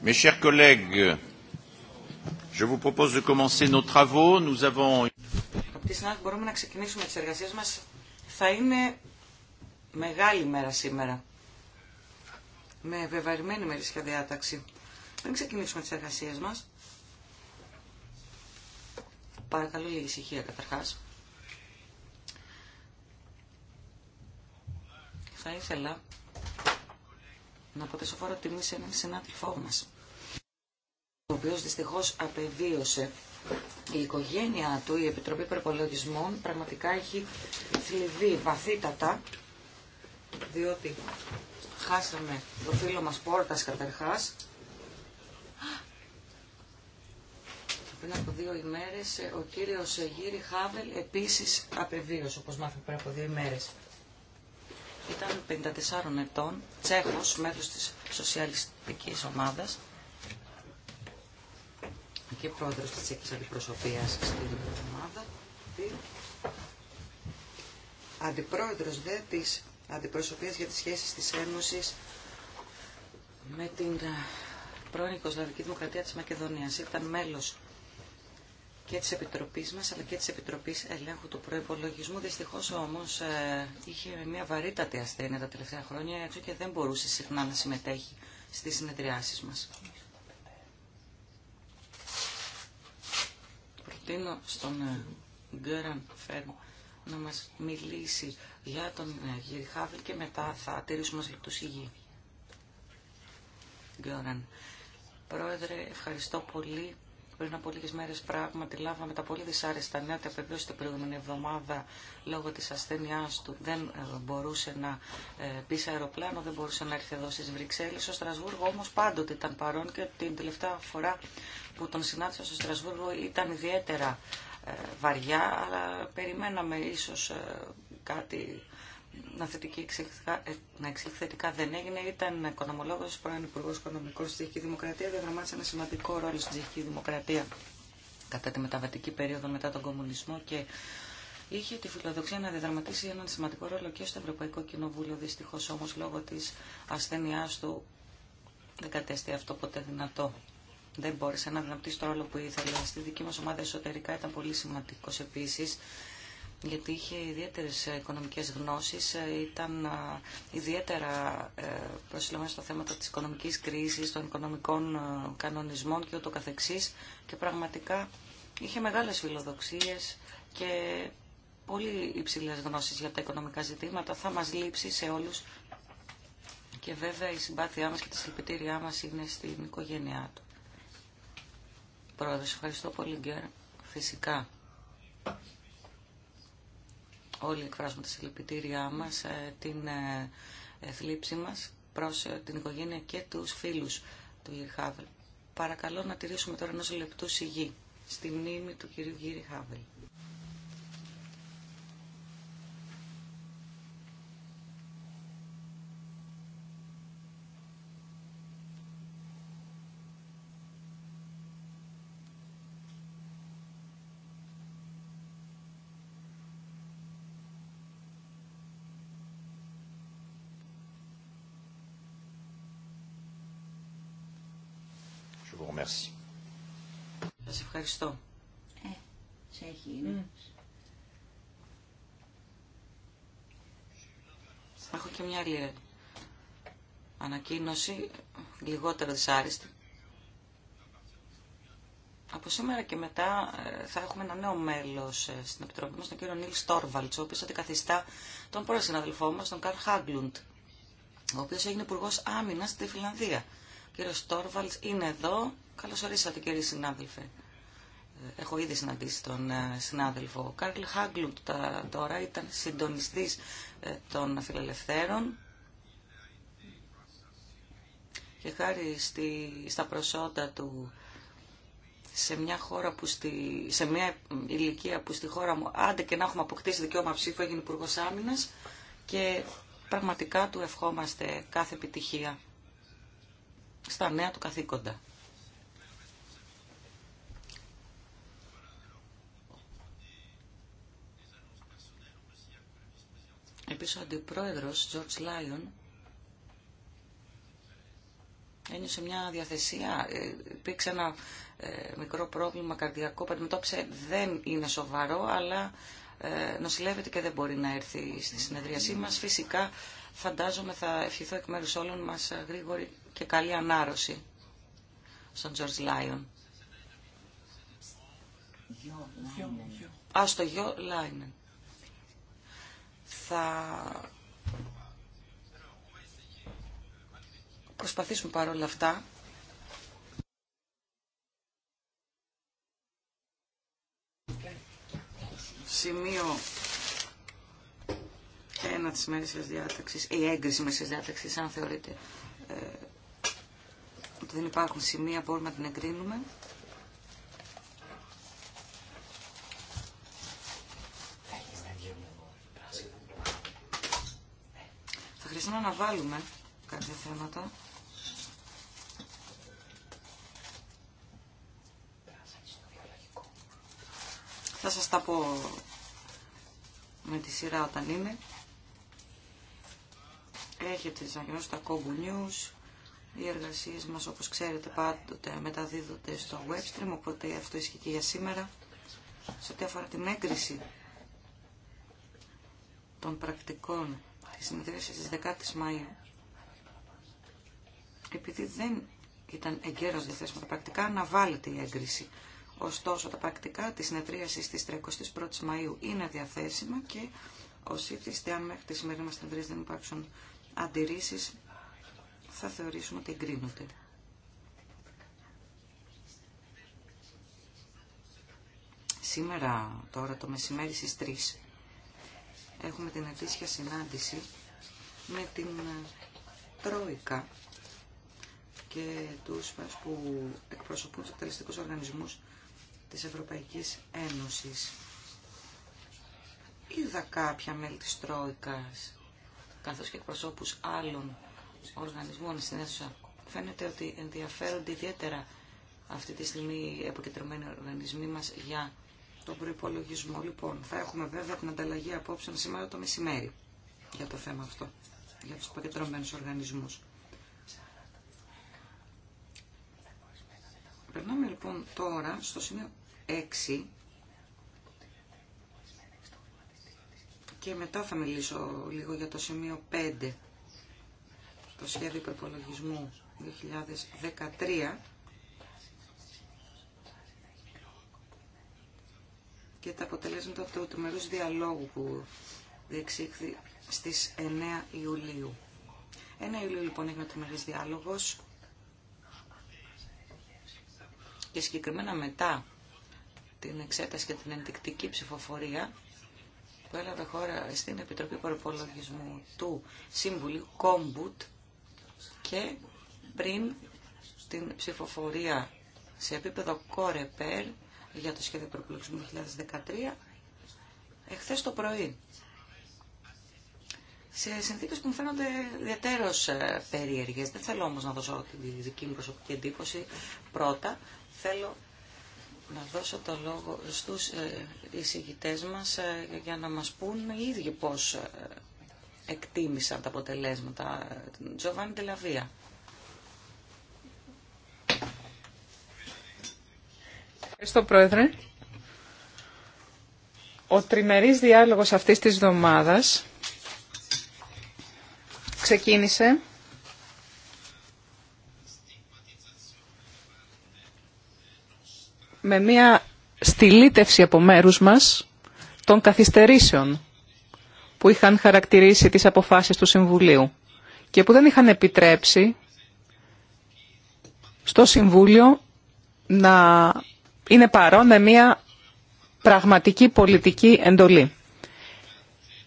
Mes chers collègues, je vous propose μπορούμε να ξεκινήσουμε τις εργασίες μας. Θα είναι μεγάλη μέρα σήμερα. Με βεβαρημένη μερίσια διάταξη. Πριν ξεκινήσουμε τις εργασίες μας, παρακαλώ λίγη ησυχία καταρχάς. Θα ήθελα να αποτέσω φορά τιμή σε έναν συνάδελφό μα. ο οποίος δυστυχώ απεβίωσε. Η οικογένειά του, η Επιτροπή Προπολογισμών, πραγματικά έχει θλιβεί βαθύτατα, διότι χάσαμε το φίλο μας Πόρτας καταρχάς. Πριν από δύο ημέρες ο κύριος Γύρι Χάβελ επίσης απεβίωσε, όπως μάθαμε πριν από δύο ημέρες. Ήταν 54 ετών, Τσέχος, μέλος της σοσιαλιστικής ομάδας και πρόεδρος της Τσέχης Αντιπροσωπείας στην ομάδα. Αντιπρόεδρος δε της Αντιπροσωπείας για τις σχέσεις της Ένωσης με την πρώην Οικοσλαβική Δημοκρατία της Μακεδονίας. Ήταν μέλος και της Επιτροπής μας αλλά και της Επιτροπής Ελέγχου του Προϋπολογισμού. Δυστυχώς όμως ε, είχε μια βαρύτατη ασθένεια τα τελευταία χρόνια έτσι και δεν μπορούσε συχνά να συμμετέχει στις συνεδριάσεις μας. Προτείνω στον ε, Γκέραν Φέρμο να μας μιλήσει για τον ε, Γεριχάβελ και μετά θα τηρήσουμε ως λεπτούς υγιή. Πρόεδρε, ευχαριστώ πολύ. Πριν από λίγε μέρε πράγματι λάβαμε τα πολύ δυσάρεστα νέα τα απεβίωσε την προηγούμενη εβδομάδα λόγω τη ασθένειά του δεν ε, μπορούσε να ε, πεί σε αεροπλάνο, δεν μπορούσε να έρθει εδώ στι Βρυξέλλε. Στο Στρασβούργο όμω πάντοτε ήταν παρόν και την τελευταία φορά που τον συνάντησα στο Στρασβούργο ήταν ιδιαίτερα ε, βαριά, αλλά περιμέναμε ίσω κάτι να, θετική, ε, να θετικά, δεν έγινε. Ήταν οικονομολόγο, πρώην Υπουργό Οικονομικών στη Τσεχική Δημοκρατία, διαδραμάτισε ένα σημαντικό ρόλο στη Τσεχική Δημοκρατία κατά τη μεταβατική περίοδο μετά τον κομμουνισμό και είχε τη φιλοδοξία να διαδραματίσει έναν σημαντικό ρόλο και στο Ευρωπαϊκό Κοινοβούλιο. Δυστυχώ όμω λόγω τη ασθένειά του δεν κατέστη αυτό ποτέ δυνατό. Δεν μπόρεσε να αναπτύσσει το ρόλο που ήθελε. Στη δική μα ομάδα εσωτερικά ήταν πολύ σημαντικό επίση γιατί είχε ιδιαίτερες οικονομικές γνώσεις, ε, ήταν ε, ιδιαίτερα ε, προσυλλομένος στα θέματα της οικονομικής κρίσης, των οικονομικών κανονισμών και ούτω καθεξής και πραγματικά είχε μεγάλες φιλοδοξίες και πολύ υψηλές γνώσεις για τα οικονομικά ζητήματα. Θα μας λείψει σε όλους και βέβαια η συμπάθειά μας και τη συλληπιτήριά μας είναι στην οικογένειά του. Πρόεδρος, ευχαριστώ πολύ Γκέρ. Φυσικά όλοι εκφράζουμε τα συλληπιτήριά μας, ε, την ε, ε, θλίψη μας προς την οικογένεια και τους φίλους του Γύρι Χάβελ. Παρακαλώ να τηρήσουμε τώρα ενός λεπτού σιγή στη μνήμη του κυρίου Γύρι Χάβελ. Σε Σα ευχαριστώ. Ε, σε έχει mm. Έχω και μια άλλη ανακοίνωση, λιγότερο δυσάρεστη. Από σήμερα και μετά ε, θα έχουμε ένα νέο μέλο ε, στην Επιτροπή μα, τον κύριο Νίλ Στόρβαλτ, ο οποίο αντικαθιστά τον πρώην συναδελφό μα, τον Καρ Χάγκλουντ, ο οποίο έγινε υπουργό άμυνα στη Φιλανδία. Ο κύριο Στόρβαλτ είναι εδώ, Καλώς ορίσατε κύριε συνάδελφε. Έχω ήδη συναντήσει τον ε, συνάδελφο Κάρλ Χάγκλουντ τώρα, ήταν συντονιστής ε, των φιλελευθέρων και χάρη στη, στα προσόντα του σε μια, χώρα που στη, σε μια ηλικία που στη χώρα μου άντε και να έχουμε αποκτήσει δικαίωμα ψήφου έγινε υπουργό Άμυνα και πραγματικά του ευχόμαστε κάθε επιτυχία στα νέα του καθήκοντα. Επίσης ο αντιπρόεδρος George Lyon ένιωσε μια διαθεσία, ε, υπήρξε ένα ε, μικρό πρόβλημα καρδιακό που αντιμετώπισε, δεν είναι σοβαρό, αλλά ε, νοσηλεύεται και δεν μπορεί να έρθει στη συνεδρίασή μας. Φυσικά φαντάζομαι θα ευχηθώ εκ μέρους όλων μας γρήγορη και καλή ανάρρωση στον George Lyon. Α, στο γιο Λάινεν θα προσπαθήσουμε παρόλα αυτά σημείο ένα της μέσης διάταξης, η έγκριση μέσης διάταξης, αν θεωρείτε ε, ότι δεν υπάρχουν σημεία, μπορούμε να την εγκρίνουμε. Θα χρειαστεί να αναβάλουμε κάποια θέματα. Θα σας τα πω με τη σειρά όταν είναι. Έχετε τις ανακοινώσεις τα κόμπου News. Οι εργασίες μας, όπως ξέρετε, πάντοτε μεταδίδονται στο webstream, οπότε αυτό ισχύει και για σήμερα. Σε ό,τι αφορά την έγκριση των πρακτικών συνεδρίαση τη 10 η Μαΐου. Επειδή δεν ήταν εγκαιρω διαθέσιμα τα πρακτικά, αναβάλλεται η έγκριση. Ωστόσο, τα πρακτικά τη συνεδρίασης τη 31 η Μαΐου είναι διαθέσιμα και ο ήθιστε, αν μέχρι τη σημερινή μα συνεδρία δεν υπάρξουν αντιρρήσει, θα θεωρήσουμε ότι εγκρίνονται. Σήμερα, τώρα, το μεσημέρι στις 3 έχουμε την ετήσια συνάντηση με την ε, Τρόικα και τους που εκπροσωπούν τους εκτελεστικούς οργανισμούς της Ευρωπαϊκής Ένωσης. Είδα κάποια μέλη της Τρόικας, καθώς και εκπροσώπους άλλων οργανισμών στην αίθουσα. Φαίνεται ότι ενδιαφέρονται ιδιαίτερα αυτή τη στιγμή οι αποκεντρωμένοι οργανισμοί μας για τον προπολογισμό. Λοιπόν, θα έχουμε βέβαια την ανταλλαγή απόψεων σήμερα το μεσημέρι για το θέμα αυτό, για τους πακεντρωμένους οργανισμούς. Περνάμε λοιπόν τώρα στο σημείο 6 και μετά θα μιλήσω λίγο για το σημείο 5, το σχέδιο υπερπολογισμού 2013 και τα αποτελέσματα του τρομερούς διαλόγου που διεξήχθη στις 9 Ιουλίου. 1 Ιουλίου λοιπόν έγινε ο τρομερής διάλογος και συγκεκριμένα μετά την εξέταση και την ενδεικτική ψηφοφορία που έλαβε χώρα στην Επιτροπή Προπολογισμού του Σύμβουλου Κόμπουτ και πριν την ψηφοφορία σε επίπεδο Κορεπέρ για το σχέδιο προπολογισμού 2013 εχθές το πρωί. Σε συνθήκες που μου φαίνονται ιδιαίτερως ε, περιεργέ. Δεν θέλω όμως να δώσω τη δική μου προσωπική εντύπωση. Πρώτα θέλω να δώσω το λόγο στους ε, εισηγητές μας ε, για να μας πούν οι ίδιοι πώς εκτίμησαν τα αποτελέσματα. Τζοβάνι Τελαβία. Ευχαριστώ, Πρόεδρε. Ο τριμερής διάλογος αυτής της εβδομάδας ξεκίνησε με μια στυλίτευση από μέρους μας των καθυστερήσεων που είχαν χαρακτηρίσει τις αποφάσεις του Συμβουλίου και που δεν είχαν επιτρέψει στο Συμβούλιο να είναι παρόν με μια πραγματική πολιτική εντολή.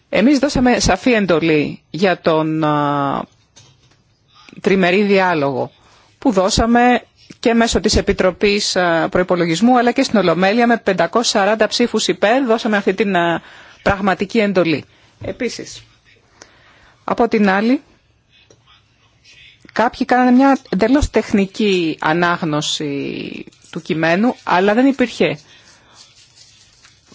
Εμείς δώσαμε σαφή εντολή για τον τριμερή διάλογο που δώσαμε και μέσω της Επιτροπής Προϋπολογισμού αλλά και στην Ολομέλεια με 540 ψήφους υπέρ δώσαμε αυτή την πραγματική εντολή. Επίσης, από την άλλη, κάποιοι κάνανε μια εντελώς τεχνική ανάγνωση του κειμένου, αλλά δεν υπήρχε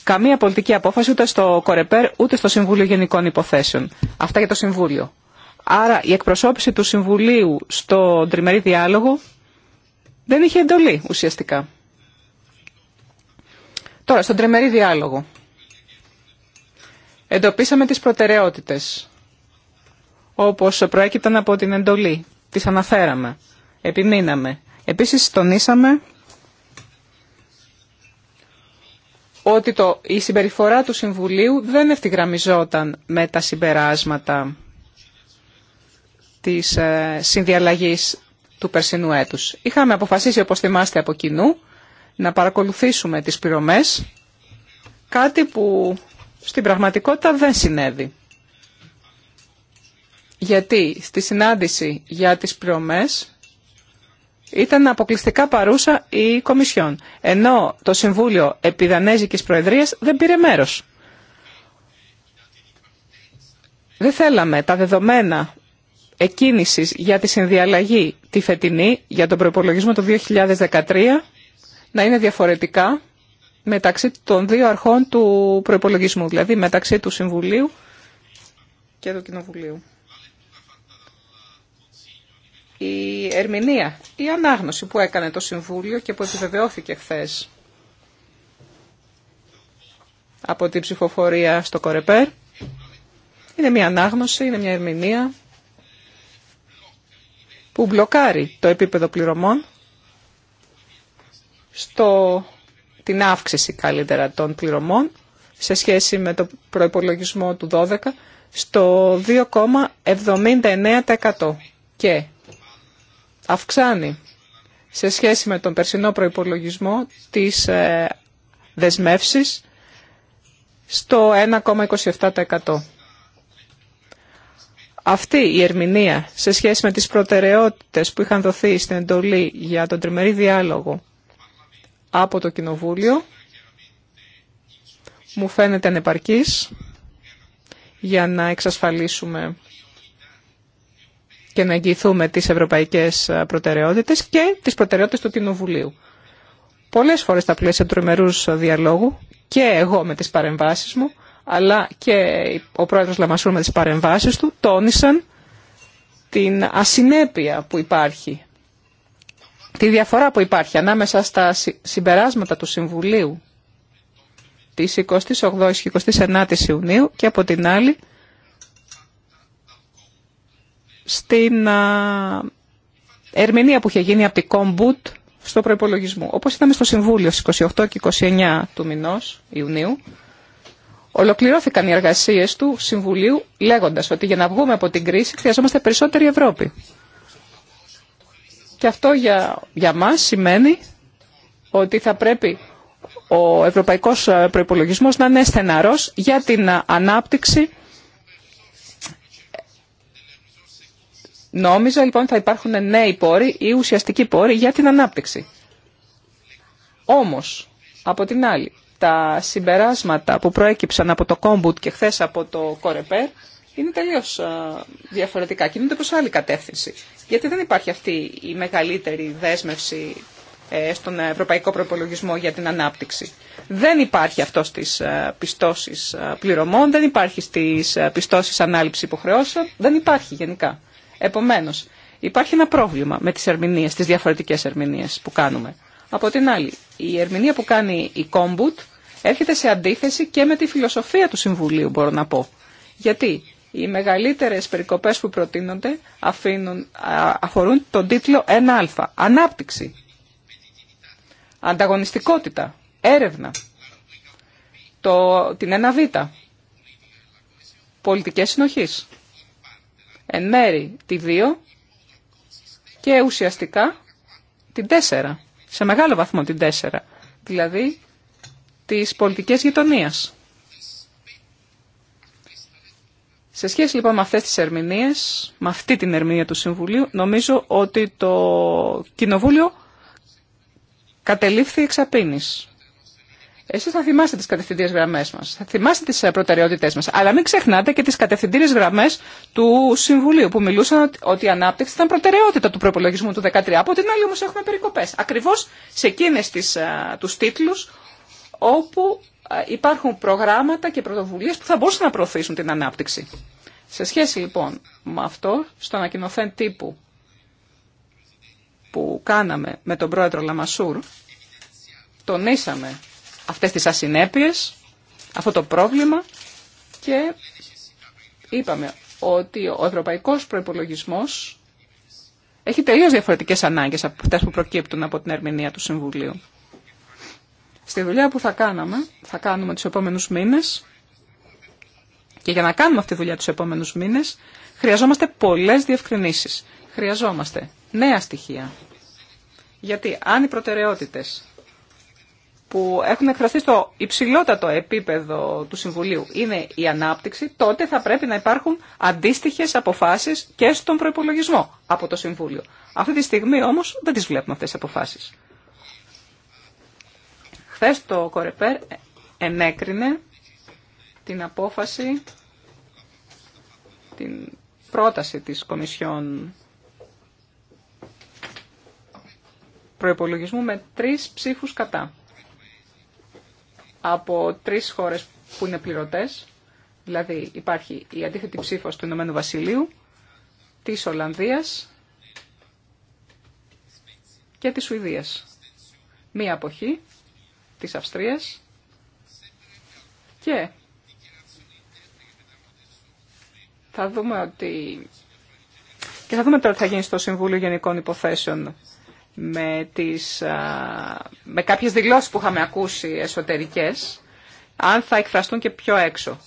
καμία πολιτική απόφαση ούτε στο Κορεπέρ ούτε στο Συμβούλιο Γενικών Υποθέσεων. Αυτά για το Συμβούλιο. Άρα η εκπροσώπηση του Συμβουλίου στο τριμερή διάλογο δεν είχε εντολή ουσιαστικά. Τώρα, στον τριμερή διάλογο. Εντοπίσαμε τις προτεραιότητες, όπως προέκυπταν από την εντολή. Τις αναφέραμε, επιμείναμε. Επίσης τονίσαμε ότι το, η συμπεριφορά του Συμβουλίου δεν ευθυγραμμιζόταν με τα συμπεράσματα της ε, του περσινού έτους. Είχαμε αποφασίσει, όπως θυμάστε από κοινού, να παρακολουθήσουμε τις πληρωμές, κάτι που στην πραγματικότητα δεν συνέβη. Γιατί στη συνάντηση για τις πληρωμές ήταν αποκλειστικά παρούσα η Κομισιόν, ενώ το Συμβούλιο επί Δανέζικης Προεδρίας δεν πήρε μέρος. Δεν θέλαμε τα δεδομένα εκκίνησης για τη συνδιαλλαγή τη φετινή για τον προπολογισμό του 2013 να είναι διαφορετικά μεταξύ των δύο αρχών του προπολογισμού, δηλαδή μεταξύ του Συμβουλίου και του Κοινοβουλίου η ερμηνεία, η ανάγνωση που έκανε το Συμβούλιο και που επιβεβαιώθηκε χθε από την ψηφοφορία στο Κορεπέρ. Είναι μια ανάγνωση, είναι μια ερμηνεία που μπλοκάρει το επίπεδο πληρωμών στο, την αύξηση καλύτερα των πληρωμών σε σχέση με το προϋπολογισμό του 12 στο 2,79% και αυξάνει σε σχέση με τον περσινό προϋπολογισμό τις ε, δεσμεύσεις στο 1,27%. Αυτή η ερμηνεία σε σχέση με τις προτεραιότητες που είχαν δοθεί στην εντολή για τον τριμερή διάλογο από το Κοινοβούλιο μου φαίνεται ανεπαρκής για να εξασφαλίσουμε και να εγγυηθούμε τις ευρωπαϊκές ε, προτεραιότητες και τις προτεραιότητες του Κοινοβουλίου. Πολλές φορές στα πλαίσια του διαλόγου και εγώ με τις παρεμβάσεις μου, αλλά και ο πρόεδρος Λαμασούρ με τις παρεμβάσεις του, τόνισαν την ασυνέπεια που υπάρχει, τη διαφορά που υπάρχει ανάμεσα στα συμπεράσματα του Συμβουλίου της 28ης και 29 η Ιουνίου και από την άλλη στην ερμηνεία που είχε γίνει από την Κόμπουτ στο προπολογισμό. Όπως είδαμε στο Συμβούλιο στις 28 και 29 του μηνός Ιουνίου, ολοκληρώθηκαν οι εργασίες του Συμβουλίου λέγοντας ότι για να βγούμε από την κρίση χρειαζόμαστε περισσότερη Ευρώπη. Και αυτό για, για μας σημαίνει ότι θα πρέπει ο ευρωπαϊκός προϋπολογισμός να είναι στεναρός για την ανάπτυξη Νόμιζα λοιπόν θα υπάρχουν νέοι πόροι ή ουσιαστικοί πόροι για την ανάπτυξη. Όμως, από την άλλη, τα συμπεράσματα που προέκυψαν από το Κόμπουτ και χθε από το Κορεπέρ είναι τελείω διαφορετικά. Κινούνται προς άλλη κατεύθυνση. Γιατί δεν υπάρχει αυτή η μεγαλύτερη δέσμευση ε, στον ευρωπαϊκό προπολογισμό για την ανάπτυξη. Δεν υπάρχει αυτό στις ε, πιστώσεις ε, πληρωμών, δεν υπάρχει στις πιστώσεις ανάληψη υποχρεώσεων, δεν υπάρχει γενικά. Επομένως, υπάρχει ένα πρόβλημα με τις ερμηνείες, τις διαφορετικές ερμηνείες που κάνουμε. Από την άλλη, η ερμηνεία που κάνει η Κόμπουτ έρχεται σε αντίθεση και με τη φιλοσοφία του Συμβουλίου, μπορώ να πω. Γιατί οι μεγαλύτερε περικοπές που προτείνονται αφήνουν, αφορούν τον τίτλο 1α. Ανάπτυξη, ανταγωνιστικότητα, έρευνα, το, την 1β, πολιτικές συνοχής εν μέρη τη 2 και ουσιαστικά την 4, σε μεγάλο βαθμό την 4, δηλαδή τις πολιτικές γειτονίας. Σε σχέση λοιπόν με αυτές τις ερμηνείες, με αυτή την ερμηνεία του Συμβουλίου, νομίζω ότι το Κοινοβούλιο κατελήφθη εξαπίνης. Εσείς θα θυμάστε τις κατευθυντήρες γραμμές μας, θα θυμάστε τις ε, προτεραιότητές μας, αλλά μην ξεχνάτε και τις κατευθυντήρες γραμμές του Συμβουλίου που μιλούσαν ότι η ανάπτυξη ήταν προτεραιότητα του προπολογισμού του 2013, από την άλλη όμως έχουμε περικοπές. Ακριβώς σε εκείνες τις, ε, τους τίτλους όπου ε, υπάρχουν προγράμματα και πρωτοβουλίες που θα μπορούσαν να προωθήσουν την ανάπτυξη. Σε σχέση λοιπόν με αυτό, στο ανακοινωθέν τύπου που κάναμε με τον πρόεδρο Λαμασούρ, τονίσαμε αυτές τις ασυνέπειες, αυτό το πρόβλημα και είπαμε ότι ο ευρωπαϊκός προϋπολογισμός έχει τελείως διαφορετικές ανάγκες από αυτές που προκύπτουν από την ερμηνεία του Συμβουλίου. Στη δουλειά που θα κάναμε, θα κάνουμε τους επόμενους μήνες και για να κάνουμε αυτή τη δουλειά τους επόμενους μήνες χρειαζόμαστε πολλές διευκρινήσεις. Χρειαζόμαστε νέα στοιχεία. Γιατί αν οι προτεραιότητες που έχουν εκφραστεί στο υψηλότατο επίπεδο του Συμβουλίου είναι η ανάπτυξη, τότε θα πρέπει να υπάρχουν αντίστοιχε αποφάσει και στον προπολογισμό από το Συμβούλιο. Αυτή τη στιγμή όμως δεν τι βλέπουμε αυτές τι αποφάσεις. Χθε το Κορεπέρ ενέκρινε την απόφαση, την πρόταση της Κομισιόν προϋπολογισμού με τρεις ψήφους κατά από τρεις χώρες που είναι πληρωτές, δηλαδή υπάρχει η αντίθετη ψήφος του Ηνωμένου Βασιλείου, της Ολλανδίας και της Σουηδίας. Μία αποχή της Αυστρίας και θα δούμε ότι... Και θα δούμε τώρα τι θα γίνει στο Συμβούλιο Γενικών Υποθέσεων με, τις, με κάποιες δηλώσεις που είχαμε ακούσει εσωτερικές, αν θα εκφραστούν και πιο έξω.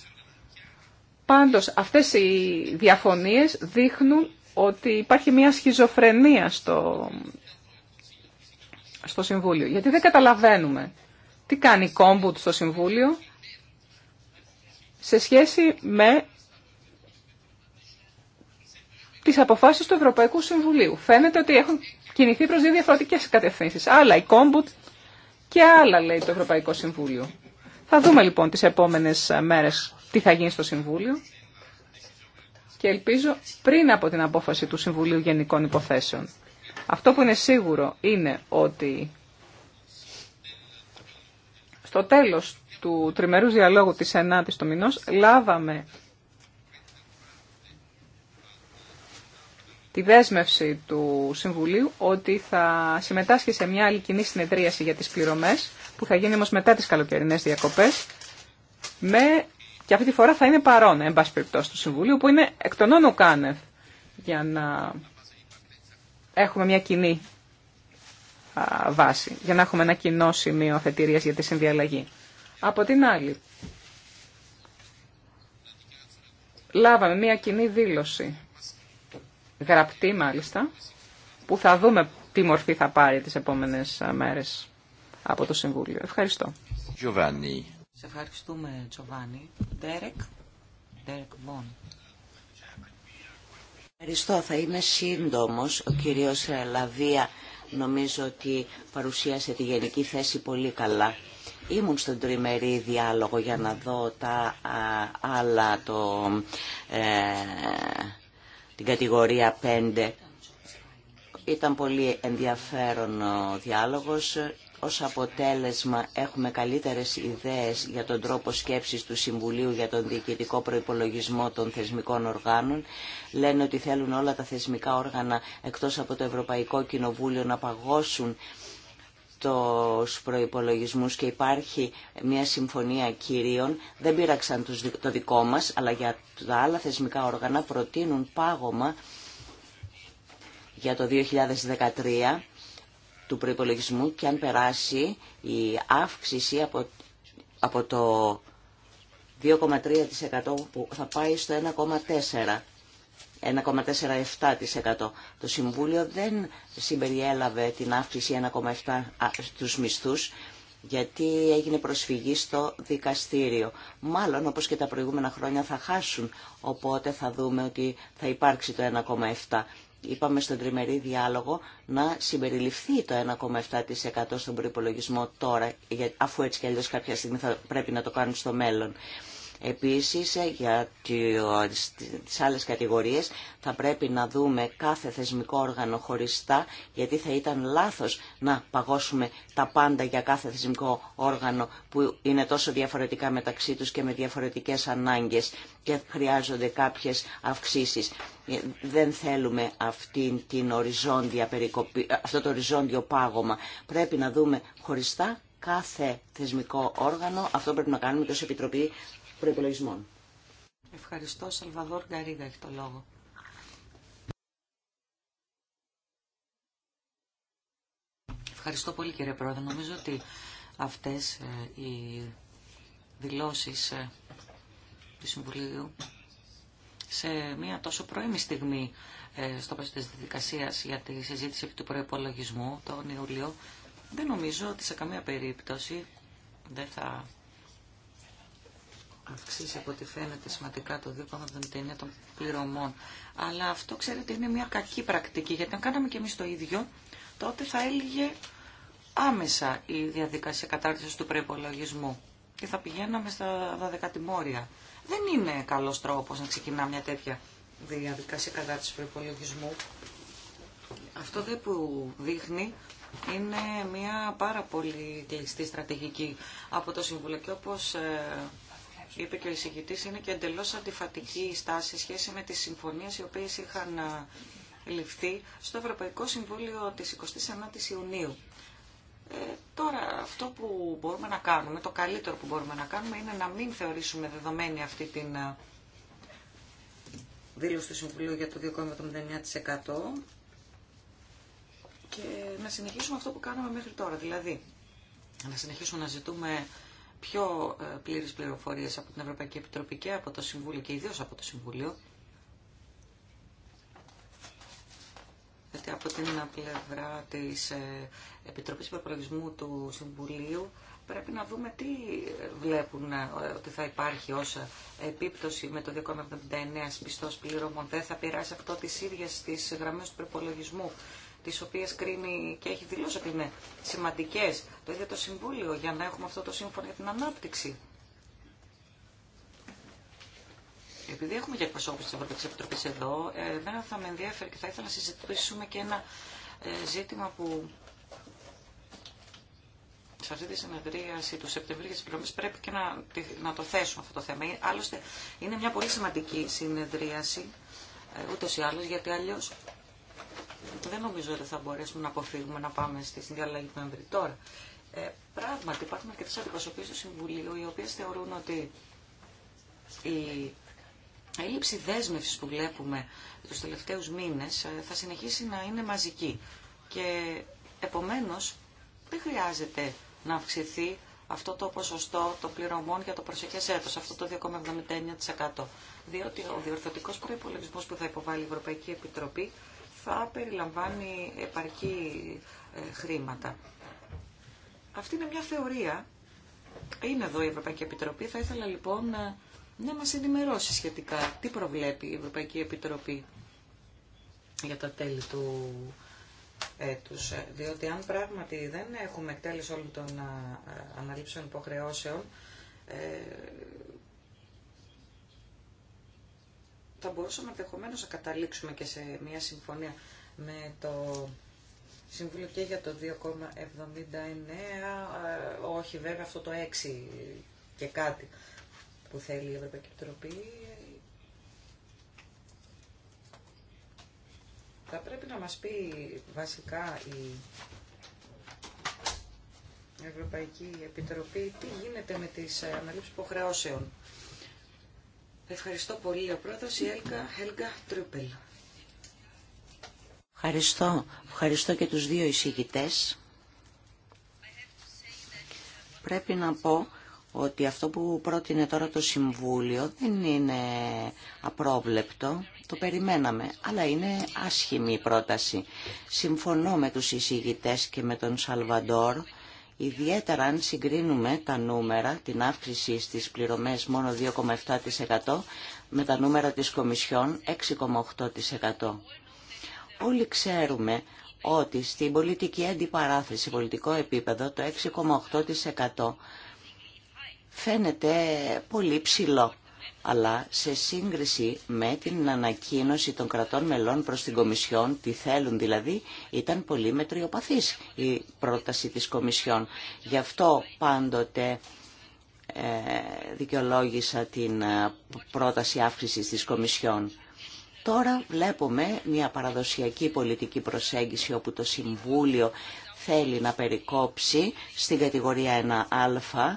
Πάντως, αυτές οι διαφωνίες δείχνουν ότι υπάρχει μια σχιζοφρενία στο, στο Συμβούλιο. Γιατί δεν καταλαβαίνουμε τι κάνει η Κόμπουτ στο Συμβούλιο σε σχέση με τις αποφάσεις του Ευρωπαϊκού Συμβουλίου. Φαίνεται ότι έχουν κινηθεί προς δύο διαφορετικές κατευθύνσεις. Άλλα η Κόμπουτ και άλλα λέει το Ευρωπαϊκό Συμβούλιο. Θα δούμε λοιπόν τις επόμενες ε, μέρες τι θα γίνει στο Συμβούλιο και ελπίζω πριν από την απόφαση του Συμβουλίου Γενικών Υποθέσεων. Αυτό που είναι σίγουρο είναι ότι στο τέλος του τριμερού διαλόγου της 9ης του μηνός λάβαμε τη δέσμευση του Συμβουλίου ότι θα συμμετάσχει σε μια άλλη κοινή συνεδρίαση για τις πληρωμές που θα γίνει όμως μετά τις καλοκαιρινές διακοπές με... και αυτή τη φορά θα είναι παρόν εν πάση περιπτώσει του Συμβουλίου που είναι εκ των όνων κάνευ για να έχουμε μια κοινή βάση, για να έχουμε ένα κοινό σημείο θετήριας για τη συνδιαλλαγή. Από την άλλη, λάβαμε μια κοινή δήλωση γραπτή μάλιστα, που θα δούμε τι μορφή θα πάρει τις επόμενες ε, μέρες από το Συμβούλιο. Ευχαριστώ. Giovanni. Σε ευχαριστούμε, Τζοβάνι. Ντέρεκ. Ντέρεκ Ευχαριστώ. Θα είμαι σύντομος. Ο κύριος ε, Λαβία νομίζω ότι παρουσίασε τη γενική θέση πολύ καλά. Ήμουν στον τριμερή διάλογο για να δω τα άλλα το... Ε, την κατηγορία 5. Ήταν πολύ ενδιαφέρον ο διάλογος. Ως αποτέλεσμα έχουμε καλύτερες ιδέες για τον τρόπο σκέψης του Συμβουλίου για τον διοικητικό προϋπολογισμό των θεσμικών οργάνων. Λένε ότι θέλουν όλα τα θεσμικά όργανα εκτός από το Ευρωπαϊκό Κοινοβούλιο να παγώσουν στους προϋπολογισμούς και υπάρχει μια συμφωνία κυρίων, δεν πήραξαν το δικό μας, αλλά για τα άλλα θεσμικά όργανα προτείνουν πάγωμα για το 2013 του προϋπολογισμού και αν περάσει η αύξηση από, από το 2,3% που θα πάει στο 1,4%. 1,47%. Το Συμβούλιο δεν συμπεριέλαβε την αύξηση 1,7% στους μισθούς γιατί έγινε προσφυγή στο δικαστήριο. Μάλλον, όπως και τα προηγούμενα χρόνια, θα χάσουν, οπότε θα δούμε ότι θα υπάρξει το 1,7%. Είπαμε στον τριμερή διάλογο να συμπεριληφθεί το 1,7% στον προϋπολογισμό τώρα, αφού έτσι κι αλλιώς κάποια στιγμή θα πρέπει να το κάνουν στο μέλλον. Επίσης, ε, για τις άλλες κατηγορίες θα πρέπει να δούμε κάθε θεσμικό όργανο χωριστά, γιατί θα ήταν λάθος να παγώσουμε τα πάντα για κάθε θεσμικό όργανο που είναι τόσο διαφορετικά μεταξύ τους και με διαφορετικές ανάγκες και χρειάζονται κάποιες αυξήσεις. Ε, δεν θέλουμε αυτή την οριζόντια περικοπή, αυτό το οριζόντιο πάγωμα. Πρέπει να δούμε χωριστά κάθε θεσμικό όργανο. Αυτό πρέπει να κάνουμε και ως Επιτροπή Ευχαριστώ. Σαλβαδόρ Γκαρίδα έχει το λόγο. Ευχαριστώ πολύ κύριε Πρόεδρε. Νομίζω ότι αυτές ε, οι δηλώσεις ε, του Συμβουλίου σε μια τόσο πρώιμη στιγμή ε, στο πλαίσιο της διαδικασίας για τη συζήτηση του προϋπολογισμού τον Ιούλιο δεν νομίζω ότι σε καμία περίπτωση δεν θα αυξήσει από ό,τι φαίνεται σημαντικά το 2,79 των πληρωμών. Αλλά αυτό ξέρετε είναι μια κακή πρακτική γιατί αν κάναμε και εμείς το ίδιο τότε θα έλυγε άμεσα η διαδικασία κατάρτισης του προπολογισμού και θα πηγαίναμε στα 12 τιμόρια. Δεν είναι καλός τρόπος να ξεκινά μια τέτοια διαδικασία κατάρτισης προπολογισμού. Αυτό δεν που δείχνει είναι μια πάρα πολύ κλειστή στρατηγική από το Συμβούλιο και όπως ε, είπε και ο εισηγητή, είναι και εντελώ αντιφατική η στάση σχέση με τι συμφωνίε οι οποίε είχαν ληφθεί στο Ευρωπαϊκό Συμβούλιο τη 29 η Ιουνίου. Ε, τώρα αυτό που μπορούμε να κάνουμε, το καλύτερο που μπορούμε να κάνουμε είναι να μην θεωρήσουμε δεδομένη αυτή την δήλωση του Συμβουλίου για το 2,79% και να συνεχίσουμε αυτό που κάναμε μέχρι τώρα. Δηλαδή, να συνεχίσουμε να ζητούμε πιο ε, πλήρες πληροφορίες από την Ευρωπαϊκή Επιτροπή και από το Συμβούλιο και ιδίως από το Συμβούλιο. Γιατί από την πλευρά της ε, Επιτροπής Υπερπολογισμού του Συμβουλίου πρέπει να δούμε τι βλέπουν ε, ότι θα υπάρχει ω επίπτωση με το 2,79 πιστός πλήρωμων. Δεν θα πειράσει αυτό τις ίδιες τις γραμμές του προπολογισμού τις οποίες κρίνει και έχει δηλώσει ότι είναι σημαντικές το ίδιο το Συμβούλιο για να έχουμε αυτό το σύμφωνο για την ανάπτυξη. Επειδή έχουμε και εκπροσώπηση της Ευρωπαϊκής Επιτροπής εδώ, εμένα θα με ενδιαφέρει και θα ήθελα να συζητήσουμε και ένα ε, ζήτημα που σε αυτή τη συνεδρίαση του Σεπτεμβρίου για τι πληρωμέ πρέπει και να, να το θέσουμε αυτό το θέμα. Ε, άλλωστε, είναι μια πολύ σημαντική συνεδρίαση ε, ούτω ή άλλω, γιατί αλλιώ δεν νομίζω ότι θα μπορέσουμε να αποφύγουμε να πάμε στη συνδιαλλαγή του Νοεμβρίου. Τώρα, ε, πράγματι υπάρχουν αρκετέ αντιπροσωπείε στο Συμβουλίου οι οποίε θεωρούν ότι η έλλειψη δέσμευση που βλέπουμε του τελευταίου μήνε ε, θα συνεχίσει να είναι μαζική. Και επομένω δεν χρειάζεται να αυξηθεί αυτό το ποσοστό των πληρωμών για το προσεχέ έτος, αυτό το 2,79%. Διότι ο διορθωτικό προπολογισμό που θα υποβάλει η Ευρωπαϊκή Επιτροπή θα περιλαμβάνει επαρκή ε, χρήματα. Αυτή είναι μια θεωρία. Είναι εδώ η Ευρωπαϊκή Επιτροπή. Θα ήθελα λοιπόν να, ε, να μας ενημερώσει σχετικά τι προβλέπει η Ευρωπαϊκή Επιτροπή για τα τέλη του έτους. Ε, διότι αν πράγματι δεν έχουμε εκτέλεση όλων των αναλήψεων υποχρεώσεων, θα μπορούσαμε ενδεχομένω να καταλήξουμε και σε μια συμφωνία με το Συμβούλιο και για το 2,79, ε, όχι βέβαια αυτό το 6 και κάτι που θέλει η Ευρωπαϊκή Επιτροπή. Θα πρέπει να μας πει βασικά η Ευρωπαϊκή Επιτροπή τι γίνεται με τις αναλήψεις υποχρεώσεων Ευχαριστώ πολύ, για πρόταση, Έλκα Τρούπελ. Ευχαριστώ. Ευχαριστώ και τους δύο εισηγητές. Πρέπει να πω ότι αυτό που πρότεινε τώρα το Συμβούλιο δεν είναι απρόβλεπτο, το περιμέναμε, αλλά είναι άσχημη η πρόταση. Συμφωνώ με τους εισηγητές και με τον Σαλβαντόρ Ιδιαίτερα αν συγκρίνουμε τα νούμερα, την αύξηση στις πληρωμές μόνο 2,7% με τα νούμερα της Κομισιόν 6,8%. Όλοι ξέρουμε ότι στην πολιτική αντιπαράθεση, πολιτικό επίπεδο, το 6,8% φαίνεται πολύ ψηλό αλλά σε σύγκριση με την ανακοίνωση των κρατών μελών προς την Κομισιόν, τι θέλουν δηλαδή, ήταν πολύ μετριοπαθής η πρόταση της Κομισιόν. Γι' αυτό πάντοτε ε, δικαιολόγησα την ε, πρόταση αύξησης της Κομισιόν. Τώρα βλέπουμε μια παραδοσιακή πολιτική προσέγγιση όπου το Συμβούλιο θέλει να περικόψει στην κατηγορία 1α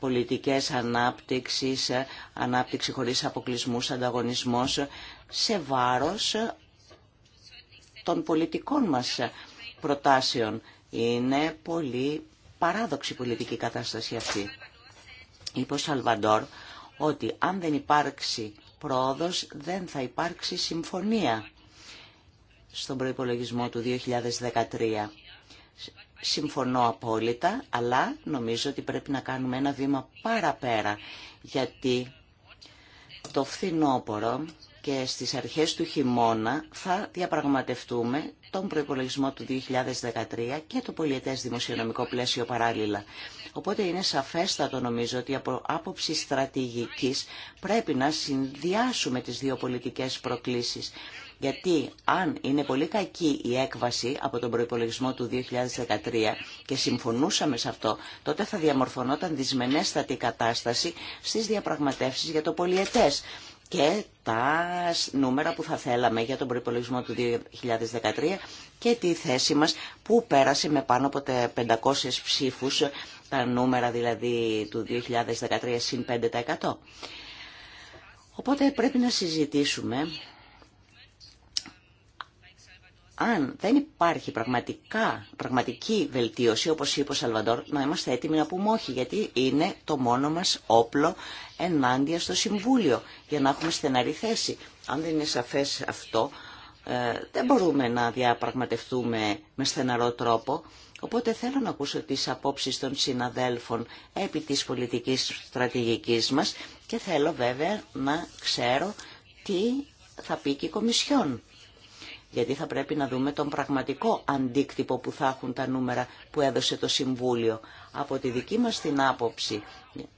πολιτικές ανάπτυξης, ε, ανάπτυξη χωρίς αποκλεισμούς, ανταγωνισμός, σε βάρος ε, των πολιτικών μας προτάσεων. Είναι πολύ παράδοξη πολιτική κατάσταση αυτή. Είπε ο Σαλβαντόρ ότι αν δεν υπάρξει πρόοδος δεν θα υπάρξει συμφωνία στον προϋπολογισμό του 2013. Συμφωνώ απόλυτα, αλλά νομίζω ότι πρέπει να κάνουμε ένα βήμα παραπέρα, γιατί το φθινόπωρο και στις αρχές του χειμώνα θα διαπραγματευτούμε τον προϋπολογισμό του 2013 και το πολιετές δημοσιονομικό πλαίσιο παράλληλα. Οπότε είναι σαφέστατο νομίζω ότι από άποψη στρατηγικής πρέπει να συνδυάσουμε τις δύο πολιτικές προκλήσεις γιατί αν είναι πολύ κακή η έκβαση από τον προϋπολογισμό του 2013 και συμφωνούσαμε σε αυτό, τότε θα διαμορφωνόταν δυσμενέστατη κατάσταση στις διαπραγματεύσεις για το πολιετές και τα νούμερα που θα θέλαμε για τον προϋπολογισμό του 2013 και τη θέση μας που πέρασε με πάνω από τα 500 ψήφους, τα νούμερα δηλαδή του 2013 συν 5%. Οπότε πρέπει να συζητήσουμε αν δεν υπάρχει πραγματικά, πραγματική βελτίωση, όπως είπε ο Σαλβαντόρ, να είμαστε έτοιμοι να πούμε όχι, γιατί είναι το μόνο μας όπλο ενάντια στο Συμβούλιο, για να έχουμε στεναρή θέση. Αν δεν είναι σαφές αυτό, ε, δεν μπορούμε να διαπραγματευτούμε με στεναρό τρόπο. Οπότε θέλω να ακούσω τις απόψεις των συναδέλφων επί της πολιτικής στρατηγικής μας και θέλω βέβαια να ξέρω τι θα πει και η Κομισιόν γιατί θα πρέπει να δούμε τον πραγματικό αντίκτυπο που θα έχουν τα νούμερα που έδωσε το Συμβούλιο. Από τη δική μας την άποψη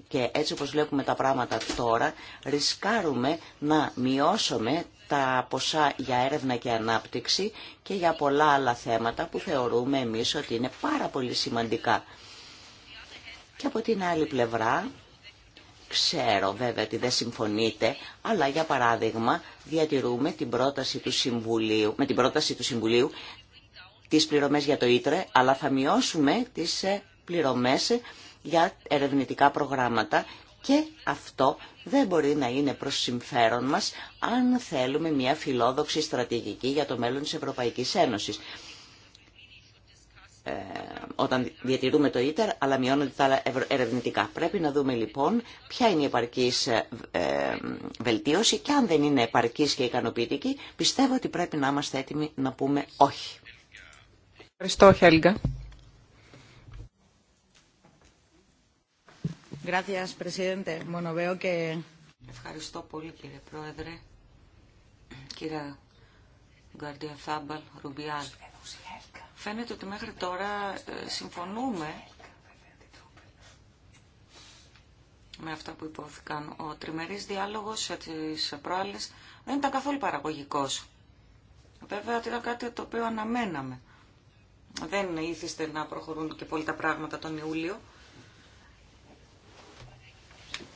και έτσι όπως βλέπουμε τα πράγματα τώρα, ρισκάρουμε να μειώσουμε τα ποσά για έρευνα και ανάπτυξη και για πολλά άλλα θέματα που θεωρούμε εμείς ότι είναι πάρα πολύ σημαντικά. Και από την άλλη πλευρά Ξέρω βέβαια ότι δεν συμφωνείτε, αλλά για παράδειγμα διατηρούμε την πρόταση του Συμβουλίου, με την πρόταση του Συμβουλίου τις πληρωμές για το Ίτρε αλλά θα μειώσουμε τις ε, πληρωμές για ερευνητικά προγράμματα και αυτό δεν μπορεί να είναι προς συμφέρον μας αν θέλουμε μια φιλόδοξη στρατηγική για το μέλλον της Ευρωπαϊκής Ένωσης. Ε, όταν διατηρούμε το ίτερ, αλλά μειώνονται τα ερευνητικά. Πρέπει να δούμε λοιπόν ποια είναι η επαρκής ε, ε, βελτίωση και αν δεν είναι επαρκή και ικανοποιητική, πιστεύω ότι πρέπει να είμαστε έτοιμοι να πούμε όχι. Ευχαριστώ, Χέλγκα. Ευχαριστώ πολύ κύριε Πρόεδρε. Κύριε Γκαρδία Θάμπαλ, Ρουμπιάλ. Φαίνεται ότι μέχρι τώρα ε, συμφωνούμε με αυτά που υπόθηκαν. Ο τριμερής διάλογος της προάλλης δεν ήταν καθόλου παραγωγικός. Βέβαια ότι ήταν κάτι το οποίο αναμέναμε. Δεν ήθιστε να προχωρούν και πολύ τα πράγματα τον Ιούλιο.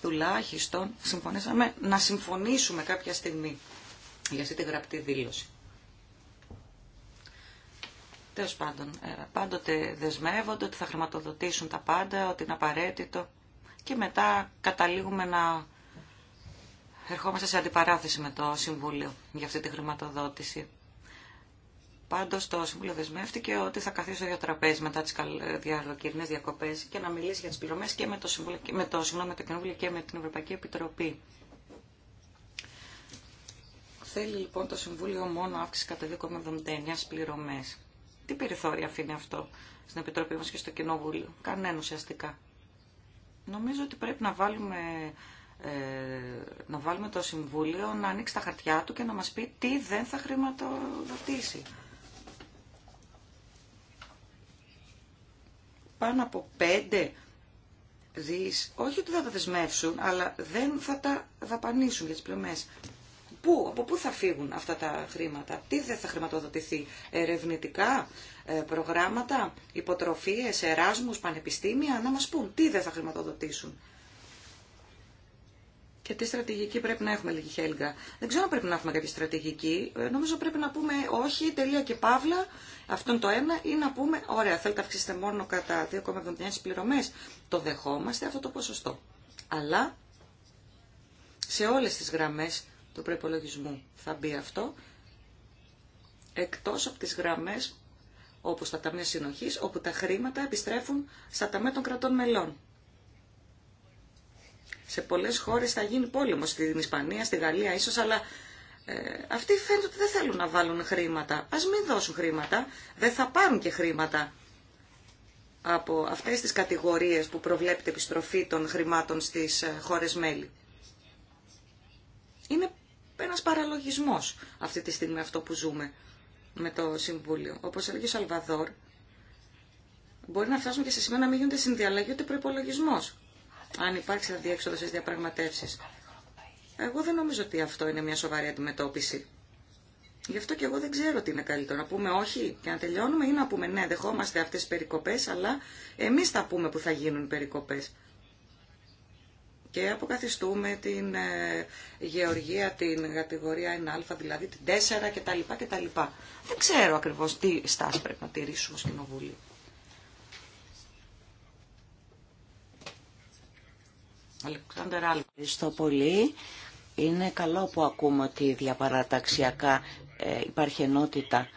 Τουλάχιστον συμφωνήσαμε να συμφωνήσουμε κάποια στιγμή για αυτή τη γραπτή δήλωση. Τέλο πάντων, ε, πάντοτε δεσμεύονται ότι θα χρηματοδοτήσουν τα πάντα, ότι είναι απαραίτητο και μετά καταλήγουμε να ερχόμαστε σε αντιπαράθεση με το Συμβούλιο για αυτή τη χρηματοδότηση. Πάντω το Συμβούλιο δεσμεύτηκε ότι θα καθίσει στο ίδιο τραπέζι μετά τι καλοκαιρινέ διακοπέ και να μιλήσει για τι πληρωμέ και με το, Συμβούλιο, με το, συγγνώμη, με το Κοινοβούλιο και με την Ευρωπαϊκή Επιτροπή. Θέλει λοιπόν το Συμβούλιο μόνο αύξηση κατά 2,79 πληρωμέ. Τι περιθώρια αφήνει αυτό στην Επιτροπή μας και στο Κοινοβούλιο. Κανένα ουσιαστικά. Νομίζω ότι πρέπει να βάλουμε, ε, να βάλουμε το Συμβούλιο να ανοίξει τα χαρτιά του και να μας πει τι δεν θα χρηματοδοτήσει. Πάνω από πέντε δις, όχι ότι θα τα δεσμεύσουν, αλλά δεν θα τα δαπανίσουν για τις πληρωμές πού, από πού θα φύγουν αυτά τα χρήματα, τι δεν θα χρηματοδοτηθεί, ερευνητικά ε, προγράμματα, υποτροφίες, εράσμους, πανεπιστήμια, να μας πούν τι δεν θα χρηματοδοτήσουν. Και τι στρατηγική πρέπει να έχουμε, λέγει Χέλγκα. Δεν ξέρω αν πρέπει να έχουμε κάποια στρατηγική. Ε, νομίζω πρέπει να πούμε όχι, τελεία και παύλα, αυτό είναι το ένα, ή να πούμε, ωραία, θέλετε αυξήσετε μόνο κατά 2,79 πληρωμέ. Το δεχόμαστε αυτό το ποσοστό. Αλλά σε όλε τι γραμμέ, του προπολογισμού θα μπει αυτό, εκτός από τις γραμμές όπως τα ταμεία συνοχής, όπου τα χρήματα επιστρέφουν στα ταμεία των κρατών μελών. Σε πολλές χώρες θα γίνει πόλεμο στην Ισπανία, στη Γαλλία ίσως, αλλά ε, αυτοί φαίνεται ότι δεν θέλουν να βάλουν χρήματα. Ας μην δώσουν χρήματα, δεν θα πάρουν και χρήματα από αυτές τις κατηγορίες που προβλέπεται επιστροφή των χρημάτων στις ε, χώρες μέλη. Είναι ένας παραλογισμός αυτή τη στιγμή αυτό που ζούμε με το Συμβούλιο. Όπως έλεγε ο Σαλβαδόρ, μπορεί να φτάσουμε και σε σημείο να μην γίνονται συνδιαλλαγή ούτε προπολογισμό. Αν υπάρξει αδιέξοδο στι διαπραγματεύσει. Εγώ δεν νομίζω ότι αυτό είναι μια σοβαρή αντιμετώπιση. Γι' αυτό και εγώ δεν ξέρω τι είναι καλύτερο. Να πούμε όχι και να τελειώνουμε ή να πούμε ναι, δεχόμαστε αυτέ τι περικοπέ, αλλά εμεί θα πούμε που θα γίνουν οι περικοπέ και αποκαθιστούμε την ε, γεωργία, την κατηγορία 1α, δηλαδή την 4 κτλ. κτλ. Δεν ξέρω ακριβώς τι στάση πρέπει να τηρήσουμε στην Κοινοβούλιο. Ευχαριστώ πολύ. Είναι καλό που ακούμε ότι διαπαραταξιακά ε, υπάρχει ενότητα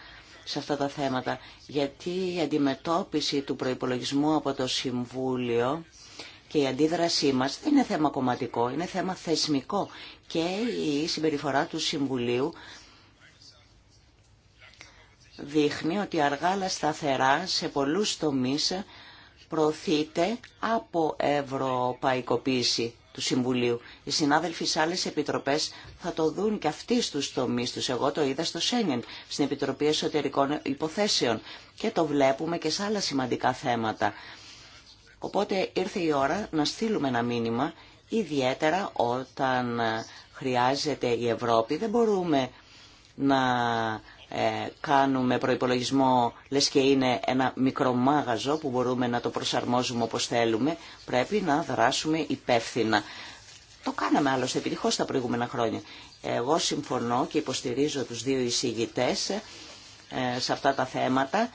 σε αυτά τα θέματα, γιατί η αντιμετώπιση του προϋπολογισμού από το Συμβούλιο και η αντίδρασή μας δεν είναι θέμα κομματικό, είναι θέμα θεσμικό και η συμπεριφορά του Συμβουλίου δείχνει ότι αργά αλλά σταθερά σε πολλούς τομείς προωθείται από ευρωπαϊκοποίηση του Συμβουλίου. Οι συνάδελφοι σε άλλε επιτροπέ θα το δουν και αυτοί στους τομείς τους. Εγώ το είδα στο Σένιεν, στην Επιτροπή Εσωτερικών Υποθέσεων και το βλέπουμε και σε άλλα σημαντικά θέματα. Οπότε ήρθε η ώρα να στείλουμε ένα μήνυμα, ιδιαίτερα όταν χρειάζεται η Ευρώπη. Δεν μπορούμε να ε, κάνουμε προϋπολογισμό, λες και είναι ένα μικρό μάγαζο που μπορούμε να το προσαρμόζουμε όπως θέλουμε. Πρέπει να δράσουμε υπεύθυνα. Το κάναμε άλλωστε επιτυχώς τα προηγούμενα χρόνια. Εγώ συμφωνώ και υποστηρίζω τους δύο εισηγητές ε, σε αυτά τα θέματα.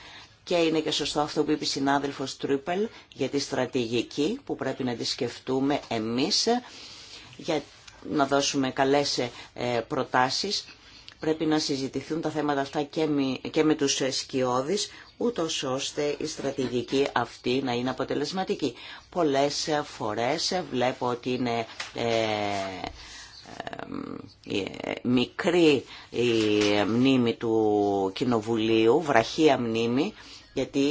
Και είναι και σωστό αυτό που είπε η συνάδελφος Τρίπελ για τη στρατηγική που πρέπει να τη σκεφτούμε εμείς για να δώσουμε καλές ε, προτάσεις. Πρέπει να συζητηθούν τα θέματα αυτά και με τους ε, σκιώδεις, ούτως ώστε η στρατηγική αυτή να είναι αποτελεσματική. Πολλές φορές ε, βλέπω ότι είναι ε, ε, μικρή η μνήμη του Κοινοβουλίου, βραχία μνήμη, γιατί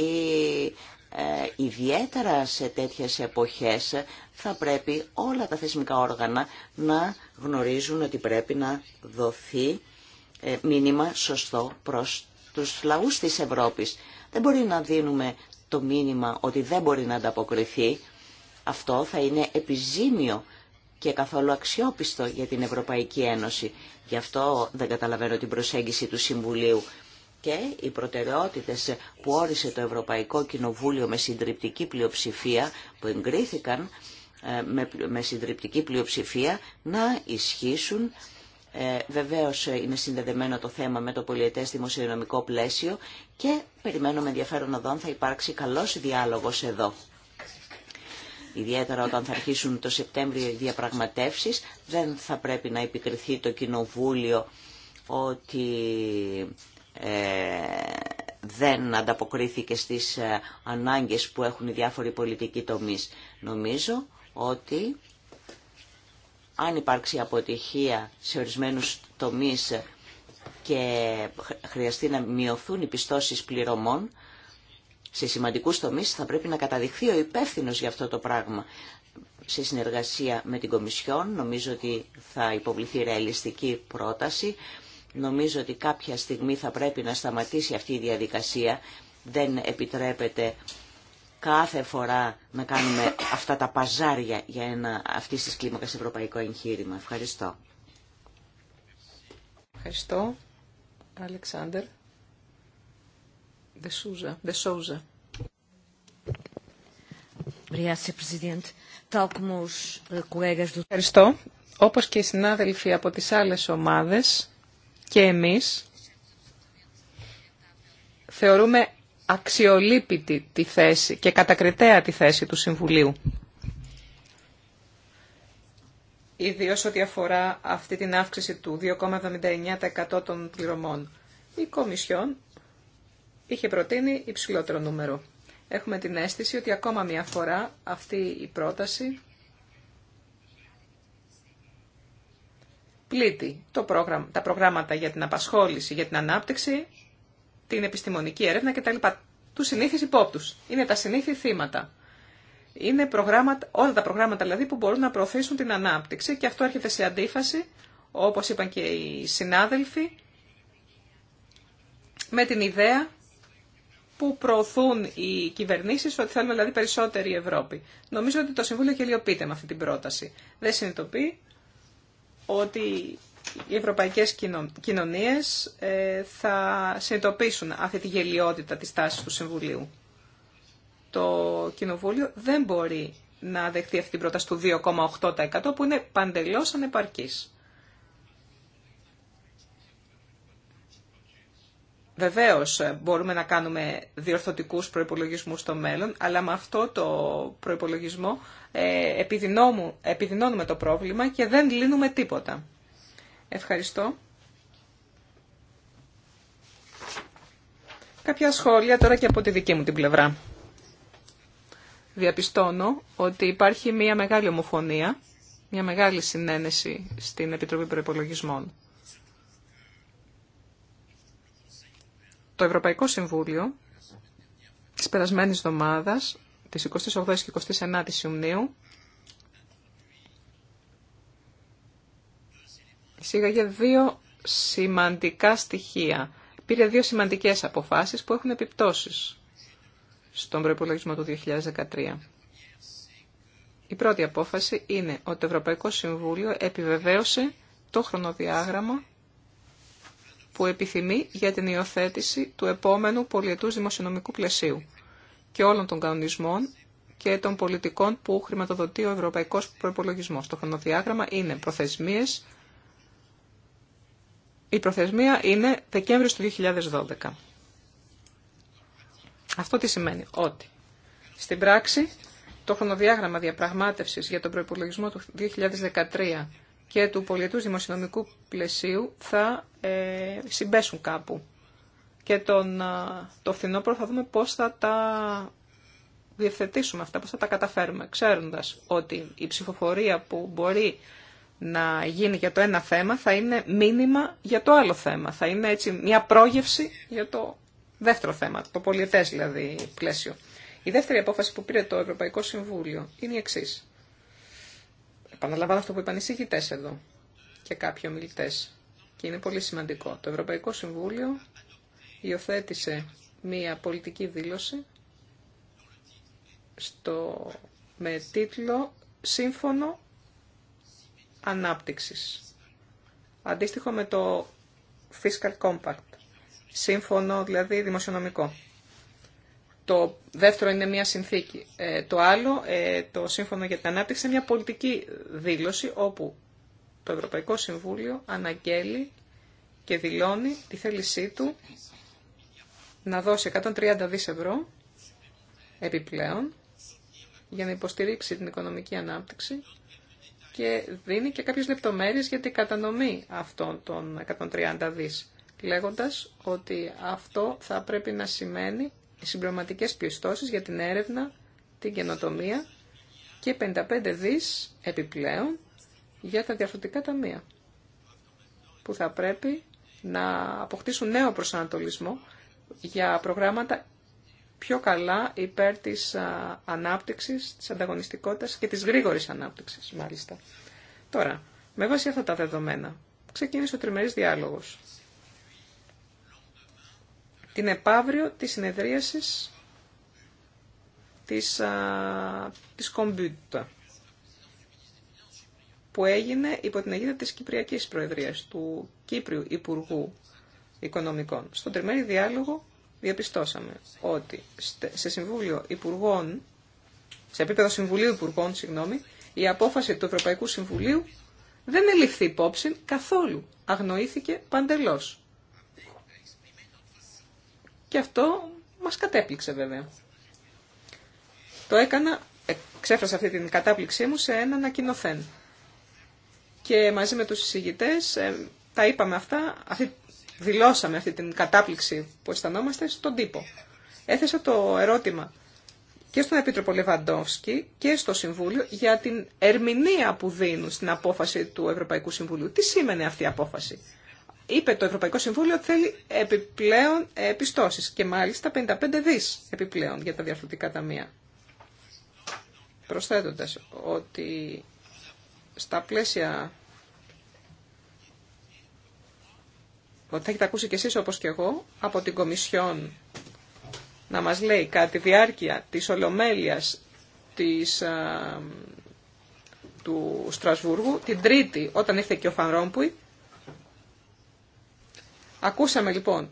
ε, ιδιαίτερα σε τέτοιες εποχές θα πρέπει όλα τα θεσμικά όργανα να γνωρίζουν ότι πρέπει να δοθεί μήνυμα σωστό προς τους λαούς της Ευρώπης. Δεν μπορεί να δίνουμε το μήνυμα ότι δεν μπορεί να ανταποκριθεί. Αυτό θα είναι επιζήμιο και καθόλου αξιόπιστο για την Ευρωπαϊκή Ένωση. Γι' αυτό δεν καταλαβαίνω την προσέγγιση του Συμβουλίου. Και οι προτεραιότητες που όρισε το Ευρωπαϊκό Κοινοβούλιο με συντριπτική πλειοψηφία, που εγκρίθηκαν ε, με συντριπτική πλειοψηφία, να ισχύσουν. Ε, βεβαίως είναι συνδεδεμένο το θέμα με το πολιετές δημοσιονομικό πλαίσιο και περιμένουμε ενδιαφέρον οδόν θα υπάρξει καλός διάλογος εδώ. Ιδιαίτερα όταν θα αρχίσουν το Σεπτέμβριο οι διαπραγματεύσεις, δεν θα πρέπει να επικριθεί το Κοινοβούλιο ότι ε, δεν ανταποκρίθηκε στις ε, ανάγκες που έχουν οι διάφοροι πολιτικοί τομείς. Νομίζω ότι αν υπάρξει αποτυχία σε ορισμένους τομείς και χρειαστεί να μειωθούν οι πιστώσεις πληρωμών, σε σημαντικούς τομείς θα πρέπει να καταδειχθεί ο υπεύθυνος για αυτό το πράγμα. Σε συνεργασία με την Κομισιόν νομίζω ότι θα υποβληθεί ρεαλιστική πρόταση. Νομίζω ότι κάποια στιγμή θα πρέπει να σταματήσει αυτή η διαδικασία. Δεν επιτρέπεται κάθε φορά να κάνουμε αυτά τα παζάρια για ένα αυτή τη κλίμακα ευρωπαϊκό εγχείρημα. Ευχαριστώ. Ευχαριστώ, Ευχαριστώ. Όπως και οι συνάδελφοι από τις άλλες ομάδες και εμείς θεωρούμε αξιολύπητη τη θέση και κατακριτέα τη θέση του Συμβουλίου. Ιδίως ό,τι αφορά αυτή την αύξηση του 2,79% των πληρωμών. Η Κομισιόν είχε προτείνει υψηλότερο νούμερο. Έχουμε την αίσθηση ότι ακόμα μια φορά αυτή η πρόταση πλήττει το τα προγράμματα για την απασχόληση, για την ανάπτυξη, την επιστημονική έρευνα κτλ. Του συνήθεις υπόπτου. Είναι τα συνήθη θύματα. Είναι προγράμματα, όλα τα προγράμματα δηλαδή που μπορούν να προωθήσουν την ανάπτυξη και αυτό έρχεται σε αντίφαση, όπως είπαν και οι συνάδελφοι, με την ιδέα που προωθούν οι κυβερνήσει ότι θέλουμε δηλαδή περισσότερη Ευρώπη. Νομίζω ότι το Συμβούλιο γελιοποιείται με αυτή την πρόταση. Δεν συνειδητοποιεί ότι οι ευρωπαϊκές κοινωνίες ε, θα συνειδητοποιήσουν αυτή τη γελιότητα της τάσης του Συμβουλίου. Το Κοινοβούλιο δεν μπορεί να δεχτεί αυτή την πρόταση του 2,8% που είναι παντελώς ανεπαρκής. Βεβαίω ε, μπορούμε να κάνουμε διορθωτικούς προπολογισμού στο μέλλον, αλλά με αυτό το προπολογισμό ε, επιδεινώνουμε το πρόβλημα και δεν λύνουμε τίποτα. Ευχαριστώ. Κάποια σχόλια τώρα και από τη δική μου την πλευρά. Διαπιστώνω ότι υπάρχει μια μεγάλη ομοφωνία, μια μεγάλη συνένεση στην Επιτροπή Προπολογισμών. Το Ευρωπαϊκό Συμβούλιο της περασμένης εβδομάδας, της 28ης και 29ης Ιουνίου, εισήγαγε δύο σημαντικά στοιχεία. Πήρε δύο σημαντικές αποφάσεις που έχουν επιπτώσεις στον προϋπολογισμό του 2013. Η πρώτη απόφαση είναι ότι το Ευρωπαϊκό Συμβούλιο επιβεβαίωσε το χρονοδιάγραμμα που επιθυμεί για την υιοθέτηση του επόμενου πολιετούς δημοσιονομικού πλαισίου και όλων των κανονισμών και των πολιτικών που χρηματοδοτεί ο Ευρωπαϊκός Προϋπολογισμός. Το χρονοδιάγραμμα είναι προθεσμίες. Η προθεσμία είναι Δεκέμβριος του 2012. Αυτό τι σημαίνει, ότι στην πράξη το χρονοδιάγραμμα διαπραγμάτευσης για τον προϋπολογισμό του 2013 και του πολιετού δημοσιονομικού πλαισίου θα ε, συμπέσουν κάπου. Και τον, ε, το φθινόπωρο θα δούμε πώς θα τα διευθετήσουμε αυτά, πώς θα τα καταφέρουμε, ξέροντας ότι η ψηφοφορία που μπορεί να γίνει για το ένα θέμα θα είναι μήνυμα για το άλλο θέμα. Θα είναι έτσι μια πρόγευση για το δεύτερο θέμα, το πολιετές δηλαδή πλαίσιο. Η δεύτερη απόφαση που πήρε το Ευρωπαϊκό Συμβούλιο είναι η εξής. Παναλαμβάνω αυτό που είπαν οι συγκητές εδώ και κάποιοι ομιλητέ. Και είναι πολύ σημαντικό. Το Ευρωπαϊκό Συμβούλιο υιοθέτησε μία πολιτική δήλωση στο, με τίτλο «Σύμφωνο Ανάπτυξης». Αντίστοιχο με το Fiscal Compact. Σύμφωνο δηλαδή δημοσιονομικό. Το δεύτερο είναι μια συνθήκη. Ε, το άλλο, ε, το Σύμφωνο για την Ανάπτυξη, είναι μια πολιτική δήλωση όπου το Ευρωπαϊκό Συμβούλιο αναγγέλει και δηλώνει τη θέλησή του να δώσει 130 δις ευρώ επιπλέον για να υποστηρίξει την οικονομική ανάπτυξη και δίνει και κάποιες λεπτομέρειες για την κατανομή αυτών των 130 δις, λέγοντας ότι αυτό θα πρέπει να σημαίνει Συμπληρωματικέ πιστώσει για την έρευνα, την καινοτομία και 55 δις επιπλέον για τα διαφορετικά ταμεία που θα πρέπει να αποκτήσουν νέο προσανατολισμό για προγράμματα πιο καλά υπέρ της ανάπτυξης, της ανταγωνιστικότητας και της γρήγορης ανάπτυξης μάλιστα. Τώρα, με βάση αυτά τα δεδομένα, ξεκίνησε ο τριμερής διάλογος την επαύριο της συνεδρίασης της, της Κομπιούτα που έγινε υπό την αιγύδα της Κυπριακής Προεδρίας του Κύπριου Υπουργού Οικονομικών. Στον τριμμένο διάλογο διαπιστώσαμε ότι σε Συμβούλιο Υπουργών, σε επίπεδο Συμβουλίου Υπουργών, συγγνώμη, η απόφαση του Ευρωπαϊκού Συμβουλίου δεν ελήφθη υπόψη καθόλου. Αγνοήθηκε παντελώς. Και αυτό μας κατέπληξε βέβαια. Το έκανα, ε, ξέφρασα αυτή την κατάπληξή μου σε ένα ανακοινοθέν. Και μαζί με τους συζητητές ε, τα είπαμε αυτά, αυτή, δηλώσαμε αυτή την κατάπληξη που αισθανόμαστε στον τύπο. Έθεσα το ερώτημα και στον Επίτροπο Λεβαντόφσκι και στο Συμβούλιο για την ερμηνεία που δίνουν στην απόφαση του Ευρωπαϊκού Συμβουλίου. Τι σήμαινε αυτή η απόφαση είπε το Ευρωπαϊκό Συμβούλιο ότι θέλει επιπλέον επιστώσεις και μάλιστα 55 δις επιπλέον για τα διαφορετικά ταμεία. Προσθέτοντας ότι στα πλαίσια ότι θα έχετε ακούσει κι εσείς όπως και εγώ από την Κομισιόν να μας λέει κατά διάρκεια της Ολομέλειας της, του Στρασβούργου, την Τρίτη όταν ήρθε και ο Φαν Ακούσαμε λοιπόν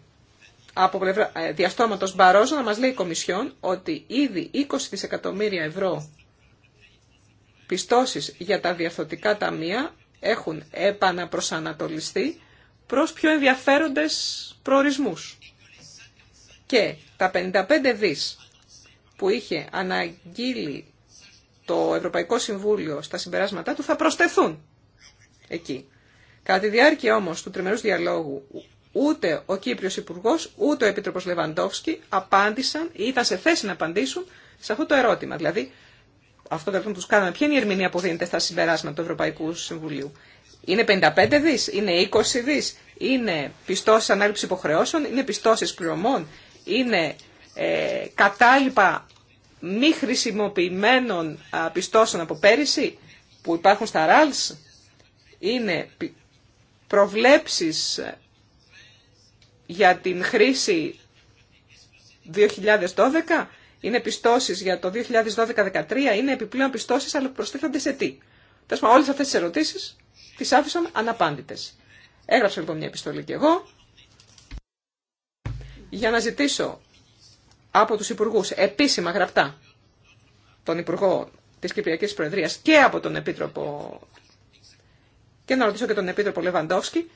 από πλευρά ε, διαστόματος Μπαρόζο να μας λέει η Κομισιόν ότι ήδη 20 δισεκατομμύρια ευρώ πιστώσεις για τα διαρθωτικά ταμεία έχουν επαναπροσανατολιστεί προς πιο ενδιαφέροντες προορισμούς. Και τα 55 δις που είχε αναγγείλει το Ευρωπαϊκό Συμβούλιο στα συμπεράσματά του θα προσθεθούν εκεί. Κατά τη διάρκεια όμως του τριμερούς διαλόγου Ούτε ο Κύπριος Υπουργό, ούτε ο Επίτροπος Λεβαντόφσκι απάντησαν ή ήταν σε θέση να απαντήσουν σε αυτό το ερώτημα. Δηλαδή, αυτό το που τους κάναμε, ποια είναι η ερμηνεία που δίνεται στα συμπεράσματα του Ευρωπαϊκού Συμβουλίου. Είναι 55 δις, είναι 20 δις, είναι πιστώσεις ανάληψη υποχρεώσεων, είναι πιστώσεις πληρωμών, είναι ε, κατάλοιπα μη χρησιμοποιημένων πιστώσεων από πέρυσι που υπάρχουν στα ΡΑΛΣ, είναι προβλέψεις για την χρήση 2012, είναι πιστώσει για το 2012-2013, είναι επιπλέον πιστώσεις, αλλά προστίθενται σε τι. Τέλος όλες αυτές τις ερωτήσεις τις άφησαν αναπάντητες. Έγραψα λοιπόν μια επιστολή και εγώ, για να ζητήσω από τους υπουργού επίσημα γραπτά, τον Υπουργό της Κυπριακή Προεδρία και από τον Επίτροπο και να ρωτήσω και τον Επίτροπο Λεβαντόφσκι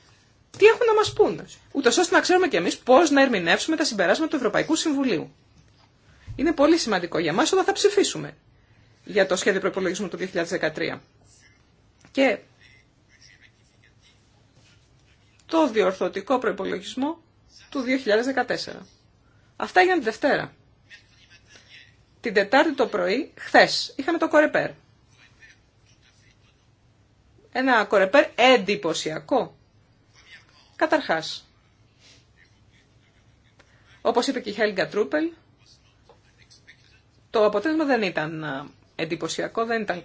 τι έχουν να μας πούν, ούτω ώστε να ξέρουμε κι εμείς πώς να ερμηνεύσουμε τα συμπεράσματα του Ευρωπαϊκού Συμβουλίου. Είναι πολύ σημαντικό για μας όταν θα ψηφίσουμε για το σχέδιο προπολογισμού του 2013. Και το διορθωτικό προπολογισμό του 2014. Αυτά έγιναν τη Δευτέρα. Την Τετάρτη το πρωί, χθε, είχαμε το κορεπέρ. Ένα κορεπέρ εντυπωσιακό Καταρχάς, όπως είπε και η Χέλγκα Τρούπελ, το αποτέλεσμα δεν ήταν ε, εντυπωσιακό, δεν ήταν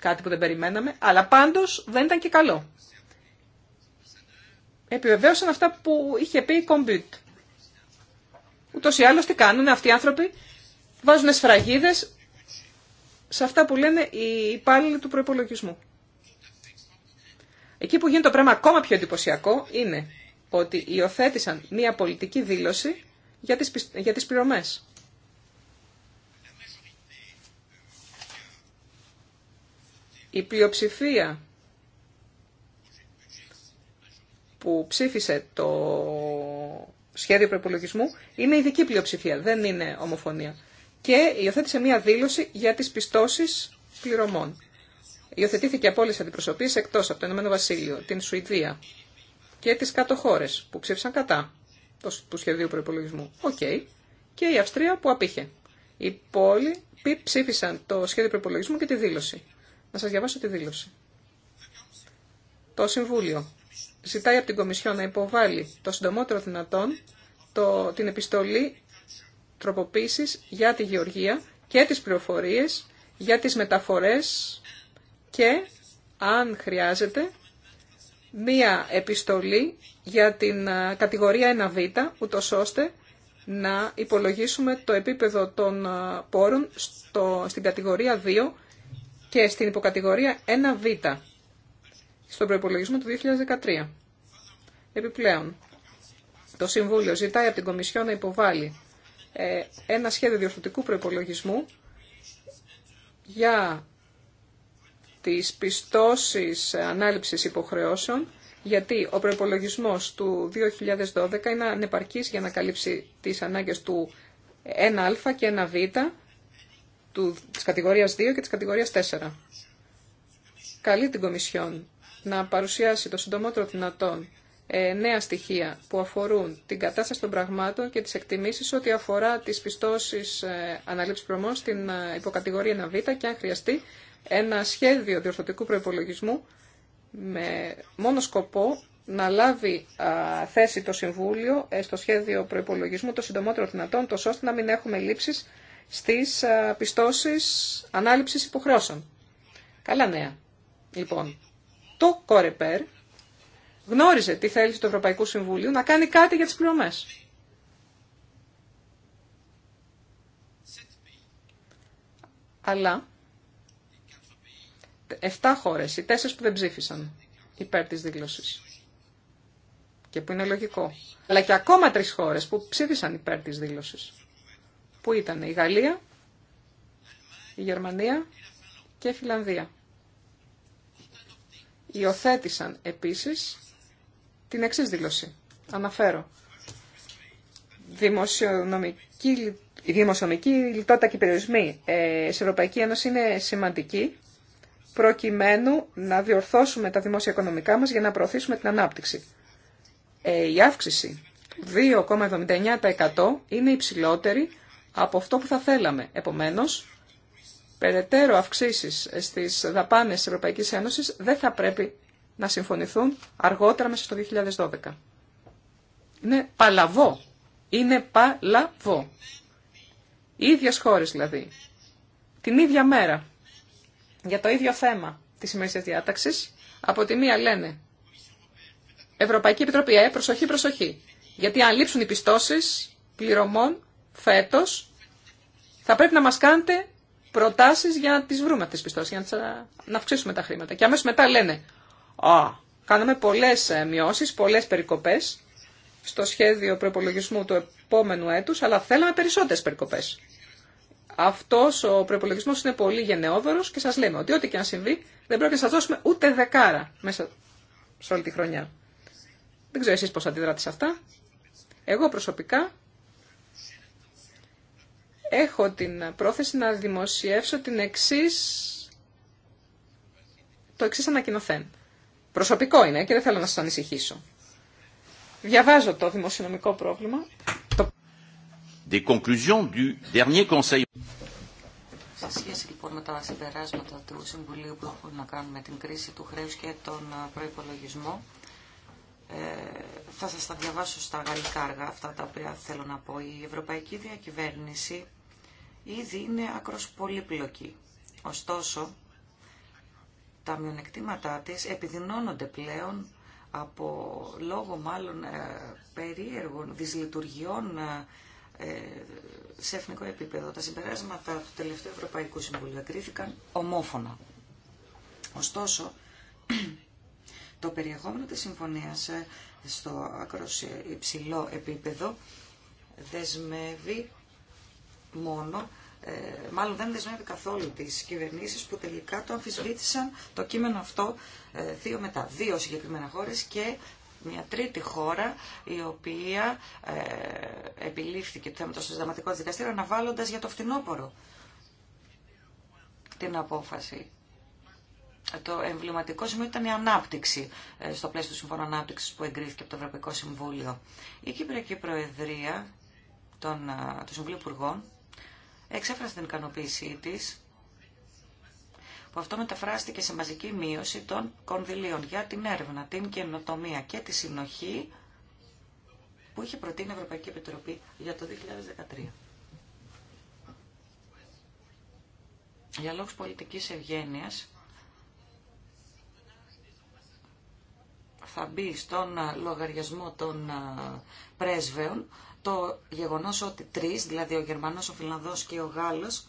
κάτι που δεν περιμέναμε, αλλά πάντως δεν ήταν και καλό. Επιβεβαίωσαν αυτά που είχε πει η Κομπιτ. Ούτως ή άλλως τι κάνουν αυτοί οι άνθρωποι, βάζουν σφραγίδες σε αυτά που λένε οι υπάλληλοι του προϋπολογισμού. Εκεί που γίνεται το πράγμα ακόμα πιο εντυπωσιακό είναι ότι υιοθέτησαν μία πολιτική δήλωση για τις, για τις πληρωμές. Η πλειοψηφία που ψήφισε το σχέδιο προπολογισμού είναι ειδική πλειοψηφία, δεν είναι ομοφωνία. Και υιοθέτησε μία δήλωση για τις πιστώσεις πληρωμών. Υιοθετήθηκε από όλε τι αντιπροσωπείε εκτό από το Ηνωμένο Βασίλειο, την Σουηδία και τι κάτω χώρε που ψήφισαν κατά του σχεδίου προπολογισμού. Οκ. Και η Αυστρία που απήχε. Οι πόλοι ψήφισαν το σχέδιο προπολογισμού και τη δήλωση. Να σα διαβάσω τη δήλωση. Το Συμβούλιο ζητάει από την Κομισιόν να υποβάλει το συντομότερο δυνατόν το, την επιστολή τροποποίησης για τη γεωργία και τις πληροφορίες για τις μεταφορές και αν χρειάζεται μία επιστολή για την κατηγορία 1β, ούτω ώστε να υπολογίσουμε το επίπεδο των πόρων στο, στην κατηγορία 2 και στην υποκατηγορία 1β στον προϋπολογισμό του 2013. Επιπλέον, το Συμβούλιο ζητάει από την Κομισιό να υποβάλει ε, ένα σχέδιο διορθωτικού προϋπολογισμού για τις πιστώσεις ανάληψης υποχρεώσεων, γιατί ο προϋπολογισμός του 2012 είναι ανεπαρκής για να καλύψει τις ανάγκες του 1α και 1β, του, της κατηγορίας 2 και της κατηγορίας 4. Καλεί την Κομισιόν να παρουσιάσει το συντομότερο δυνατόν ε, νέα στοιχεία που αφορούν την κατάσταση των πραγμάτων και τις εκτιμήσεις ό,τι αφορά τις πιστώσεις ε, αναλήψης προμών στην ε, υποκατηγορία 1β και αν χρειαστεί ένα σχέδιο διορθωτικού προϋπολογισμού με μόνο σκοπό να λάβει θέση το Συμβούλιο ε, στο σχέδιο προϋπολογισμού το συντομότερο δυνατόν, τόσο ώστε να μην έχουμε λήψεις στις α, πιστώσεις ανάληψης υποχρεώσεων. Καλά νέα. Λοιπόν, το Κορεπέρ γνώριζε τι θέληση του Ευρωπαϊκού Συμβουλίου να κάνει κάτι για τις πληρωμές. Αλλά Εφτά χώρες, οι τέσσερι που δεν ψήφισαν υπέρ τη δήλωση. Και που είναι λογικό. Αλλά και ακόμα τρεις χώρες που ψήφισαν υπέρ τη δήλωση. Που ήταν η Γαλλία, η Γερμανία και η Φιλανδία. Υιοθέτησαν επίσης την εξή δήλωση. Αναφέρω. Δημοσιονομική, η δημοσιονομική λιτότητα και οι περιορισμοί ε, σε Ευρωπαϊκή Ένωση είναι σημαντική προκειμένου να διορθώσουμε τα δημόσια οικονομικά μας για να προωθήσουμε την ανάπτυξη. Ε, η αύξηση 2,79% είναι υψηλότερη από αυτό που θα θέλαμε. Επομένως, περαιτέρω αυξήσεις στις δαπάνες της Ευρωπαϊκής Ένωσης δεν θα πρέπει να συμφωνηθούν αργότερα μέσα στο 2012. Είναι παλαβό. Είναι παλαβό. ίδιες χώρες δηλαδή. Την ίδια μέρα για το ίδιο θέμα τη ημερήσιας διάταξη, Από τη μία λένε Ευρωπαϊκή Επιτροπή, ε, προσοχή, προσοχή. Γιατί αν λείψουν οι πιστώσει, πληρωμών φέτος, θα πρέπει να μας κάνετε προτάσεις για να τις βρούμε αυτέ τις πιστώσεις, για να, να αυξήσουμε τα χρήματα. Και αμέσω μετά λένε, α, κάναμε πολλές ε, μειώσεις, πολλές περικοπές στο σχέδιο προπολογισμού του επόμενου έτου, αλλά θέλαμε περισσότερε περικοπέ. Αυτό ο προπολογισμό είναι πολύ γενναιόδωρος και σας λέμε ότι ό,τι και αν συμβεί δεν πρόκειται να σα δώσουμε ούτε δεκάρα μέσα σε όλη τη χρονιά. Δεν ξέρω εσεί πώ αντιδράτε σε αυτά. Εγώ προσωπικά έχω την πρόθεση να δημοσιεύσω την εξής, το εξής ανακοινοθέν. Προσωπικό είναι και δεν θέλω να σας ανησυχήσω. Διαβάζω το δημοσιονομικό πρόβλημα σε σχέση λοιπόν με τα συμπεράσματα του Συμβουλίου που έχουν να κάνουν με την κρίση του χρέους και τον ε, προϋπολογισμό, ε, θα σας τα διαβάσω στα γαλλικά αργά αυτά τα οποία θέλω να πω. Η ευρωπαϊκή διακυβέρνηση ήδη είναι άκρος Ωστόσο, τα μειονεκτήματά της επιδεινώνονται πλέον από λόγω μάλλον ε, περίεργων δυσλειτουργιών σε εθνικό επίπεδο. Τα συμπεράσματα του τελευταίου Ευρωπαϊκού Συμβουλίου κρίθηκαν ομόφωνα. Ωστόσο, το περιεχόμενο της συμφωνίας ε, στο άκρος ε, υψηλό επίπεδο δεσμεύει μόνο, ε, μάλλον δεν δεσμεύει καθόλου τις κυβερνήσεις που τελικά το αμφισβήτησαν το κείμενο αυτό δύο μετά. Δύο συγκεκριμένα χώρες και μια τρίτη χώρα η οποία ε, επιλήφθηκε το θέμα του συνταγματικού δικαστήριο αναβάλλοντα για το φθινόπωρο την απόφαση. Το εμβληματικό σημείο ήταν η ανάπτυξη ε, στο πλαίσιο του Συμφώνου Ανάπτυξη που εγκρίθηκε από το Ευρωπαϊκό Συμβούλιο. Η Κυπριακή Προεδρία των, ε, του Συμβουλίου Υπουργών εξέφρασε την ικανοποίησή της που αυτό μεταφράστηκε σε μαζική μείωση των κονδυλίων για την έρευνα, την καινοτομία και τη συνοχή που είχε προτείνει η Ευρωπαϊκή Επιτροπή για το 2013. Για λόγους πολιτικής ευγένειας θα μπει στον λογαριασμό των πρέσβεων το γεγονός ότι τρεις, δηλαδή ο Γερμανός, ο Φιλανδός και ο Γάλλος,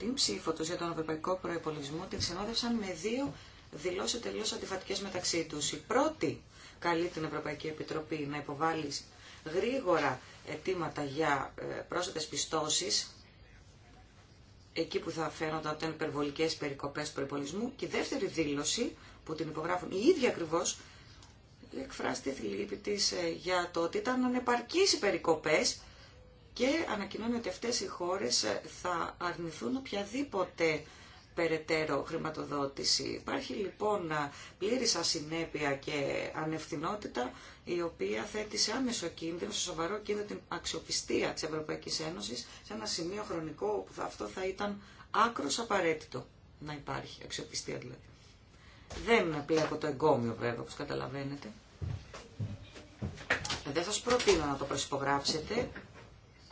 την ψήφο τους για τον ευρωπαϊκό Προπολογισμό την συνόδευσαν με δύο δηλώσει τελείω αντιφατικέ μεταξύ τους. Η πρώτη καλεί την Ευρωπαϊκή Επιτροπή να υποβάλει γρήγορα αιτήματα για ε, πρόσθετες πιστώσεις εκεί που θα φαίνονταν ότι ήταν περικοπέ περικοπές προπολογισμού. και η δεύτερη δήλωση που την υπογράφουν οι ίδιοι ακριβώς εκφράστηκε τη λύπη τη ε, για το ότι ήταν ανεπαρκείς οι περικοπές και ανακοινώνει ότι αυτές οι χώρες ε, θα αρνηθούν οποιαδήποτε περαιτέρω χρηματοδότηση. Υπάρχει λοιπόν ε, πλήρης ασυνέπεια και ανευθυνότητα η οποία θέτει σε άμεσο κίνδυνο, σε σοβαρό κίνδυνο την αξιοπιστία της Ευρωπαϊκής Ένωσης σε ένα σημείο χρονικό όπου αυτό θα ήταν άκρος απαραίτητο να υπάρχει, αξιοπιστία δηλαδή. Δεν από το εγκόμιο βέβαια όπως καταλαβαίνετε. Δεν σας προτείνω να το προσυπογράψετε,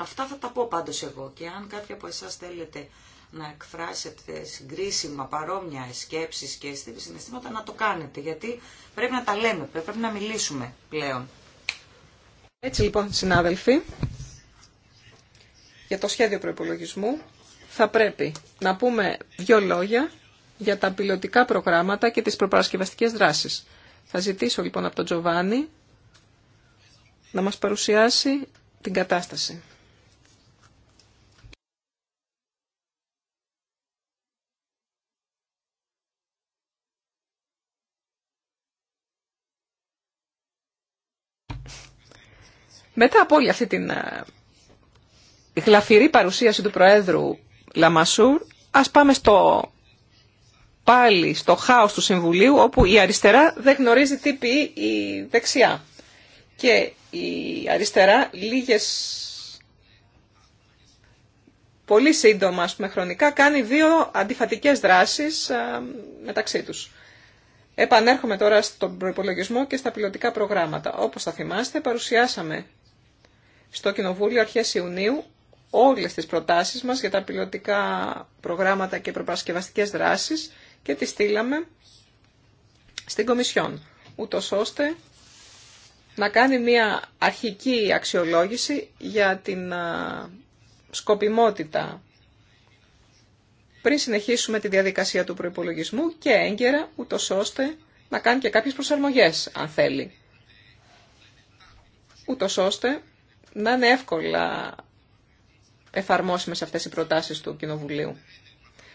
Αυτά θα τα πω πάντως εγώ και αν κάποια από εσάς θέλετε να εκφράσετε συγκρίσιμα παρόμοια σκέψεις και συναισθήματα να το κάνετε γιατί πρέπει να τα λέμε, πρέπει να μιλήσουμε πλέον. Έτσι λοιπόν συνάδελφοι, για το σχέδιο προϋπολογισμού θα πρέπει να πούμε δύο λόγια για τα πιλωτικά προγράμματα και τις προπαρασκευαστικές δράσεις. Θα ζητήσω λοιπόν από τον Τζοβάνι να μας παρουσιάσει την κατάσταση. Μετά από όλη αυτή την ε, γλαφυρή παρουσίαση του Προέδρου Λαμασούρ, ας πάμε στο, πάλι στο χάος του Συμβουλίου, όπου η αριστερά δεν γνωρίζει τι πει η δεξιά. Και η αριστερά λίγες πολύ σύντομα, χρονικά, κάνει δύο αντιφατικές δράσεις ε, μεταξύ τους. Επανέρχομαι τώρα στον προπολογισμό και στα πιλωτικά προγράμματα. Όπως θα θυμάστε, παρουσιάσαμε στο Κοινοβούλιο αρχές Ιουνίου όλες τις προτάσεις μας για τα πιλωτικά προγράμματα και προπαρασκευαστικές δράσεις και τις στείλαμε στην Κομισιόν, ούτω ώστε να κάνει μια αρχική αξιολόγηση για την σκοπιμότητα πριν συνεχίσουμε τη διαδικασία του προϋπολογισμού και έγκαιρα, ούτω ώστε να κάνει και κάποιες προσαρμογές, αν θέλει. Ούτω ώστε να είναι εύκολα εφαρμόσιμες αυτές οι προτάσεις του Κοινοβουλίου.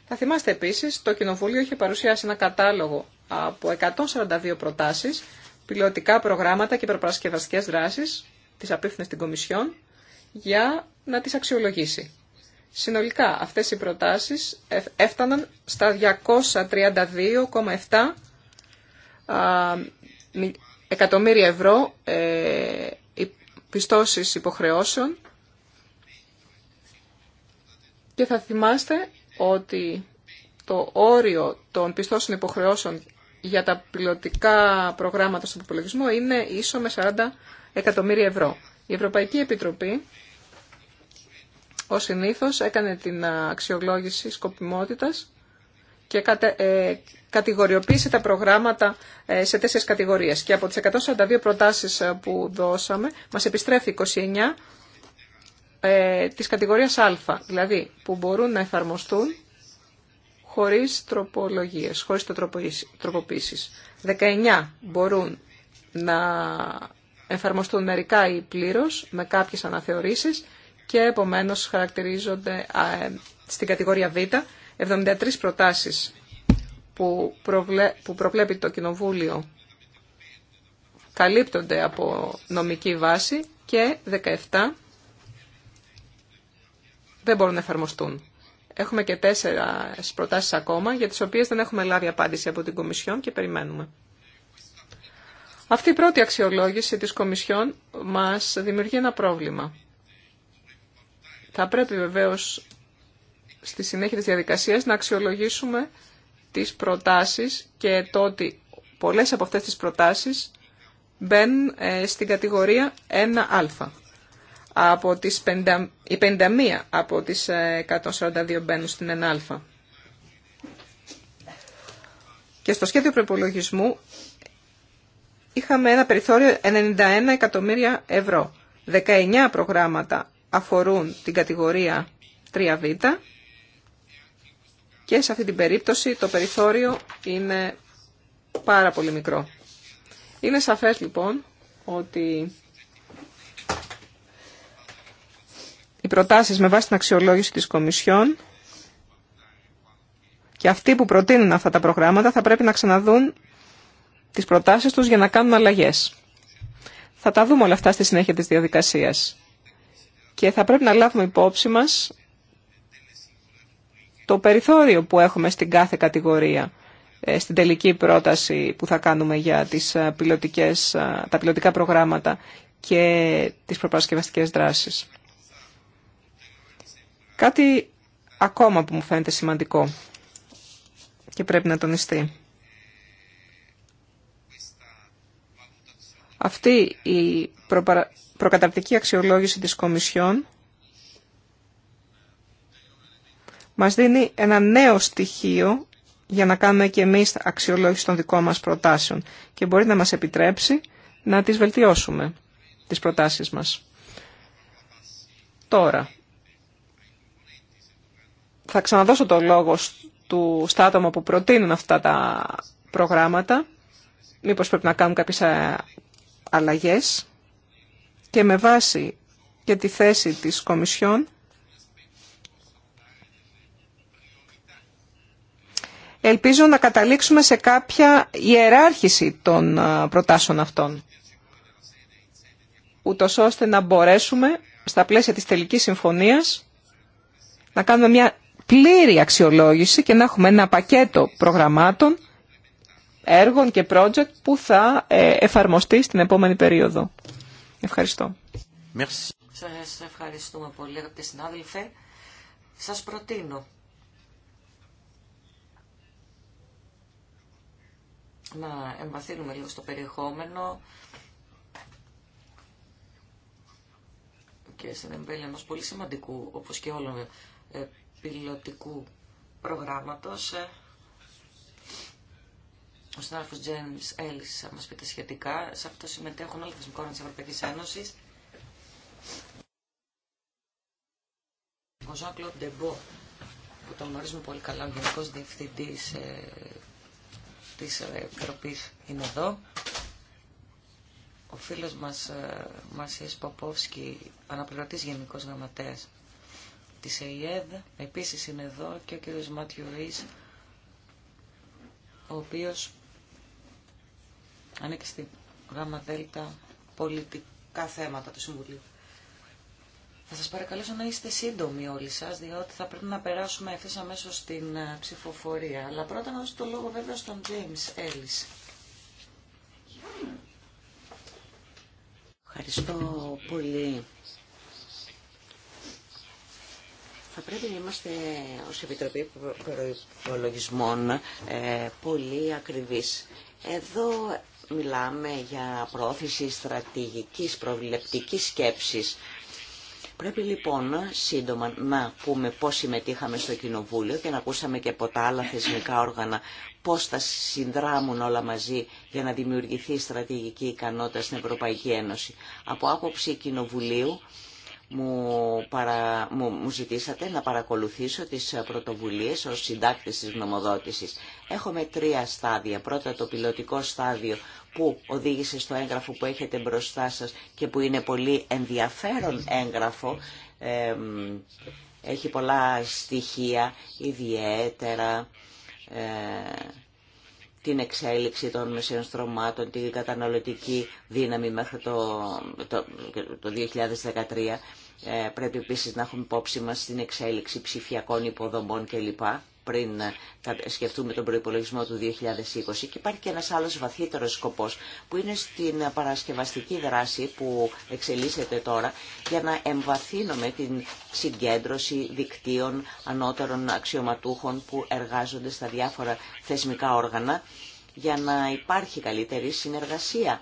Θα θυμάστε επίσης, το Κοινοβούλιο είχε παρουσιάσει ένα κατάλογο από 142 προτάσεις, πιλωτικά προγράμματα και προπαρασκευαστικές δράσεις, της απίφθηνες στην Κομισιόν, για να τις αξιολογήσει. Συνολικά αυτές οι προτάσεις έφταναν στα 232,7 εκατομμύρια ευρώ ε, πιστώσεις υποχρεώσεων και θα θυμάστε ότι το όριο των πιστώσεων υποχρεώσεων για τα πιλωτικά προγράμματα στον υπολογισμό είναι ίσο με 40 εκατομμύρια ευρώ. Η Ευρωπαϊκή Επιτροπή, ως συνήθως, έκανε την αξιολόγηση σκοπιμότητας και ε, κατηγοριοποίησε τα προγράμματα ε, σε τέσσερις κατηγορίες. Και από τις 142 προτάσεις ε, που δώσαμε, μας επιστρέφει 29 ε, της κατηγορίας Α, δηλαδή που μπορούν να εφαρμοστούν χωρίς τροπολογίες, χωρίς το τροποποίησης. 19 μπορούν να εφαρμοστούν μερικά ή πλήρως με κάποιες αναθεωρήσεις και επομένως χαρακτηρίζονται στην κατηγορία Β 73 προτάσεις που, προβλέπει το Κοινοβούλιο καλύπτονται από νομική βάση και 17 δεν μπορούν να εφαρμοστούν. Έχουμε και τέσσερα προτάσεις ακόμα, για τις οποίες δεν έχουμε λάβει απάντηση από την Κομισιόν και περιμένουμε. Αυτή η πρώτη αξιολόγηση της Κομισιόν μας δημιουργεί ένα πρόβλημα. Θα πρέπει βεβαίως στη συνέχεια της διαδικασίας να αξιολογήσουμε τις προτάσεις και το ότι πολλές από αυτές τις προτάσεις μπαίνουν ε, στην κατηγορία 1α. Από τις 50, 51 από τις 142 ε, μπαίνουν στην 1α. Και στο σχέδιο προπολογισμού είχαμε ένα περιθώριο 91 εκατομμύρια ευρώ. 19 προγράμματα αφορούν την κατηγορία 3β και σε αυτή την περίπτωση το περιθώριο είναι πάρα πολύ μικρό. Είναι σαφές λοιπόν ότι οι προτάσεις με βάση την αξιολόγηση της Κομισιόν και αυτοί που προτείνουν αυτά τα προγράμματα θα πρέπει να ξαναδούν τις προτάσεις τους για να κάνουν αλλαγές. Θα τα δούμε όλα αυτά στη συνέχεια της διαδικασίας. Και θα πρέπει να λάβουμε υπόψη μας το περιθώριο που έχουμε στην κάθε κατηγορία ε, στην τελική πρόταση που θα κάνουμε για τις ε, ε, τα πιλωτικά προγράμματα και τις προπαρασκευαστικές δράσεις. Κάτι ακόμα που μου φαίνεται σημαντικό και πρέπει να τονιστεί. Αυτή η προκαταρτική αξιολόγηση της Κομισιόν μας δίνει ένα νέο στοιχείο για να κάνουμε και εμείς αξιολόγηση των δικών μας προτάσεων και μπορεί να μας επιτρέψει να τις βελτιώσουμε, τις προτάσεις μας. Τώρα, θα ξαναδώσω το λόγο του, στα άτομα που προτείνουν αυτά τα προγράμματα, μήπως πρέπει να κάνουν κάποιες αλλαγές και με βάση και τη θέση της Κομισιόν ελπίζω να καταλήξουμε σε κάποια ιεράρχηση των προτάσεων αυτών, ούτω ώστε να μπορέσουμε στα πλαίσια της τελικής συμφωνίας να κάνουμε μια πλήρη αξιολόγηση και να έχουμε ένα πακέτο προγραμμάτων, έργων και project που θα ε, εφαρμοστεί στην επόμενη περίοδο. Ευχαριστώ. Σας ευχαριστούμε πολύ αγαπητοί συνάδελφοι. Σας προτείνω να εμβαθύνουμε λίγο στο περιεχόμενο και στην εμβέλεια ενός πολύ σημαντικού, όπως και όλων, ε, πιλωτικού προγράμματος. Ε, ο συνάδελφος James Ellis θα μας πει σχετικά. Σε αυτό συμμετέχουν όλες τις μικρόνες της Ευρωπαϊκής Ένωσης. Ο Jean-Claude που τον γνωρίζουμε πολύ καλά, ο Γενικός Διευθυντής ε, της είναι εδώ. Ο φίλος μας, ε, Μαρσίες Ποπόφσκι, αναπληρωτής Γενικός Γραμματέας της ΕΙΕΔ, επίσης είναι εδώ και ο κύριος Μάτιου ο οποίος ανήκει στη γάμα πολιτικά θέματα του Συμβουλίου. Θα σας παρακαλέσω να είστε σύντομοι όλοι σας, διότι θα πρέπει να περάσουμε ευθύς αμέσως στην ε, ψηφοφορία. Αλλά πρώτα να δώσω το λόγο βέβαια στον James Ellis. Ευχαριστώ πολύ. Θα πρέπει να είμαστε ως Επιτροπή Προϋπολογισμών ε, πολύ ακριβείς. Εδώ μιλάμε για πρόθεση στρατηγικής προβλεπτικής σκέψης Πρέπει λοιπόν σύντομα να πούμε πώς συμμετείχαμε στο Κοινοβούλιο και να ακούσαμε και από τα άλλα θεσμικά όργανα πώς θα συνδράμουν όλα μαζί για να δημιουργηθεί στρατηγική ικανότητα στην Ευρωπαϊκή Ένωση. Από άποψη Κοινοβουλίου μου, παρα... μου, ζητήσατε να παρακολουθήσω τις ε, πρωτοβουλίες ως συντάκτης της γνωμοδότησης. Έχουμε τρία στάδια. Πρώτα το πιλωτικό στάδιο που οδήγησε στο έγγραφο που έχετε μπροστά σας και που είναι πολύ ενδιαφέρον έγγραφο. Ε, έχει πολλά στοιχεία, ιδιαίτερα ε, την εξέλιξη των μεσαίων στρωμάτων, την καταναλωτική δύναμη μέχρι το, το, το 2013. Ε, πρέπει επίσης να έχουμε υπόψη μας την εξέλιξη ψηφιακών υποδομών κλπ πριν ε, σκεφτούμε τον προϋπολογισμό του 2020 και υπάρχει και ένας άλλος βαθύτερος σκοπός που είναι στην παρασκευαστική δράση που εξελίσσεται τώρα για να εμβαθύνουμε την συγκέντρωση δικτύων ανώτερων αξιωματούχων που εργάζονται στα διάφορα θεσμικά όργανα για να υπάρχει καλύτερη συνεργασία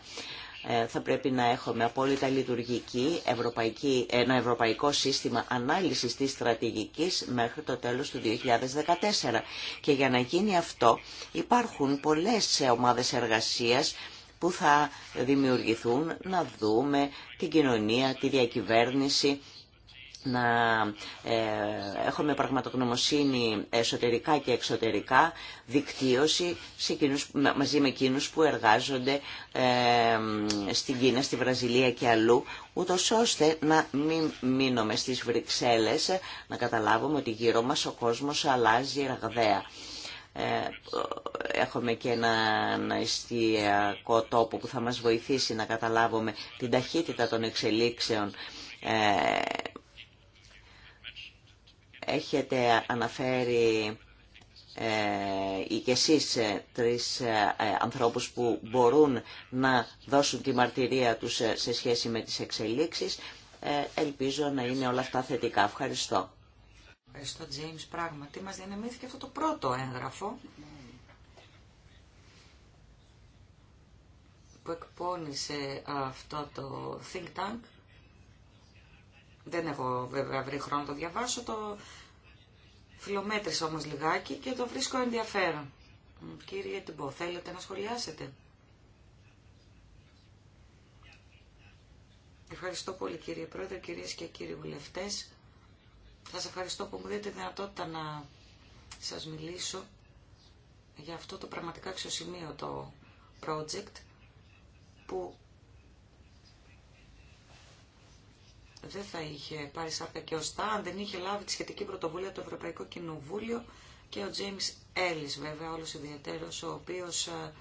ε, θα πρέπει να έχουμε απόλυτα λειτουργική ευρωπαϊκή, ένα ευρωπαϊκό σύστημα ανάλυσης της στρατηγικής μέχρι το τέλος του 2014. Και για να γίνει αυτό υπάρχουν πολλές ομάδες εργασίας που θα δημιουργηθούν να δούμε την κοινωνία, τη διακυβέρνηση, να ε, έχουμε πραγματογνωμοσύνη εσωτερικά και εξωτερικά, δικτύωση σε μαζί με εκείνους που εργάζονται ε, στην Κίνα, στη Βραζιλία και αλλού, ούτω ώστε να μην μείνουμε στις Βρυξέλλες, να καταλάβουμε ότι γύρω μας ο κόσμος αλλάζει ραγδαία. Ε, έχουμε και ένα εστιακό τόπο που θα μας βοηθήσει να καταλάβουμε την ταχύτητα των εξελίξεων έχετε αναφέρει ε, και εσείς ε, τρεις ε, ε, ανθρώπους που μπορούν να δώσουν τη μαρτυρία τους σε σχέση με τις εξελίξεις. ελπίζω να είναι όλα αυτά θετικά. Ευχαριστώ. Ευχαριστώ, James. Πράγματι, μας διανεμήθηκε αυτό το πρώτο έγγραφο που εκπώνησε αυτό το Think Tank. Δεν έχω βέβαια βρει χρόνο να το διαβάσω. Το Φιλομέτρησα όμως λιγάκι και το βρίσκω ενδιαφέρον. Κύριε Τιμπό, θέλετε να σχολιάσετε. Ευχαριστώ πολύ κύριε Πρόεδρε, κυρίες και κύριοι βουλευτές. Θα σας ευχαριστώ που μου δίνετε δυνατότητα να σας μιλήσω για αυτό το πραγματικά το project που δεν θα είχε πάρει σάρκα και οστά αν δεν είχε λάβει τη σχετική πρωτοβουλία το Ευρωπαϊκό Κοινοβούλιο και ο James Ellis βέβαια όλος ιδιαίτερος ο οποίος ε,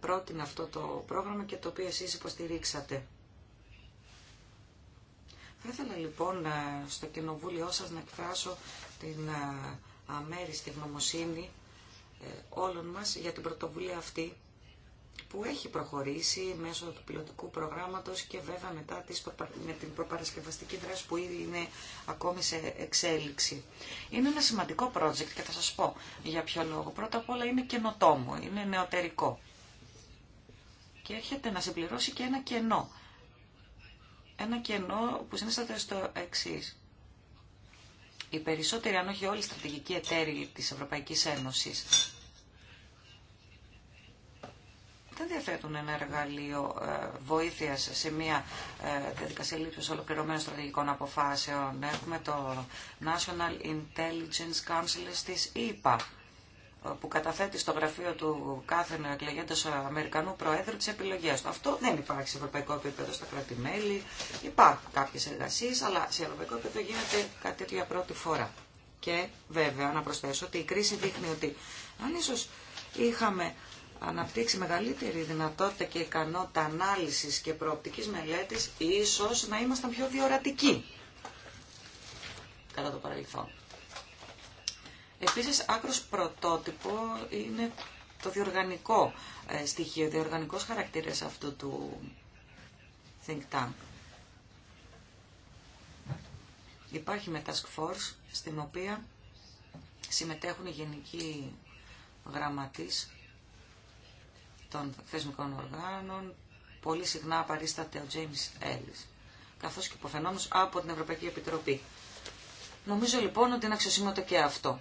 πρότεινε αυτό το πρόγραμμα και το οποίο εσείς υποστηρίξατε. Θα ήθελα λοιπόν ε, στο κοινοβούλιο σας να εκφράσω την ε, αμέριστη γνωμοσύνη όλων μας για την πρωτοβουλία αυτή που έχει προχωρήσει μέσω του πιλωτικού προγράμματος και βέβαια μετά με την προπαρασκευαστική δράση που ήδη είναι ακόμη σε εξέλιξη. Είναι ένα σημαντικό project και θα σας πω για ποιο λόγο. Πρώτα απ' όλα είναι καινοτόμο, είναι νεωτερικό και έρχεται να συμπληρώσει και ένα κενό. Ένα κενό που συνέσταται στο εξή. Οι περισσότεροι, αν όχι όλοι, στρατηγικοί εταίροι της Ευρωπαϊκής Ένωσης δεν διαθέτουν ένα εργαλείο ε, βοήθεια σε μια ε, διαδικασία λήψη ολοκληρωμένων στρατηγικών αποφάσεων. Έχουμε το National Intelligence Council τη ΕΠΑ ε, που καταθέτει στο γραφείο του κάθε εκλεγέντο Αμερικανού Προέδρου τι επιλογέ του. Αυτό δεν υπάρχει σε ευρωπαϊκό επίπεδο στα κράτη-μέλη. Υπάρχουν κάποιε εργασίε, αλλά σε ευρωπαϊκό επίπεδο γίνεται κάτι τέτοιο για πρώτη φορά. Και βέβαια να προσθέσω ότι η κρίση δείχνει ότι αν ίσω είχαμε αναπτύξει μεγαλύτερη δυνατότητα και ικανότητα ανάλυσης και προοπτικής μελέτης, ίσως να ήμασταν πιο διορατικοί κατά το παρελθόν. Επίσης, άκρος πρωτότυπο είναι το διοργανικό ε, στοιχείο, διοργανικός χαρακτήρας αυτού του think tank. Υπάρχει με task force, στην οποία συμμετέχουν οι γενικοί γραμματείς των θεσμικών οργάνων, πολύ συχνά παρίσταται ο James Ellis, καθώς και υποφαινόμενο από την Ευρωπαϊκή Επιτροπή. Νομίζω λοιπόν ότι είναι αξιοσήμαντο και αυτό.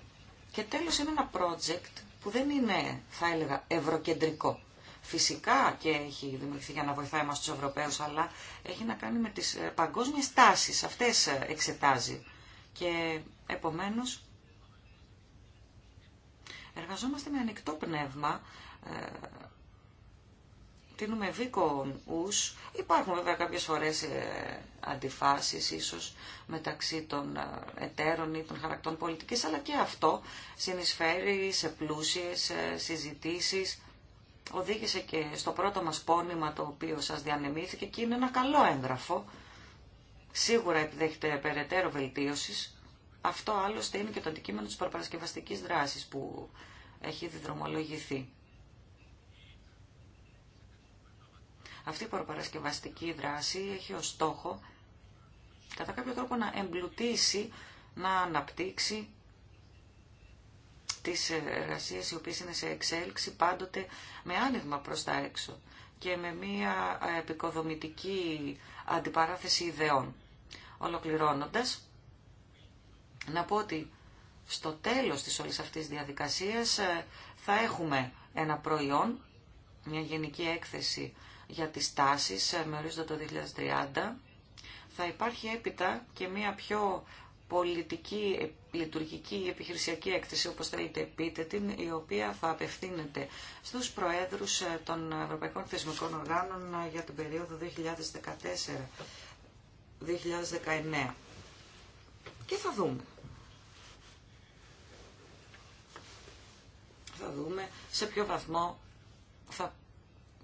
Και τέλος είναι ένα project που δεν είναι, θα έλεγα, ευρωκεντρικό. Φυσικά και έχει δημιουργηθεί για να βοηθάει μας τους Ευρωπαίους, αλλά έχει να κάνει με τις ε, παγκόσμιες τάσει. Αυτές ε, εξετάζει. Και επομένως εργαζόμαστε με ανοιχτό πνεύμα ε, προτείνουμε ους. Υπάρχουν βέβαια κάποιες φορές ε, αντιφάσεις ίσως μεταξύ των ε, εταίρων ή των χαρακτών πολιτικής, αλλά και αυτό συνεισφέρει σε πλούσιες ε, συζητήσεις. Οδήγησε και στο πρώτο μας πόνημα το οποίο σας διανεμήθηκε και είναι ένα καλό έγγραφο. Σίγουρα επιδέχεται περαιτέρω βελτίωση. Αυτό άλλωστε είναι και το αντικείμενο της προπαρασκευαστικής δράσης που έχει διδρομολογηθεί. Αυτή η προπαρασκευαστική δράση έχει ως στόχο κατά κάποιο τρόπο να εμπλουτίσει, να αναπτύξει τις εργασίες οι οποίες είναι σε εξέλιξη πάντοτε με άνοιγμα προς τα έξω και με μία επικοδομητική αντιπαράθεση ιδεών. Ολοκληρώνοντας, να πω ότι στο τέλος της όλης αυτής διαδικασίας ε, θα έχουμε ένα προϊόν, μια γενική έκθεση για τις τάσεις ε, με ορίζοντα το 2030, θα υπάρχει έπειτα και μια πιο πολιτική, ε, λειτουργική, επιχειρησιακή έκθεση, όπως θέλετε πείτε την, η οποία θα απευθύνεται στους προέδρους ε, των Ευρωπαϊκών Θεσμικών Οργάνων για την περίοδο 2014-2019. Και θα δούμε. Θα δούμε σε ποιο βαθμό θα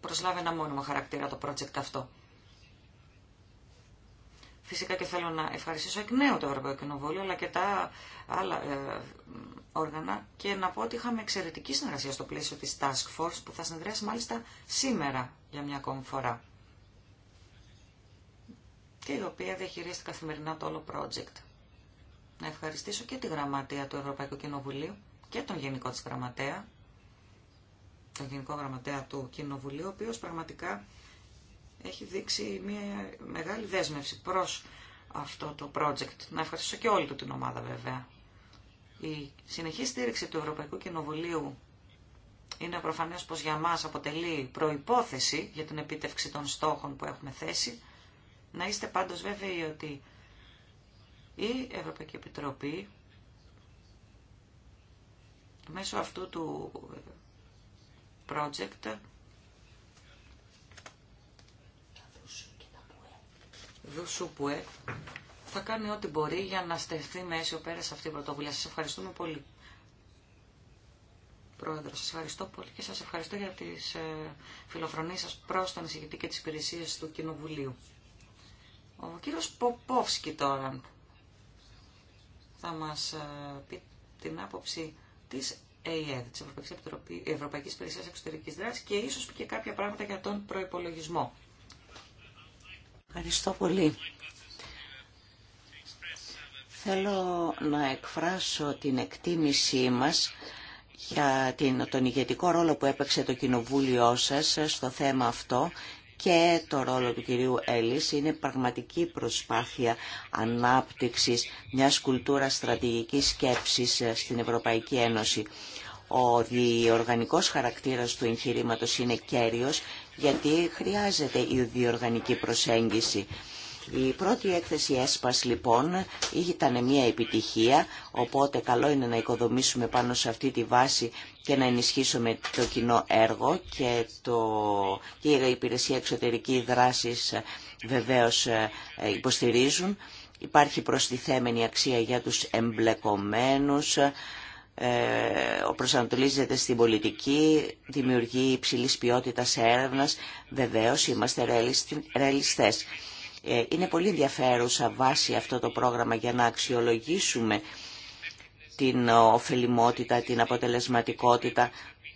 προσλάβει ένα μόνιμο χαρακτήρα το project αυτό. Φυσικά και θέλω να ευχαριστήσω εκ νέου το Ευρωπαϊκό Κοινοβούλιο, αλλά και τα άλλα ε, όργανα και να πω ότι είχαμε εξαιρετική συνεργασία στο πλαίσιο της Task Force που θα συνεδριάσει μάλιστα σήμερα για μια ακόμη φορά και η οποία διαχειρίζεται καθημερινά το όλο project. Να ευχαριστήσω και τη Γραμματεία του Ευρωπαϊκού Κοινοβουλίου και τον Γενικό της Γραμματέα τον Γενικό Γραμματέα του Κοινοβουλίου, ο οποίο πραγματικά έχει δείξει μια μεγάλη δέσμευση προς αυτό το project. Να ευχαριστήσω και όλη του την ομάδα βέβαια. Η συνεχή στήριξη του Ευρωπαϊκού Κοινοβουλίου είναι προφανές πως για μας αποτελεί προϋπόθεση για την επίτευξη των στόχων που έχουμε θέσει. Να είστε πάντως βέβαιοι ότι η Ευρωπαϊκή Επιτροπή μέσω αυτού του project Δουσουπουέ θα κάνει ό,τι μπορεί για να στεφθεί μέσω αίσιο πέρα σε αυτή την πρωτοβουλία. Σας ευχαριστούμε πολύ. Πρόεδρο, σας ευχαριστώ πολύ και σας ευχαριστώ για τις ε, φιλοφρονίες σας προς τον εισηγητή και τις υπηρεσίες του Κοινοβουλίου. Ο κύριος Ποπόφσκι τώρα θα μας ε, πει την άποψη της τη της Ευρωπαϊκής, Επιτροπή, Εξωτερικής Δράσης και ίσως και κάποια πράγματα για τον προπολογισμό. Ευχαριστώ πολύ. Θέλω να εκφράσω την εκτίμησή μας για τον ηγετικό ρόλο που έπαιξε το Κοινοβούλιο σας στο θέμα αυτό και το ρόλο του κυρίου Έλλης είναι πραγματική προσπάθεια ανάπτυξης μιας κουλτούρας στρατηγικής σκέψης ε, στην Ευρωπαϊκή Ένωση. Ο διοργανικός χαρακτήρας του εγχειρήματο είναι κέριος γιατί χρειάζεται η διοργανική προσέγγιση. Η πρώτη έκθεση ΕΣΠΑΣ λοιπόν ήταν μια επιτυχία, οπότε καλό είναι να οικοδομήσουμε πάνω σε αυτή τη βάση και να ενισχύσουμε το κοινό έργο και, το, και η υπηρεσία εξωτερική δράσης ε, βεβαίως ε, ε, υποστηρίζουν. Υπάρχει προστιθέμενη αξία για τους εμπλεκομένους, ο προσανατολίζεται στην πολιτική, δημιουργεί υψηλής ποιότητας έρευνας. Βεβαίως είμαστε ρεαλιστές. Ε, είναι πολύ ενδιαφέρουσα βάση αυτό το πρόγραμμα για να αξιολογήσουμε την ωφελημότητα, την αποτελεσματικότητα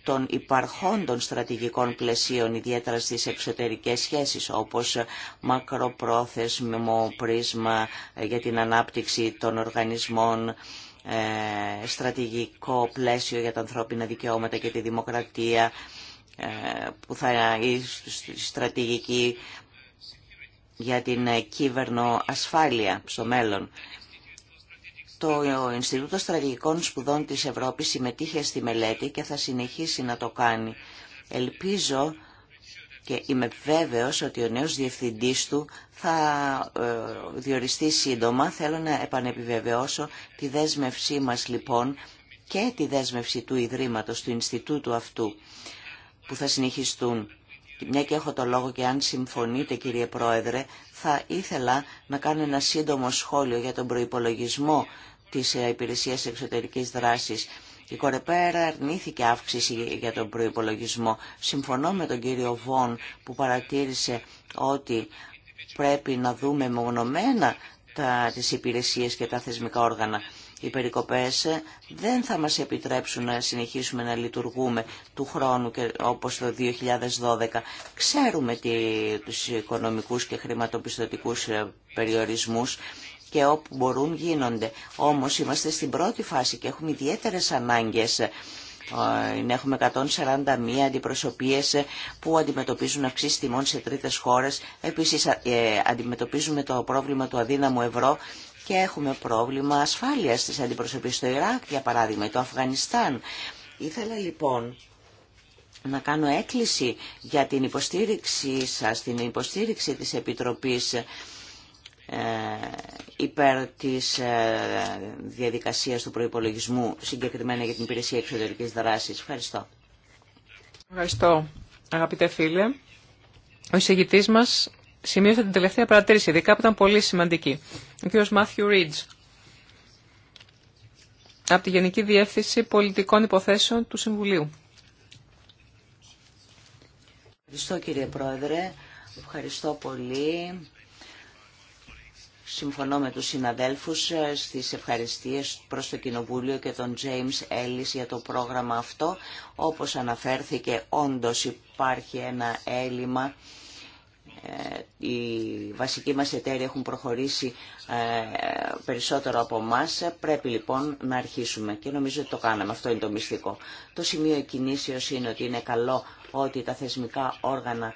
των υπαρχόντων στρατηγικών πλαισίων, ιδιαίτερα στις εξωτερικές σχέσεις, όπως μακροπρόθεσμο πρίσμα για την ανάπτυξη των οργανισμών, ε, στρατηγικό πλαίσιο για τα ανθρώπινα δικαιώματα και τη δημοκρατία, ε, που θα στρατηγική για την ε, ασφάλεια στο μέλλον. Το Ινστιτούτο Στρατηγικών Σπουδών της Ευρώπης συμμετείχε στη μελέτη και θα συνεχίσει να το κάνει. Ελπίζω και είμαι βέβαιος ότι ο νέος διευθυντής του θα ε, διοριστεί σύντομα. Θέλω να επανεπιβεβαιώσω τη δέσμευσή μας λοιπόν και τη δέσμευση του Ιδρύματος του Ινστιτούτου αυτού που θα συνεχιστούν μια και έχω το λόγο και αν συμφωνείτε κύριε Πρόεδρε, θα ήθελα να κάνω ένα σύντομο σχόλιο για τον προϋπολογισμό της ε, Υπηρεσίας Εξωτερικής Δράσης. Η Κορεπέρα αρνήθηκε αύξηση για τον προϋπολογισμό. Συμφωνώ με τον κύριο Βον που παρατήρησε ότι πρέπει να δούμε μονομένα τα, τις υπηρεσίες και τα θεσμικά όργανα οι περικοπές δεν θα μας επιτρέψουν να συνεχίσουμε να λειτουργούμε του χρόνου και όπως το 2012. Ξέρουμε τι, τους οικονομικούς και χρηματοπιστωτικούς ε, περιορισμούς και όπου μπορούν γίνονται. Όμως είμαστε στην πρώτη φάση και έχουμε ιδιαίτερες ανάγκες. Ε, ε, έχουμε 141 αντιπροσωπείες που αντιμετωπίζουν αυξήσεις τιμών σε τρίτες χώρες. Επίσης αντιμετωπίζουμε το πρόβλημα του αδύναμου ευρώ και έχουμε πρόβλημα ασφάλειας της αντιπροσωπής στο Ιράκ, για παράδειγμα, ή το Αφγανιστάν. Ήθελα λοιπόν να κάνω έκκληση για την υποστήριξή σας, την υποστήριξη της Επιτροπής ε, υπέρ της ε, διαδικασίας του προϋπολογισμού συγκεκριμένα για την υπηρεσία εξωτερικής δράσης. Ευχαριστώ. Ευχαριστώ αγαπητέ φίλε. Ο εισηγητής μας σημείωσα την τελευταία παρατήρηση, ειδικά που ήταν πολύ σημαντική. Ο κ. Μάθιου Ρίτζ, από τη Γενική Διεύθυνση Πολιτικών Υποθέσεων του Συμβουλίου. Ευχαριστώ κύριε Πρόεδρε, ευχαριστώ πολύ. Συμφωνώ με τους συναδέλφους ε, στις ευχαριστίες προς το Κοινοβούλιο και τον James Ellis για το πρόγραμμα αυτό. Όπως αναφέρθηκε, όντως υπάρχει ένα έλλειμμα ε, οι βασικοί μας εταίροι έχουν προχωρήσει ε, περισσότερο από εμά. Πρέπει λοιπόν να αρχίσουμε και νομίζω ότι το κάναμε. Αυτό είναι το μυστικό. Το σημείο κινήσεως είναι ότι είναι καλό ότι τα θεσμικά όργανα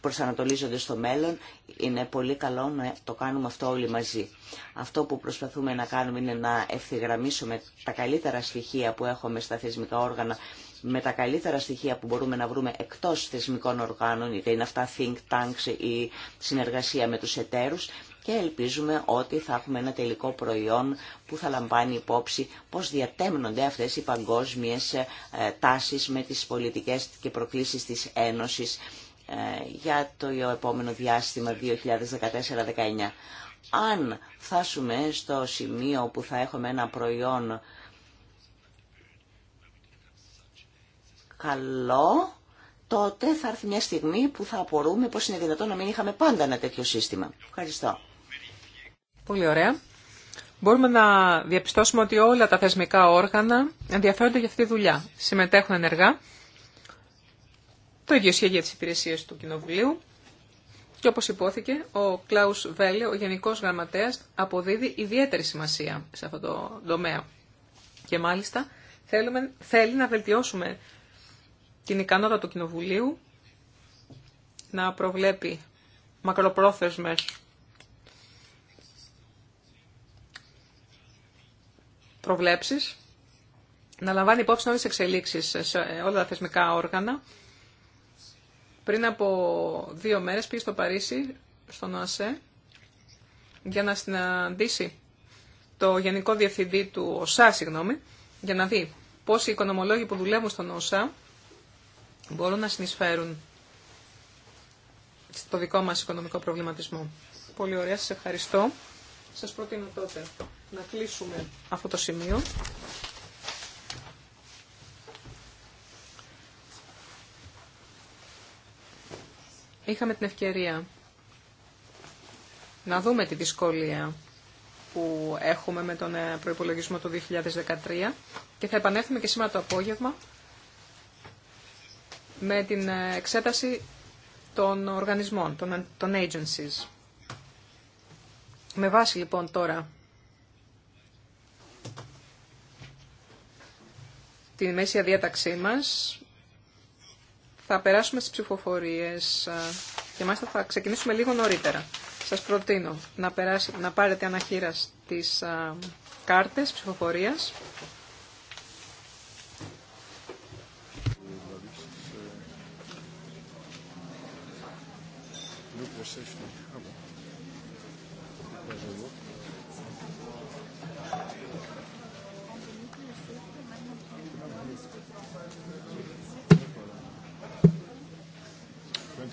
προσανατολίζονται στο μέλλον. Είναι πολύ καλό να το κάνουμε αυτό όλοι μαζί. Αυτό που προσπαθούμε να κάνουμε είναι να ευθυγραμμίσουμε τα καλύτερα στοιχεία που έχουμε στα θεσμικά όργανα με τα καλύτερα στοιχεία που μπορούμε να βρούμε εκτός θεσμικών οργάνων, είτε είναι αυτά think tanks ή συνεργασία με τους εταίρους και ελπίζουμε ότι θα έχουμε ένα τελικό προϊόν που θα λαμβάνει υπόψη πώς διατέμνονται αυτές οι παγκόσμιες ε, τάσεις με τις πολιτικές και προκλήσεις της Ένωσης ε, για το επόμενο διάστημα 2014-2019. Αν φτάσουμε στο σημείο που θα έχουμε ένα προϊόν καλό, τότε θα έρθει μια στιγμή που θα απορούμε πώς είναι δυνατόν να μην είχαμε πάντα ένα τέτοιο σύστημα. Ευχαριστώ. Πολύ ωραία. Μπορούμε να διαπιστώσουμε ότι όλα τα θεσμικά όργανα ενδιαφέρονται για αυτή τη δουλειά. Συμμετέχουν ενεργά. Το ίδιο ισχύει για τις υπηρεσίες του Κοινοβουλίου. Και όπως υπόθηκε, ο Κλάους Βέλε, ο Γενικός Γραμματέας, αποδίδει ιδιαίτερη σημασία σε αυτό το τομέα. Και μάλιστα θέλουμε, θέλει να βελτιώσουμε την ικανότητα του Κοινοβουλίου να προβλέπει μακροπρόθεσμες προβλέψεις, να λαμβάνει υπόψη όλες τις εξελίξεις σε όλα τα θεσμικά όργανα. Πριν από δύο μέρες πήγε στο Παρίσι, στον ΟΑΣΕ, για να συναντήσει το Γενικό Διευθυντή του ΟΣΑ, συγγνώμη, για να δει πόσοι οικονομολόγοι που δουλεύουν στον ΟΣΑ μπορούν να συνεισφέρουν στο δικό μας οικονομικό προβληματισμό. Πολύ ωραία, σας ευχαριστώ. Σας προτείνω τότε να κλείσουμε αυτό το σημείο. Είχαμε την ευκαιρία να δούμε τη δυσκολία που έχουμε με τον ε, προϋπολογισμό του 2013 και θα επανέλθουμε και σήμερα το απόγευμα με την ε, εξέταση των οργανισμών, των agencies. Με βάση λοιπόν τώρα τη μέσια διάταξή μας, θα περάσουμε στις ψηφοφορίες ε, και μάλιστα θα ξεκινήσουμε λίγο νωρίτερα. Σας προτείνω να, να πάρετε αναχείρα τις ε, κάρτες ψηφοφορίας.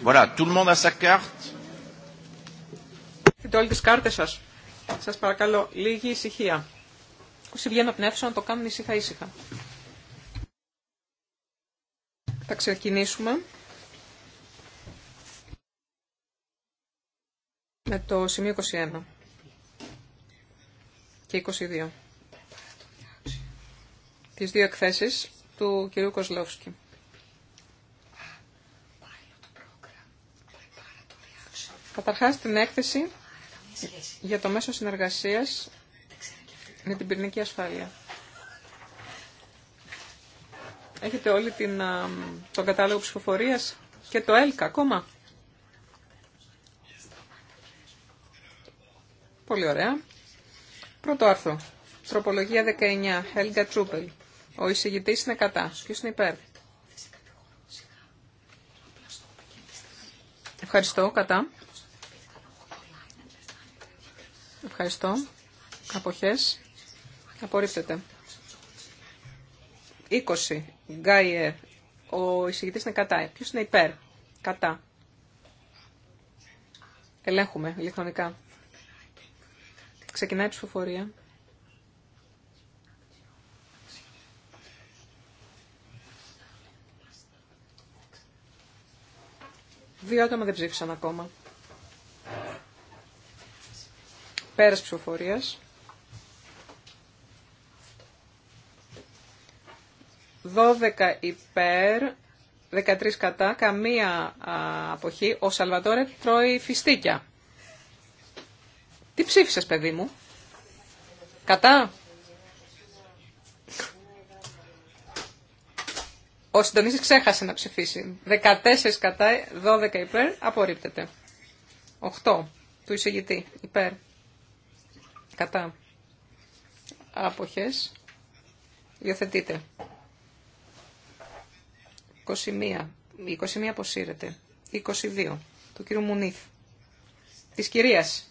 Voilà, tout le monde a sa carte. Έχετε όλοι τι κάρτε σα. Σα παρακαλώ, λίγη ησυχία. Όσοι βγαίνουν από την αίθουσα να το κάνουν ησυχά ήσυχα. Θα ξεκινήσουμε. με το σημείο 21 και 22. Τις δύο εκθέσεις του κυρίου Κοσλόφσκι. Καταρχάς την έκθεση για το μέσο συνεργασίας με την πυρηνική ασφάλεια. Έχετε όλη την, τον κατάλογο ψηφοφορίας και το ΕΛΚΑ ακόμα. Πολύ ωραία. Πρώτο άρθρο. Τροπολογία 19. Helga Τσούπελ. Ο εισηγητή είναι κατά. Ποιο είναι υπέρ. Ευχαριστώ. Κατά. Ευχαριστώ. Αποχέ. Απορρίπτεται. 20. Γκάιερ. Ο εισηγητή είναι κατά. Ποιο είναι υπέρ. Κατά. Ελέγχουμε ηλεκτρονικά. Ξεκινάει η ψηφοφορία. Δύο άτομα δεν ψήφισαν ακόμα. Πέρας ψηφοφορίας. Δώδεκα υπέρ, 13 κατά, καμία αποχή. Ο Σαλβατόρε τρώει φιστίκια. Τι ψήφισες, παιδί μου. Κατά. Ο συντονίστης ξέχασε να ψηφίσει. 14 κατά, 12 υπέρ, απορρίπτεται. 8 του εισηγητή, υπέρ. Κατά. Άποχες. Υιοθετείτε. 21. 21 αποσύρεται. 22. Του κύριου Μουνίθ. Της κυρίας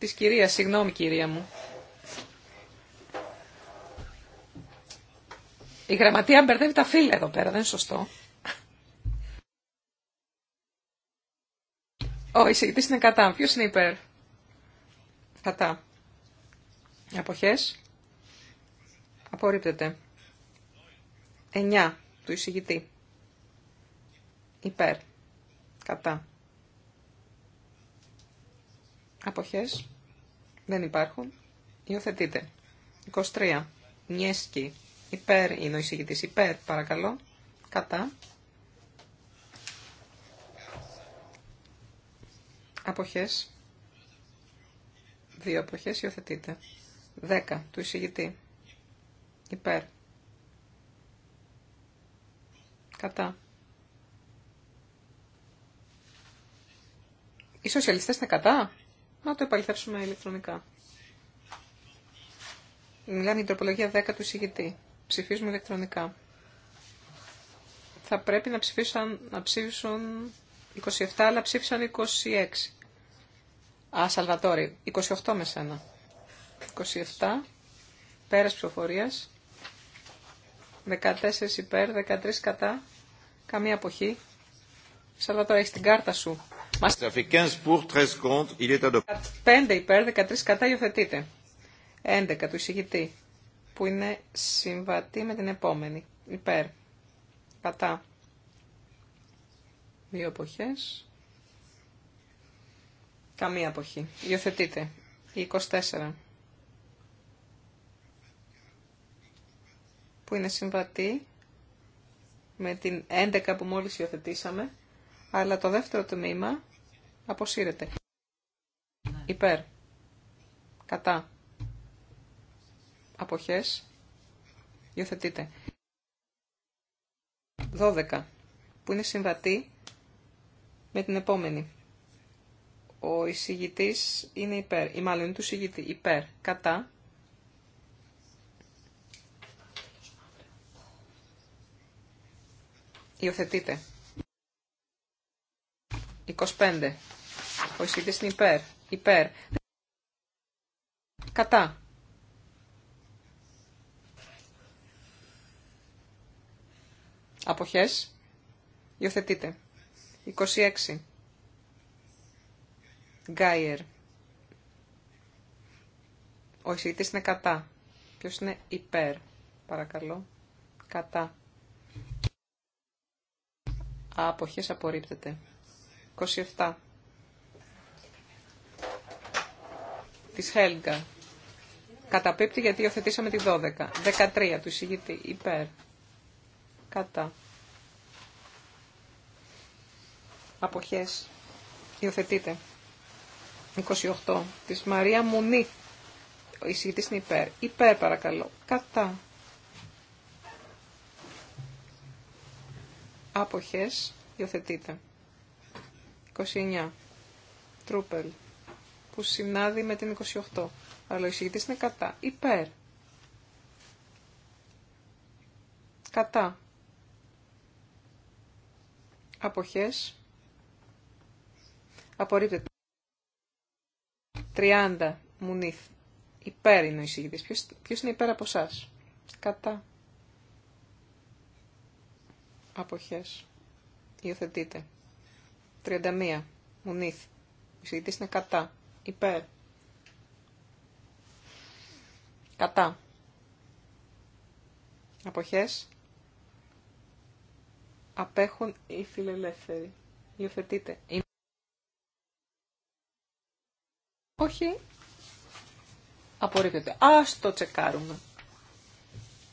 της κυρίας. Συγγνώμη κυρία μου. Η γραμματεία μπερδεύει τα φύλλα εδώ πέρα, δεν είναι σωστό. Ο εισηγητής είναι κατά. Ποιος είναι υπέρ. Κατά. Αποχές. Απορρίπτεται. Εννιά του εισηγητή. Υπέρ. Κατά. Αποχές. Δεν υπάρχουν. Υιοθετείτε. 23. Νιέσκι. Υπέρ είναι ο εισηγητής. Υπέρ παρακαλώ. Κατά. Αποχές. Δύο αποχές υιοθετείτε. 10. Του εισηγητή. Υπέρ. Κατά. Οι σοσιαλιστές είναι κατά. Να το επαληθεύσουμε ηλεκτρονικά. Μιλάμε για την τροπολογία 10 του εισηγητή. Ψηφίζουμε ηλεκτρονικά. Θα πρέπει να ψηφίσουν, να ψήφισουν 27, αλλά ψήφισαν 26. Α, Σαλβατόρη, 28 με σένα. 27, πέρας ψηφοφορίας. 14 υπέρ, 13 κατά, καμία αποχή. Σαλβατόρη, έχεις την κάρτα σου. 5 15 υπέρ, 13 κατά υιοθετείται. 11 του εισηγητή, που είναι συμβατή με την επόμενη. Υπέρ, κατά. Δύο εποχές. Καμία εποχή. Υιοθετείται. 24. που είναι συμβατή με την 11 που μόλις υιοθετήσαμε, αλλά το δεύτερο τμήμα Αποσύρεται. Υπέρ. Κατά. Αποχές. Υιοθετείτε. 12. Που είναι συμβατή με την επόμενη. Ο εισηγητής είναι υπέρ. Ή μάλλον είναι του εισηγητή. Υπέρ. Κατά. Υιοθετείτε. 25. Ο εισηγητής είναι υπέρ. Υπέρ. Κατά. Αποχές. Υιοθετείτε. 26. Γκάιερ. Ο εισηγητής είναι κατά. Ποιος είναι υπέρ. Παρακαλώ. Κατά. Αποχές απορρίπτεται. 27. της Χέλγκα. Καταπίπτει γιατί υιοθετήσαμε τη 12. 13 του εισηγητή υπέρ. Κατά. Αποχές. Υιοθετείτε. 28 της Μαρία Μουνή. Ο εισηγητής είναι υπέρ. Υπέρ παρακαλώ. Κατά. Αποχές. Υιοθετείτε. 29. Τρούπελ που συνάδει με την 28. Αλλά ο εισηγητής είναι κατά. Υπέρ. Κατά. Αποχές. Απορρίπτεται. 30. Μουνίθ. Υπέρ είναι ο εισηγητής. Ποιος, είναι υπέρ από εσά. Κατά. Αποχές. Υιοθετείτε. 31. Μουνίθ. Ο εισηγητής είναι κατά υπέρ. Κατά. Αποχές. Απέχουν οι φιλελεύθεροι. Υιοθετείτε. Όχι. Απορρίπτεται. Ας το τσεκάρουμε.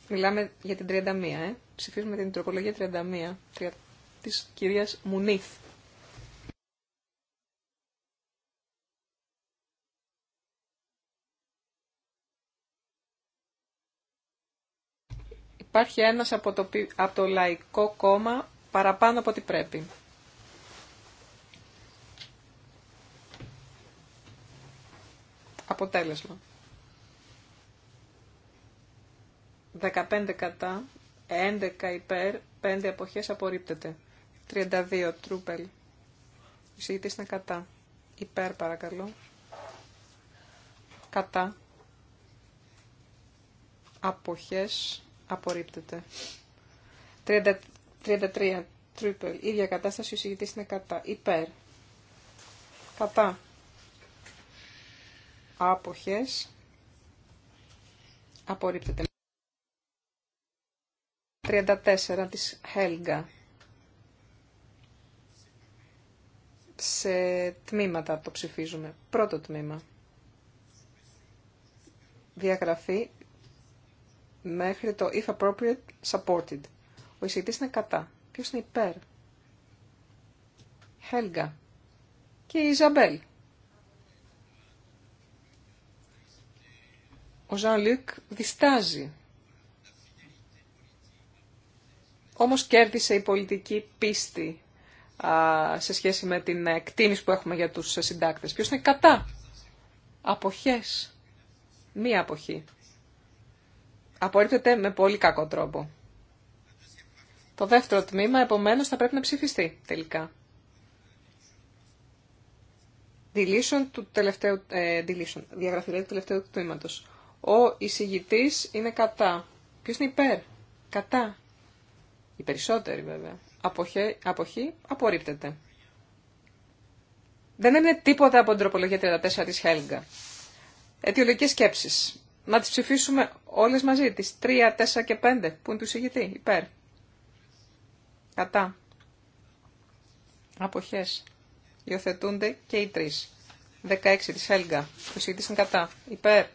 Μιλάμε για την 31, ε. Ψηφίζουμε την τροπολογία 31 της κυρίας Μουνίθ. Υπάρχει ένας από το, από το Λαϊκό Κόμμα παραπάνω από ό,τι πρέπει. Αποτέλεσμα. 15 κατά, 11 υπέρ, 5 εποχές απορρίπτεται. 32 τρούπελ. Ζήτης να κατά. Υπέρ παρακαλώ. Κατά. Αποχές απορρίπτεται. 33 τρίπελ, ίδια κατάσταση, ο συγητής είναι κατά, υπέρ. Κατά. Άποχες. Απορρίπτεται. 34 της Χέλγκα. Σε τμήματα το ψηφίζουμε. Πρώτο τμήμα. Διαγραφή μέχρι το if appropriate supported. Ο εισηγητή είναι κατά. Ποιο είναι υπέρ. Χέλγα. Και η Ιζαμπέλ. Ο Ζαν Λουκ διστάζει. Όμως κέρδισε η πολιτική πίστη σε σχέση με την εκτίμηση που έχουμε για τους συντάκτες. Ποιος είναι κατά. Αποχές. Μία αποχή απορρίπτεται με πολύ κακό τρόπο. Το δεύτερο τμήμα, επομένως, θα πρέπει να ψηφιστεί τελικά. Deletion του τελευταίου, ε, deletion, του τελευταίου τμήματος. Ο εισηγητής είναι κατά. Ποιος είναι υπέρ. Κατά. Οι περισσότεροι βέβαια. Αποχέ, αποχή απορρίπτεται. Δεν είναι τίποτα από την τροπολογία 34 της Χέλγκα. Αιτιολογικές σκέψεις. Να τις ψηφίσουμε όλες μαζί, τις 3, 4 και 5 που είναι του συγητή, υπέρ. Κατά. Αποχές. Υιοθετούνται και οι τρεις. 16 της Έλγα. Ο συγητήσαν είναι κατά. Υπέρ.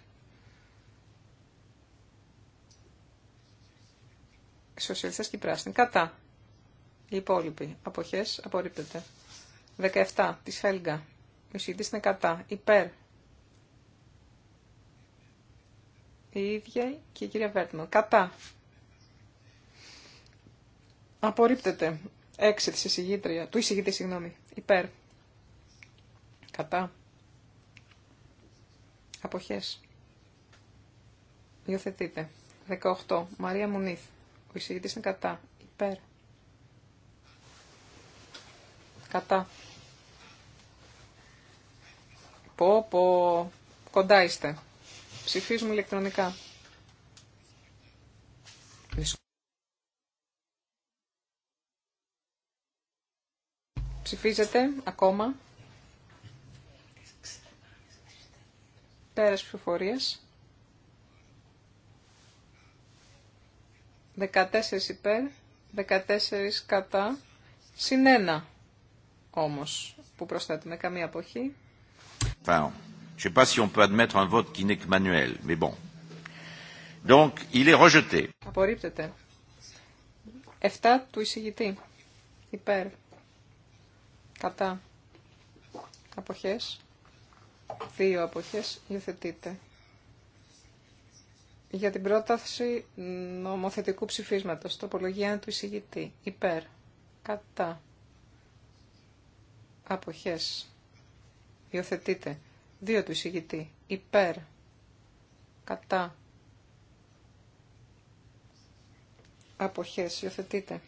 Σοσιαλιστές και πράσινοι. Κατά. Οι υπόλοιποι. Αποχές. Απορρίπτεται. 17 της Έλγα. Ο συγητήσαν είναι κατά. Υπέρ. η ίδια και η κυρία Βέρτμαν. Κατά. Απορρίπτεται. έξι της εισηγήτρια, του εισηγήτη, συγγνώμη, υπέρ. Κατά. Αποχές. Υιοθετείτε. 18. Μαρία Μουνίθ. Ο εισηγητής είναι κατά. Υπέρ. Κατά. Πω, πω. Κοντά είστε. Ψηφίζουμε ηλεκτρονικά. Ψηφίζετε ακόμα. Πέρας ψηφοφορίας. 14 υπέρ, 14 κατά, συν ένα όμως που προσθέτουμε καμία αποχή. Wow. Je ne sais pas si on peut admettre un vote qui n'est que manuel, mais bon. Donc, il est rejeté. Κατά. Αποχές. Δύο Για την πρόταση νομοθετικού ψηφίσματος. Τοπολογία του εισηγητή. Υπέρ. Κατά. Αποχές. Υιοθετείται. Δύο του εισηγητή. Υπέρ. Κατά. Αποχές. Υιοθετείτε.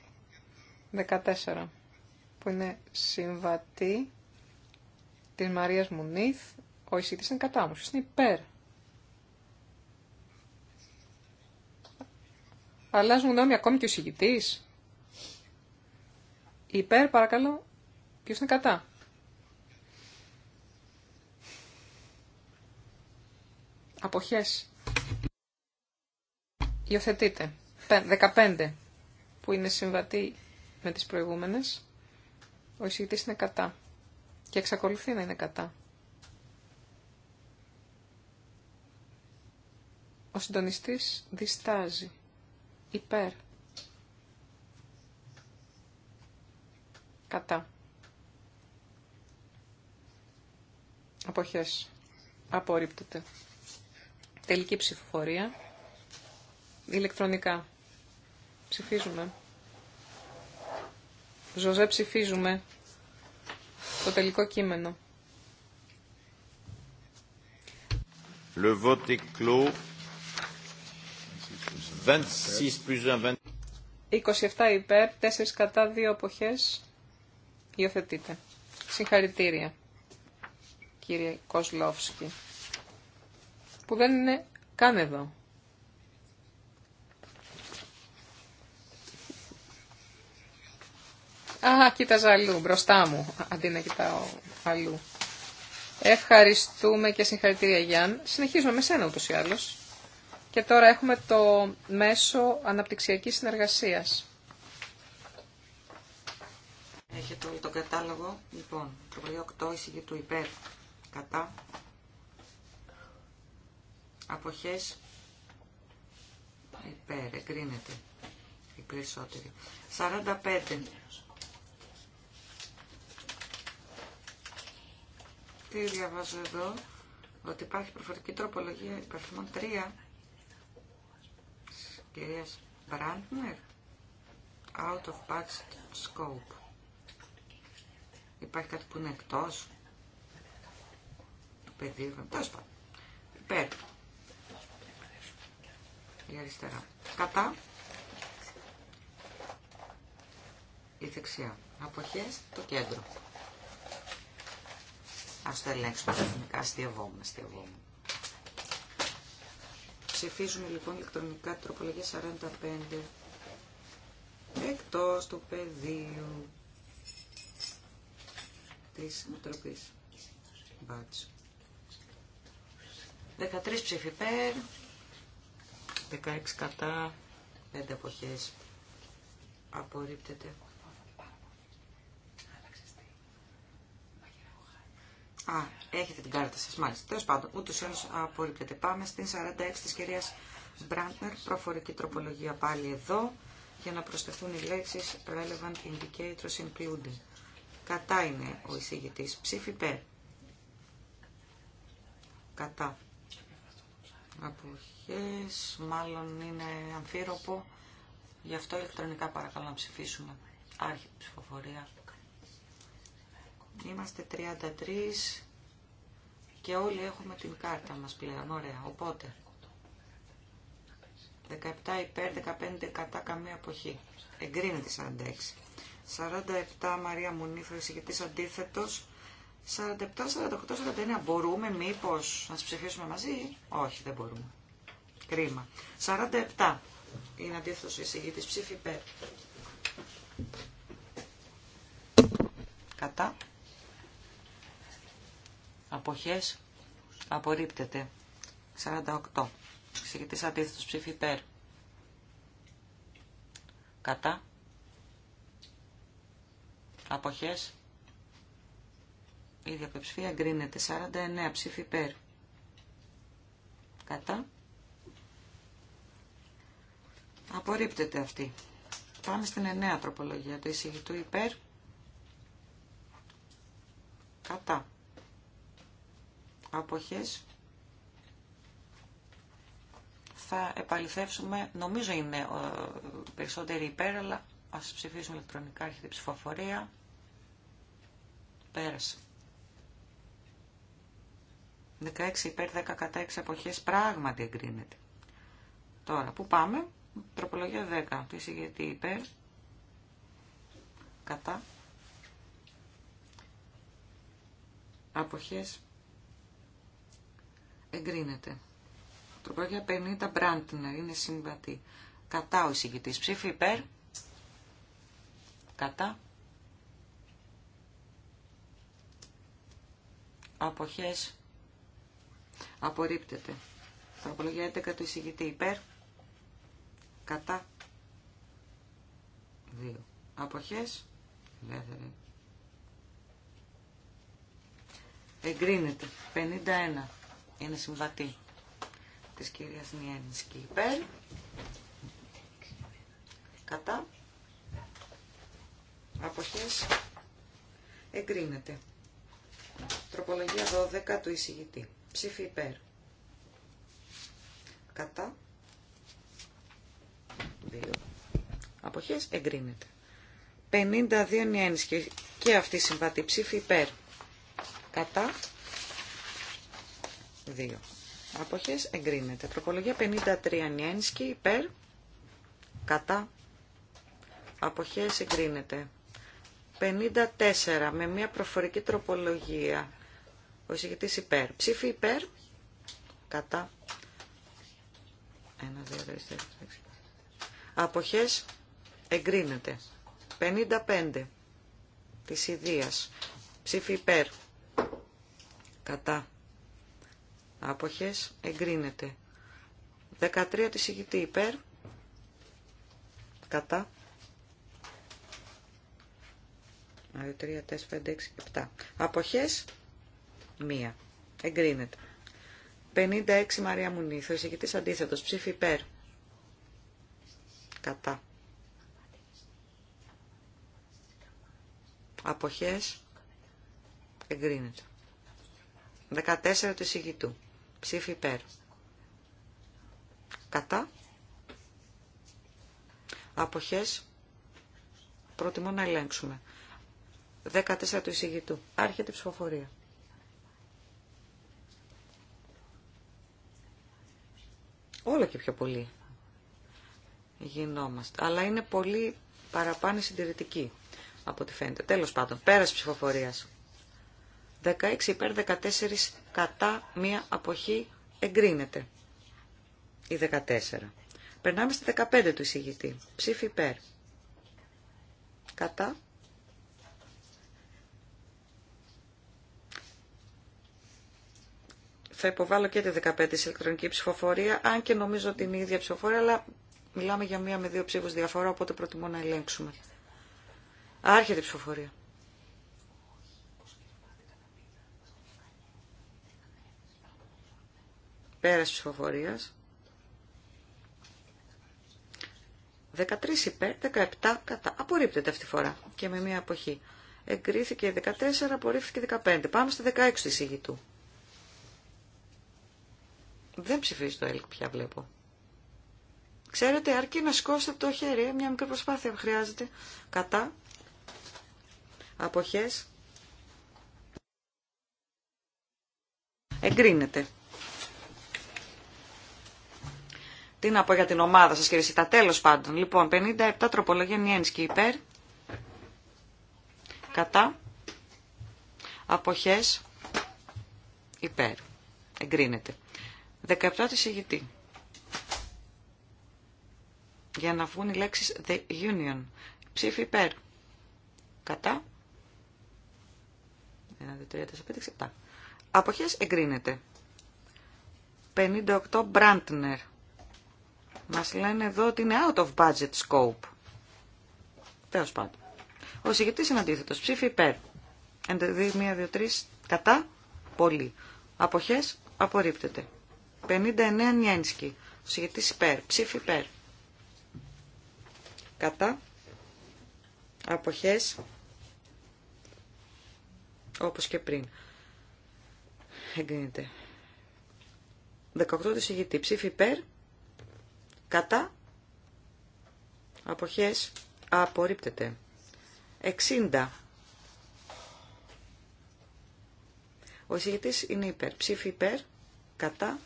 14. Που είναι συμβατή της Μαρίας Μουνίθ. Ο εισηγητής είναι κατά μου. Είναι υπέρ. Αλλάζουν γνώμη ακόμη και ο εισηγητής. Υπέρ παρακαλώ. Ποιος είναι κατά. αποχές Υιοθετείτε. 15 που είναι συμβατή με τις προηγούμενες. Ο εισηγητής είναι κατά και εξακολουθεί να είναι κατά. Ο συντονιστής διστάζει. Υπέρ. Κατά. Αποχές. Απορρίπτεται. Τελική ψηφοφορία. Ηλεκτρονικά. Ψηφίζουμε. Ζωζέ ψηφίζουμε. Το τελικό κείμενο. Le vote est clos. 26 plus 1, 27 υπέρ, 4 κατά, 2 αποχές. Υιοθετείτε. Συγχαρητήρια, κύριε Κοσλόφσκι που δεν είναι καν εδώ. Α, κοίταζα αλλού, μπροστά μου, αντί να κοιτάω αλλού. Ευχαριστούμε και συγχαρητήρια Γιάν. Συνεχίζουμε με σένα ούτως ή άλλως. Και τώρα έχουμε το μέσο αναπτυξιακής συνεργασίας. Έχετε όλο τον κατάλογο. Λοιπόν, το 8, εισηγή του υπέρ, κατά, αποχές υπέρ, εγκρίνεται περισσότερη. Σαράντα 45. Τι διαβάζω εδώ, ότι υπάρχει προφορική τροπολογία υπερθυμών 3 της κυρίας Brandner. out of budget scope. Υπάρχει κάτι που είναι εκτός του πεδίου, τέλος πάντων. Υπέρ η αριστερά. Κατά η δεξιά. Αποχές το κέντρο. Ας το ελέγξουμε τεχνικά, αστιαβόμουν, αστιαβόμουν. Ψηφίζουμε λοιπόν ηλεκτρονικά τροπολογία 45 εκτός του πεδίου της μετροπής. Μπάτσου. 13 ψηφιπέρ, 16 κατά, 5 εποχές. Απορρίπτεται. Α, έχετε την κάρτα σας, μάλιστα. Τέλος πάντων, ούτως ή απορρίπτεται. Πάμε στην 46 της κυρίας Μπραντνερ, προφορική τροπολογία πάλι εδώ, για να προσθεθούν οι λέξεις relevant indicators including. Κατά είναι ο εισηγητής. Ψήφι Κατά. Αποχή και μάλλον είναι αμφίροπο, γι' αυτό ηλεκτρονικά παρακαλώ να ψηφίσουμε. Άρχη ψηφοφορία. Είμαστε 33 και όλοι έχουμε την κάρτα μας πλέον, ωραία, οπότε. 17 υπέρ, 15 κατά καμία αποχή. Εγκρίνεται 46. 47 Μαρία Μουνίφρο, εισηγητής αντίθετος. 47, 48, 49. Μπορούμε μήπως να τις ψηφίσουμε μαζί. Όχι, δεν μπορούμε. Κρίμα. 47. Είναι αντίθετος εισηγητής. Ψήφι υπέρ. Κατά. Αποχές. Απορρίπτεται. 48. της αντίθετος. Ψήφι υπέρ. Κατά. Αποχές. Η διαπεψηφία εγκρίνεται. 49 ψήφι υπέρ. Κατά. Απορρίπτεται αυτή. Πάμε στην εννέα τροπολογία του εισηγητού υπέρ. Κατά. Αποχές. Θα επαληθεύσουμε, νομίζω είναι ε, περισσότεροι υπέρ, αλλά ας ψηφίσουμε ηλεκτρονικά, έρχεται ψηφοφορία. Πέρασε. 16 υπέρ, 10 κατά 6 αποχές, πράγματι εγκρίνεται. Τώρα, πού πάμε. Τροπολογία 10 του εισηγητή υπέρ. Κατά. Αποχές. Εγκρίνεται. Τροπολογία 50 Μπραντνερ είναι συμβατή. Κατά ο εισηγητής. Ψήφι υπέρ. Κατά. Αποχές. Απορρίπτεται. Τροπολογία 11 του εισηγητή υπέρ κατά 2 αποχές ελεύθερη ναι, ναι, ναι. εγκρίνεται 51 είναι συμβατή της κυρίας Νιένης και υπέρ κατά αποχές εγκρίνεται τροπολογία 12 του εισηγητή ψήφι υπέρ κατά Αποχές εγκρίνεται. 52 είναι ένισχυ και αυτή συμβατή ψήφι υπέρ. Κατά 2. Αποχές εγκρίνεται. Τροπολογία 53 ανιένσκι υπέρ. Κατά. Αποχές εγκρίνεται. 54 με μια προφορική τροπολογία. Ο εισηγητής υπέρ. Ψήφι υπέρ. Κατά. 1, 2, 3, 4, 5, 6 αποχές εγκρίνεται. 55 της ιδίας ψήφι υπέρ κατά άποχες εγκρίνεται 13 της ηγητή υπέρ κατά 3, 4, 5, 6, 7 αποχές 1 εγκρίνεται 56 Μαρία Μουνή, εισηγητής αντίθετος ψήφι υπέρ κατά. Αποχές εγκρίνεται. 14 του εισηγητού. Ψήφι υπέρ. Κατά. Αποχές προτιμώ να ελέγξουμε. 14 του εισηγητού. Άρχεται η ψηφοφορία. Όλο και πιο πολύ γινόμαστε. Αλλά είναι πολύ παραπάνω συντηρητική από ό,τι φαίνεται. Τέλος πάντων, πέρας ψηφοφορίας. 16 υπέρ 14 κατά μία αποχή εγκρίνεται. Η 14. Περνάμε στη 15 του εισηγητή. Ψήφι υπέρ. Κατά. Θα υποβάλω και τη 15 σε ηλεκτρονική ψηφοφορία, αν και νομίζω την ίδια ψηφοφορία, αλλά Μιλάμε για μία με δύο ψήφου διαφορά, οπότε προτιμώ να ελέγξουμε. Άρχεται η ψηφοφορία. τη ψηφοφορίας. 13 υπέρ, 17 κατά. Απορρίπτεται αυτή τη φορά και με μία αποχή. Εγκρίθηκε 14, απορρίφθηκε 15. Πάμε στη 16 η Δεν ψηφίζει το ΕΛΚ πια βλέπω. Ξέρετε, αρκεί να σκόσετε το χέρι, μια μικρή προσπάθεια χρειάζεται. Κατά, αποχές, εγκρίνεται. Τι να πω για την ομάδα σας κύριε τα τέλος πάντων. Λοιπόν, 57 τροπολογία και υπέρ, κατά, αποχές, υπέρ, εγκρίνεται. 17 της ηγητή για να βγουν οι λέξεις The Union. Ψήφι υπέρ. Κατά. 1, 2, 3, 4, 5, 6, 7. Αποχές εγκρίνεται. 58 Brandner. Μας λένε εδώ ότι είναι out of budget scope. Τέλος πάντων. Ο συγκεκριτής είναι αντίθετος. Ψήφι υπέρ. 1, 2, 3. Κατά. Πολύ. Αποχές απορρίπτεται. 59 Νιένσκι. Ο συγκεκριτής υπέρ. Ψήφι υπέρ κατά αποχές όπως και πριν. Εγκρίνεται. 18 του ηγητή. Ψήφι υπέρ. Κατά. Αποχές. Απορρίπτεται. 60. Ο εισηγητής είναι υπέρ. Ψήφι υπέρ. Κατά.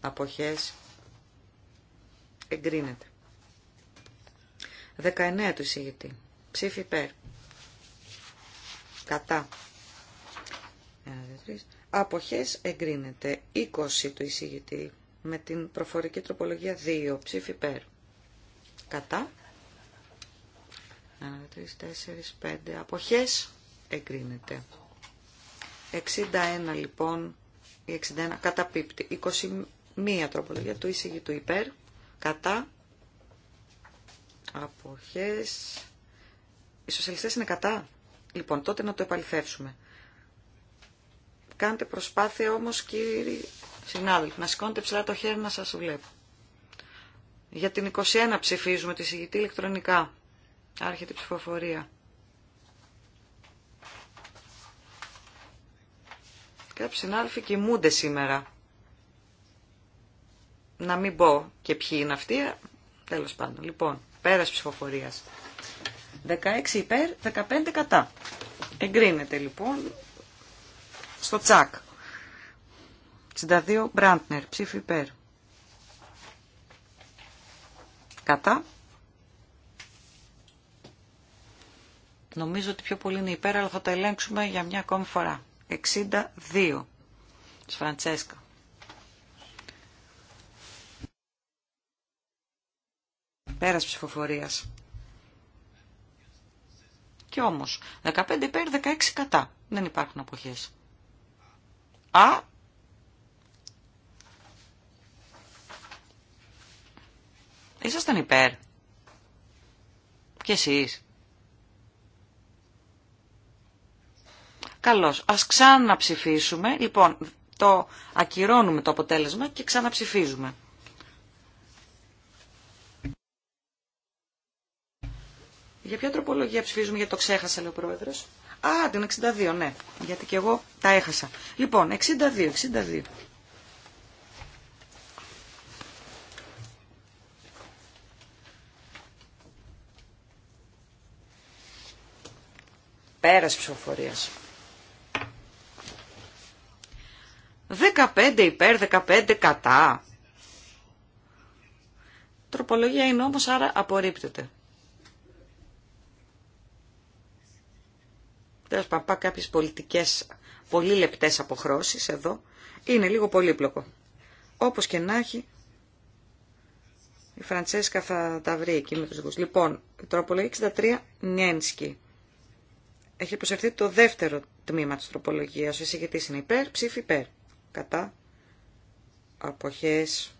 Αποχές. Εγκρίνεται. 19 του εισηγητή. Ψήφι υπέρ. Κατά. 1, Αποχές εγκρίνεται 20 του εισηγητή με την προφορική τροπολογία 2. Ψήφι υπέρ. Κατά. 1, 4, 5. Αποχές εγκρίνεται. 61 λοιπόν, η 61 καταπίπτει. 21 τροπολογία του εισηγητού υπέρ. Κατά. Αποχές. Οι σοσιαλιστές είναι κατά. Λοιπόν, τότε να το επαληθεύσουμε. Κάντε προσπάθεια όμως κύριοι συνάδελφοι, να σηκώνετε ψηλά το χέρι να σας βλέπω. Για την 21 ψηφίζουμε τη συγητή ηλεκτρονικά. Άρχεται η ψηφοφορία. Κάποιοι συνάδελφοι κοιμούνται σήμερα. Να μην πω και ποιοι είναι αυτοί, ε, τέλος πάντων. Λοιπόν, Πέρας ψηφοφορίας. 16 υπέρ, 15 κατά. Εγκρίνεται λοιπόν στο τσακ. 62 Μπραντνερ, ψήφι υπέρ. Κατά. Νομίζω ότι πιο πολύ είναι υπέρ, αλλά θα το ελέγξουμε για μια ακόμη φορά. 62. Σφραντσέσκα. Πέρας ψηφοφορίας. Και όμως, 15 υπέρ, 16 κατά. Δεν υπάρχουν αποχές. Α, Ήσασταν υπέρ. Και εσείς. Καλώς. Ας ξαναψηφίσουμε. Λοιπόν, το ακυρώνουμε το αποτέλεσμα και ξαναψηφίζουμε. Για ποια τροπολογία ψηφίζουμε, γιατί το ξέχασα, λέει ο πρόεδρο. Α, την 62, ναι. Γιατί και εγώ τα έχασα. Λοιπόν, 62, 62. Πέρας ψηφοφορίας. 15 υπέρ, 15 κατά. Τροπολογία είναι όμως, άρα απορρίπτεται. τέλο πάντων πάει κάποιες πολιτικές πολύ λεπτές αποχρώσεις εδώ, είναι λίγο πολύπλοκο. Όπως και να έχει, η Φραντσέσκα θα τα βρει εκεί με τους δικού. Λοιπόν, τροπολογία 63, Νιένσκι. Έχει προσερθεί το δεύτερο τμήμα της τροπολογίας. Ο εισηγητής είναι υπέρ, ψήφι υπέρ. Κατά αποχές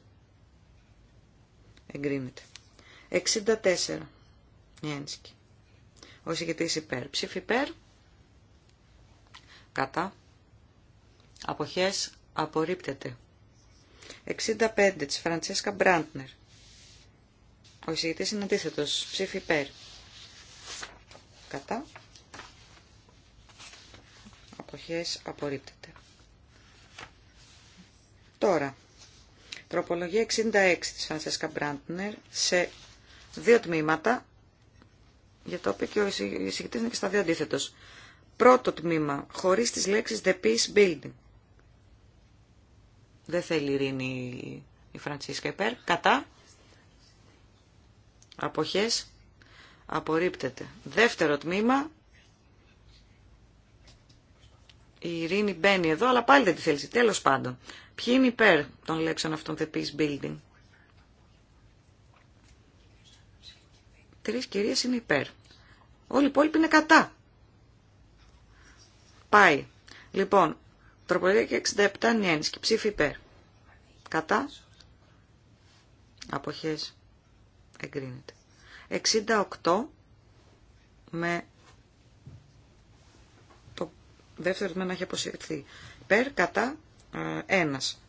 εγκρίνεται. 64, Νιένσκι. Ο εισηγητής υπέρ, ψήφι υπέρ κατά αποχές απορρίπτεται. 65 της Φραντσέσκα Μπραντνερ. Ο εισηγητής είναι αντίθετος. Ψήφι υπέρ. Κατά. Αποχές απορρίπτεται. Τώρα, τροπολογία 66 της Φραντσέσκα Μπραντνερ σε δύο τμήματα, για το οποίο και ο εισηγητής είναι και στα δύο αντίθετος. Πρώτο τμήμα, χωρίς τις λέξεις The Peace Building. Δεν θέλει ειρήνη η Φραντσίσκα υπέρ. Κατά. Αποχές. Απορρίπτεται. Δεύτερο τμήμα. Η ειρήνη μπαίνει εδώ, αλλά πάλι δεν τη θέλει. Τέλος πάντων. Ποιοι είναι υπέρ των λέξεων αυτών The Peace Building. Τρεις κυρίες είναι υπέρ. Όλοι οι υπόλοιποι είναι κατά. Πάει. Λοιπόν, τροπολογία και 67 νιέν. και ψήφι υπέρ. Κατά. Αποχές. Εγκρίνεται. 68 με το δεύτερο τμήμα έχει αποσυρθεί. Περ κατά, ε, ένας.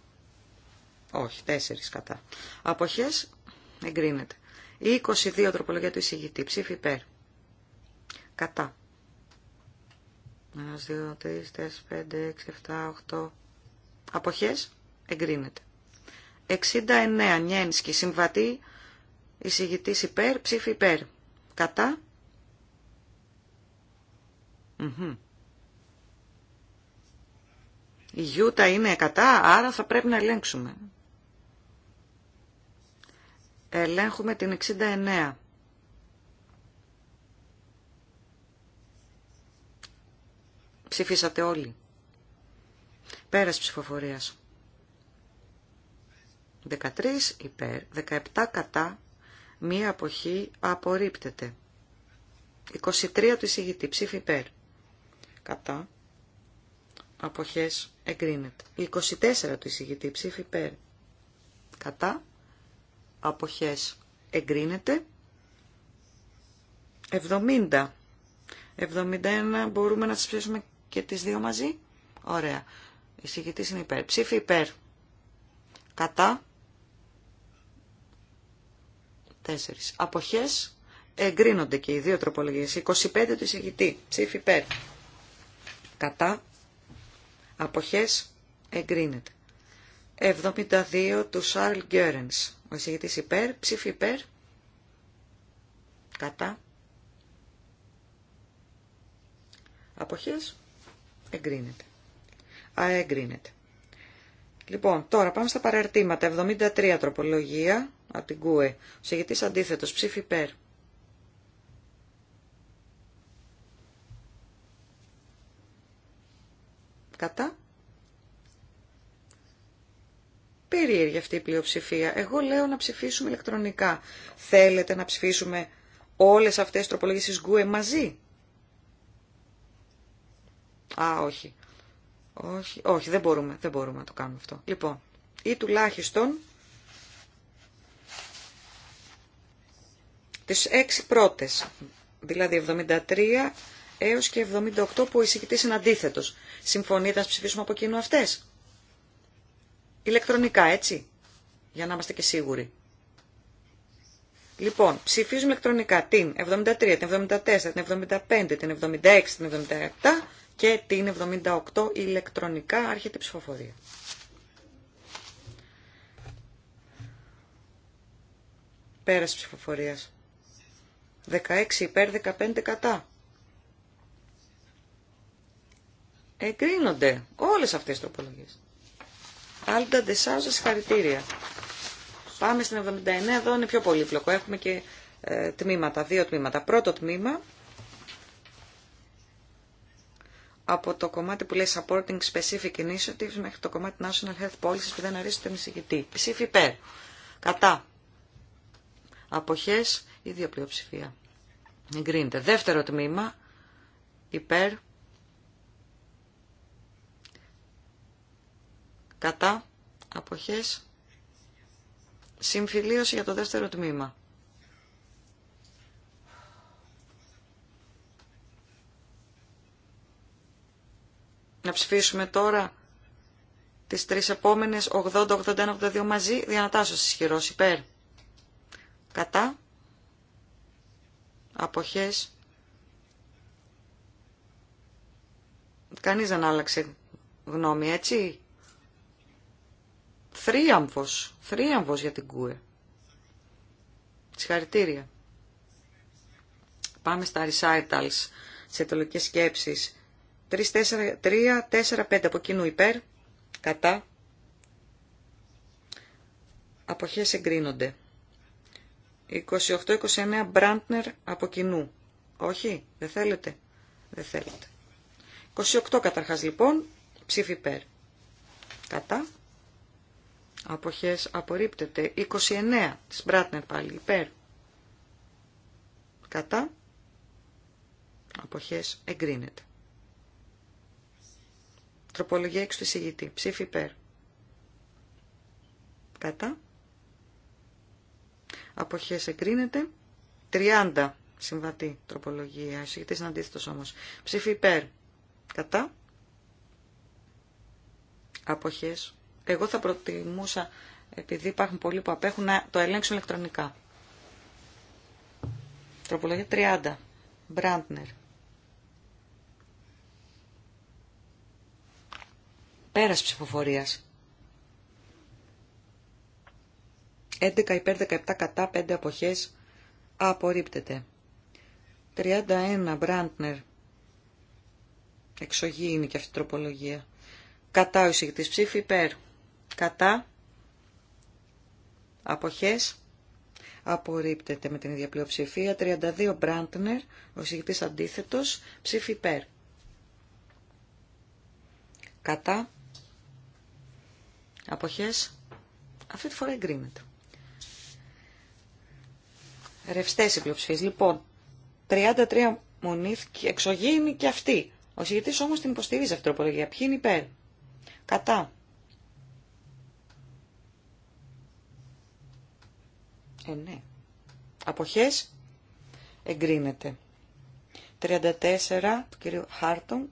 Όχι, τέσσερις κατά. Αποχές εγκρίνεται. 22 τροπολογία του εισηγητή. Ψήφι περ. Κατά. 1, 2, 3, 4, 5, 6, 7, 8. Αποχές εγκρίνεται. 69 Νιένσκι συμβατή εισηγητής υπέρ, ψήφι υπέρ. Η Γιούτα είναι κατά, άρα θα πρέπει να ελέγξουμε. Ελέγχουμε την 69. Ψηφίσατε όλοι. Πέρας ψηφοφορίας. 13 υπέρ, 17 κατά, μία αποχή απορρίπτεται. 23 του εισηγητή, ψήφι υπέρ. Κατά. Αποχές εγκρίνεται. 24 του εισηγητή, ψήφι υπέρ. Κατά. Αποχές εγκρίνεται. 70. 71 μπορούμε να τις πιέσουμε και τις δύο μαζί. Ωραία. Η συγκητής είναι υπέρ. Ψήφι υπέρ. Κατά. Τέσσερις. Αποχές. Εγκρίνονται και οι δύο τροπολογίες. 25 του εισηγητή. Ψήφι υπέρ. Κατά. Αποχές. Εγκρίνεται. 72 του Σάρλ Γκέρενς. Ο εισηγητής υπέρ. Ψήφι υπέρ. Κατά. Αποχές. Εγκρίνεται. Α, εγκρίνεται. Λοιπόν, τώρα πάμε στα παραρτήματα. 73 τροπολογία από την ΚΟΕ. Ο συγγετής αντίθετος. Ψήφι υπέρ. Κατά. Περίεργη αυτή η πλειοψηφία. Εγώ λέω να ψηφίσουμε ηλεκτρονικά. Θέλετε να ψηφίσουμε όλες αυτές τις τροπολογίες της ΚΟΕ μαζί. Α, όχι. Όχι, όχι, δεν μπορούμε, δεν μπορούμε να το κάνουμε αυτό. Λοιπόν, ή τουλάχιστον τις έξι πρώτες, δηλαδή 73 έως και 78 που ο εισηγητής είναι αντίθετος. Συμφωνείτε να ψηφίσουμε από κοινού αυτές. Ηλεκτρονικά, έτσι, για να είμαστε και σίγουροι. Λοιπόν, ψηφίζουμε ηλεκτρονικά την 73, την 74, την 75, την 76, την 77 και την 78 ηλεκτρονικά άρχεται η ψηφοφορία. Πέρας ψηφοφορίας. 16 υπέρ 15 κατά. Εγκρίνονται όλες αυτές οι τροπολογίες. Άλντα Ντεσάζα, συγχαρητήρια. Πάμε στην 79, εδώ είναι πιο πολύπλοκο. Έχουμε και ε, τμήματα, δύο τμήματα. Πρώτο τμήμα, από το κομμάτι που λέει Supporting Specific Initiatives μέχρι το κομμάτι National Health Policies που δεν αρέσει τον εισηγητή. Ψήφι υπέρ. Κατά. Αποχές, ή πλειοψηφία. Εγκρίνεται. Δεύτερο τμήμα, υπέρ. Κατά. Αποχές. Συμφιλίωση για το δεύτερο τμήμα. Να ψηφίσουμε τώρα τις τρεις επόμενες 80, 81, 82 μαζί. Διανατάσσος ισχυρός υπέρ. Κατά. Αποχές. Κανείς δεν άλλαξε γνώμη έτσι. Θρίαμβος. Θρίαμβος για την ΚΟΕ. Συγχαρητήρια. Πάμε στα recitals, σε αιτολογικές σκέψεις. 3-4-5 από κοινού υπέρ, κατά, αποχές εγκρίνονται. 28-29 Μπραντνερ από κοινού. Όχι, δεν θέλετε. Δεν θέλετε. 28 καταρχάς λοιπόν, ψήφι υπέρ. Κατά. Αποχές απορρίπτεται. 29 της Μπραντνερ πάλι υπέρ. Κατά. Αποχές εγκρίνεται. Τροπολογία 6 του εισηγητή. Ψήφι υπέρ. Κατά. Αποχές εγκρίνεται. 30 συμβατή τροπολογία. Εισηγητής είναι αντίθετος όμως. Ψήφι υπέρ. Κατά. Αποχές. Εγώ θα προτιμούσα, επειδή υπάρχουν πολλοί που απέχουν, να το ελέγξουν ηλεκτρονικά. Τροπολογία 30. Μπραντνερ. Πέρας ψηφοφορίας. 11 υπέρ 17 κατά 5 αποχές απορρίπτεται. 31 Μπραντνερ. Εξωγή είναι και αυτή η τροπολογία. Κατά ο εισηγητής ψήφι υπέρ. Κατά. Αποχές. Απορρίπτεται με την ίδια πλειοψηφία. 32 Μπραντνερ. Ο εισηγητής αντίθετος. Ψήφι υπέρ. Κατά. Αποχές. Αυτή τη φορά εγκρίνεται. Ρευστές οι πλειοψηφίες. Λοιπόν, 33 μονήθηκε εξωγήινοι και αυτή. Ο συγητής όμως την υποστηρίζει αυτή την τροπολογία. Ποιοι είναι υπέρ. Κατά. Ε, ναι. Αποχές εγκρίνεται. 34 του κ. Χάρτονγκ.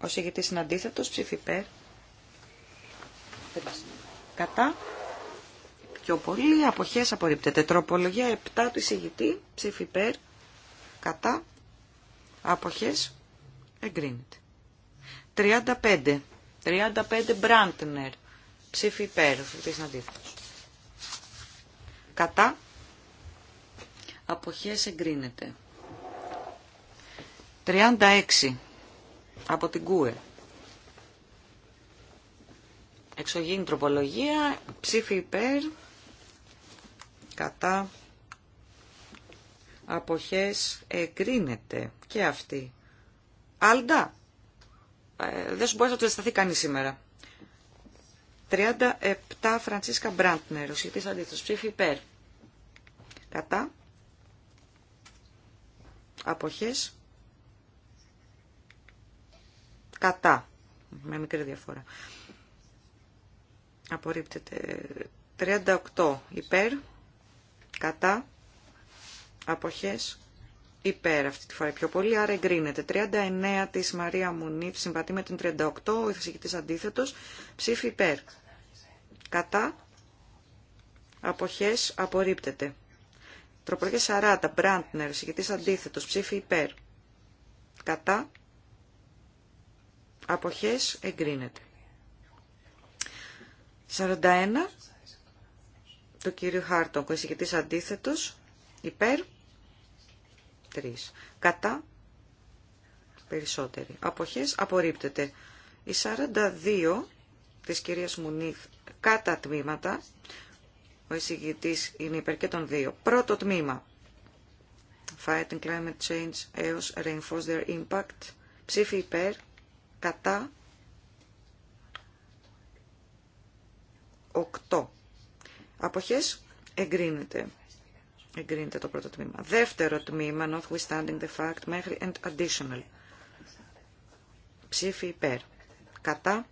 Ο συγητής είναι αντίθετος. Ψήφι υπέρ. Κατά. Πιο πολύ. Αποχές απορρίπτεται. Τροπολογία 7 του εισηγητή. Ψήφι υπέρ. Κατά. Αποχές. Εγκρίνεται. 35. 35 Μπραντνερ. Ψήφι υπέρ. Κατά. Αποχές εγκρίνεται. 36. Από την ΚΟΕ. Εξωγήινη τροπολογία, ψήφι υπέρ, κατά, αποχές, εγκρίνεται και αυτή. Άλντα, ε, δεν σου μπορεί να το αισθανθεί κανείς σήμερα. 37 Φραντσίσκα Μπραντνερ, ο σχετής αντίθετος, ψήφι υπέρ, κατά, αποχές, κατά, με μικρή διαφορά απορρίπτεται 38 υπέρ κατά αποχές υπέρ αυτή τη φορά πιο πολύ, άρα εγκρίνεται 39 της Μαρία Μουνίπ συμπατεί με την 38, ο ηθοσυγητής αντίθετος ψήφι υπέρ κατά αποχές απορρίπτεται τροπολογία 40 Μπραντνερ, ηθοσυγητής αντίθετος ψήφι υπέρ κατά αποχές εγκρίνεται 41 Το κύριο Χάρτον, εισηγητής αντίθετος, υπέρ, 3. Κατά, περισσότεροι. Αποχές, απορρίπτεται. Η 42 της κυρίας Μουνίθ, κατά τμήματα, ο εισηγητής είναι υπέρ και των δύο. Πρώτο τμήμα, Fighting Climate Change έως Reinforce Their Impact, ψήφι υπέρ, κατά, 8. Αποχές εγκρίνεται. Εγκρίνεται το πρώτο τμήμα. Δεύτερο τμήμα, notwithstanding the fact, μέχρι and additional. Ψήφι υπέρ. Κατά.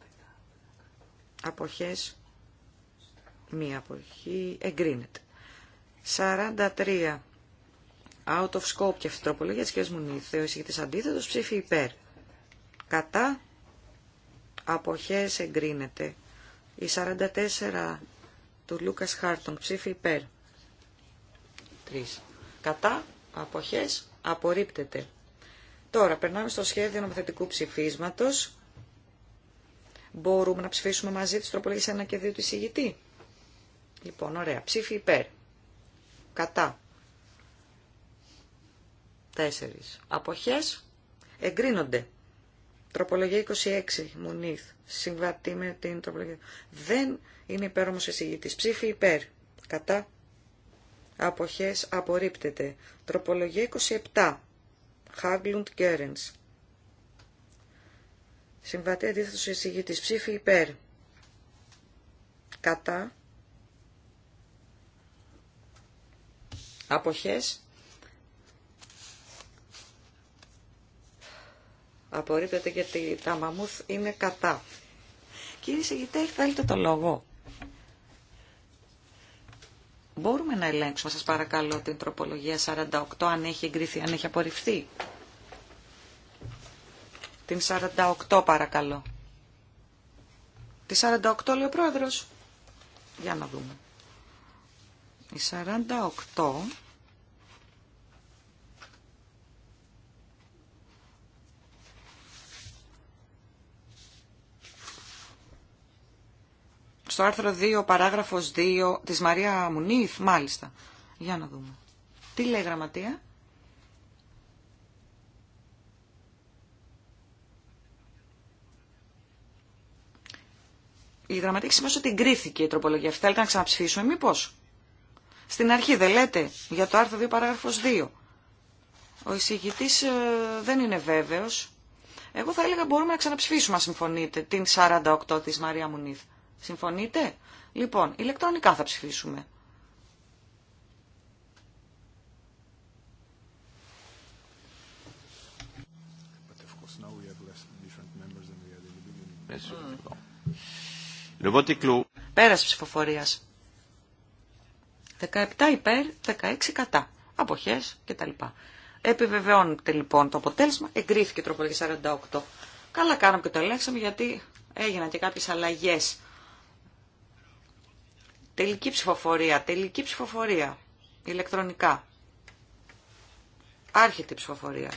Αποχές. Μία αποχή. Εγκρίνεται. 43. Out of scope και αυτοτροπολογία της κυρίας Θεώρηση για τις αντίθετος ψήφι υπέρ. Κατά. Αποχές εγκρίνεται. Η 44 του Λούκας Χάρτον, ψήφι υπέρ. 3. Κατά, αποχές, απορρίπτεται. Τώρα, περνάμε στο σχέδιο νομοθετικού ψηφίσματος. Μπορούμε να ψηφίσουμε μαζί τις τροπολογίες 1 και 2 του εισηγητή. Λοιπόν, ωραία. Ψήφι υπέρ. Κατά. 4. Αποχές εγκρίνονται. Τροπολογία 26, Μουνίθ, συμβατή με την τροπολογία. Δεν είναι υπέρ όμως εισηγητής. Ψήφι υπέρ. Κατά. Αποχές απορρίπτεται. Τροπολογία 27, Χάγλουντ Γκέρενς. Συμβατή αντίθετος εισηγητής. Ψήφι υπέρ. Κατά. Αποχές Απορρίπτεται γιατί τα μαμούθ είναι κατά. Κύριε Σιγητέ, θέλετε το λόγο. Μπορούμε να ελέγξουμε, σας παρακαλώ, την τροπολογία 48, αν έχει εγκριθεί, αν έχει απορριφθεί. Την 48 παρακαλώ. Τη 48 λέει ο πρόεδρος. Για να δούμε. Η 48 στο άρθρο 2, παράγραφος 2 της Μαρία Μουνίθ, μάλιστα. Για να δούμε. Τι λέει η γραμματεία. Η γραμματεία έχει ότι εγκρίθηκε η τροπολογία αυτή. Θέλετε να ξαναψηφίσουμε, μήπω. Στην αρχή δεν λέτε για το άρθρο 2 παράγραφος 2. Ο εισηγητής ε, δεν είναι βέβαιος. Εγώ θα έλεγα μπορούμε να ξαναψηφίσουμε, αν συμφωνείτε, την 48 της Μαρία Μουνίθ. Συμφωνείτε? Λοιπόν, ηλεκτρονικά θα ψηφίσουμε. Mm. Πέρας ψηφοφορίας. 17 υπέρ, 16 κατά. Αποχές κτλ. Επιβεβαιώνεται λοιπόν το αποτέλεσμα. Εγκρίθηκε η τροπολογία 48. Καλά κάναμε και το ελέγξαμε γιατί έγιναν και κάποιες αλλαγέ. Τελική ψηφοφορία, τελική ψηφοφορία, ηλεκτρονικά. Άρχεται η ψηφοφορία.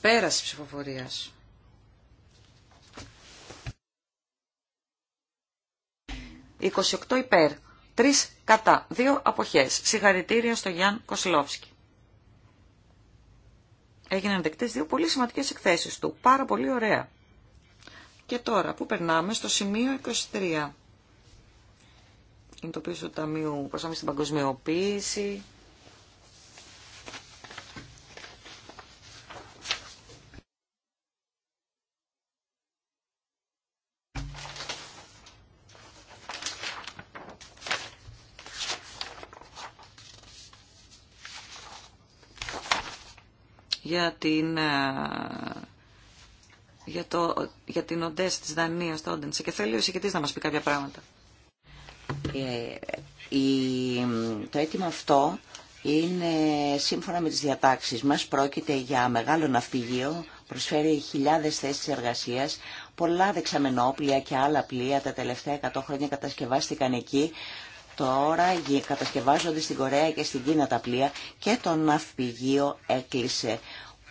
Πέραση ψηφοφορίας. «28 υπέρ, 3 κατά, 2 αποχές. Συγχαρητήρια στο Γιάνν Κοσλόφσκι». Έγιναν δεκτές δύο πολύ σημαντικές εκθέσεις του. Πάρα πολύ ωραία. Και τώρα, πού περνάμε, στο σημείο 23. Είναι το πίσω του Ταμείου Προσάμιση στην Παγκοσμιοποίηση. για την ε, για, το, για την οντέση της Δανίας, το Όντενσε και θέλει ο εισηγητής να μας πει κάποια πράγματα. Ε, η, το αίτημα αυτό είναι σύμφωνα με τις διατάξεις μας πρόκειται για μεγάλο ναυπηγείο προσφέρει χιλιάδες θέσεις εργασίας πολλά δεξαμενόπλια και άλλα πλοία τα τελευταία 100 χρόνια κατασκευάστηκαν εκεί Τώρα κατασκευάζονται στην Κορέα και στην Κίνα τα πλοία και το ναυπηγείο έκλεισε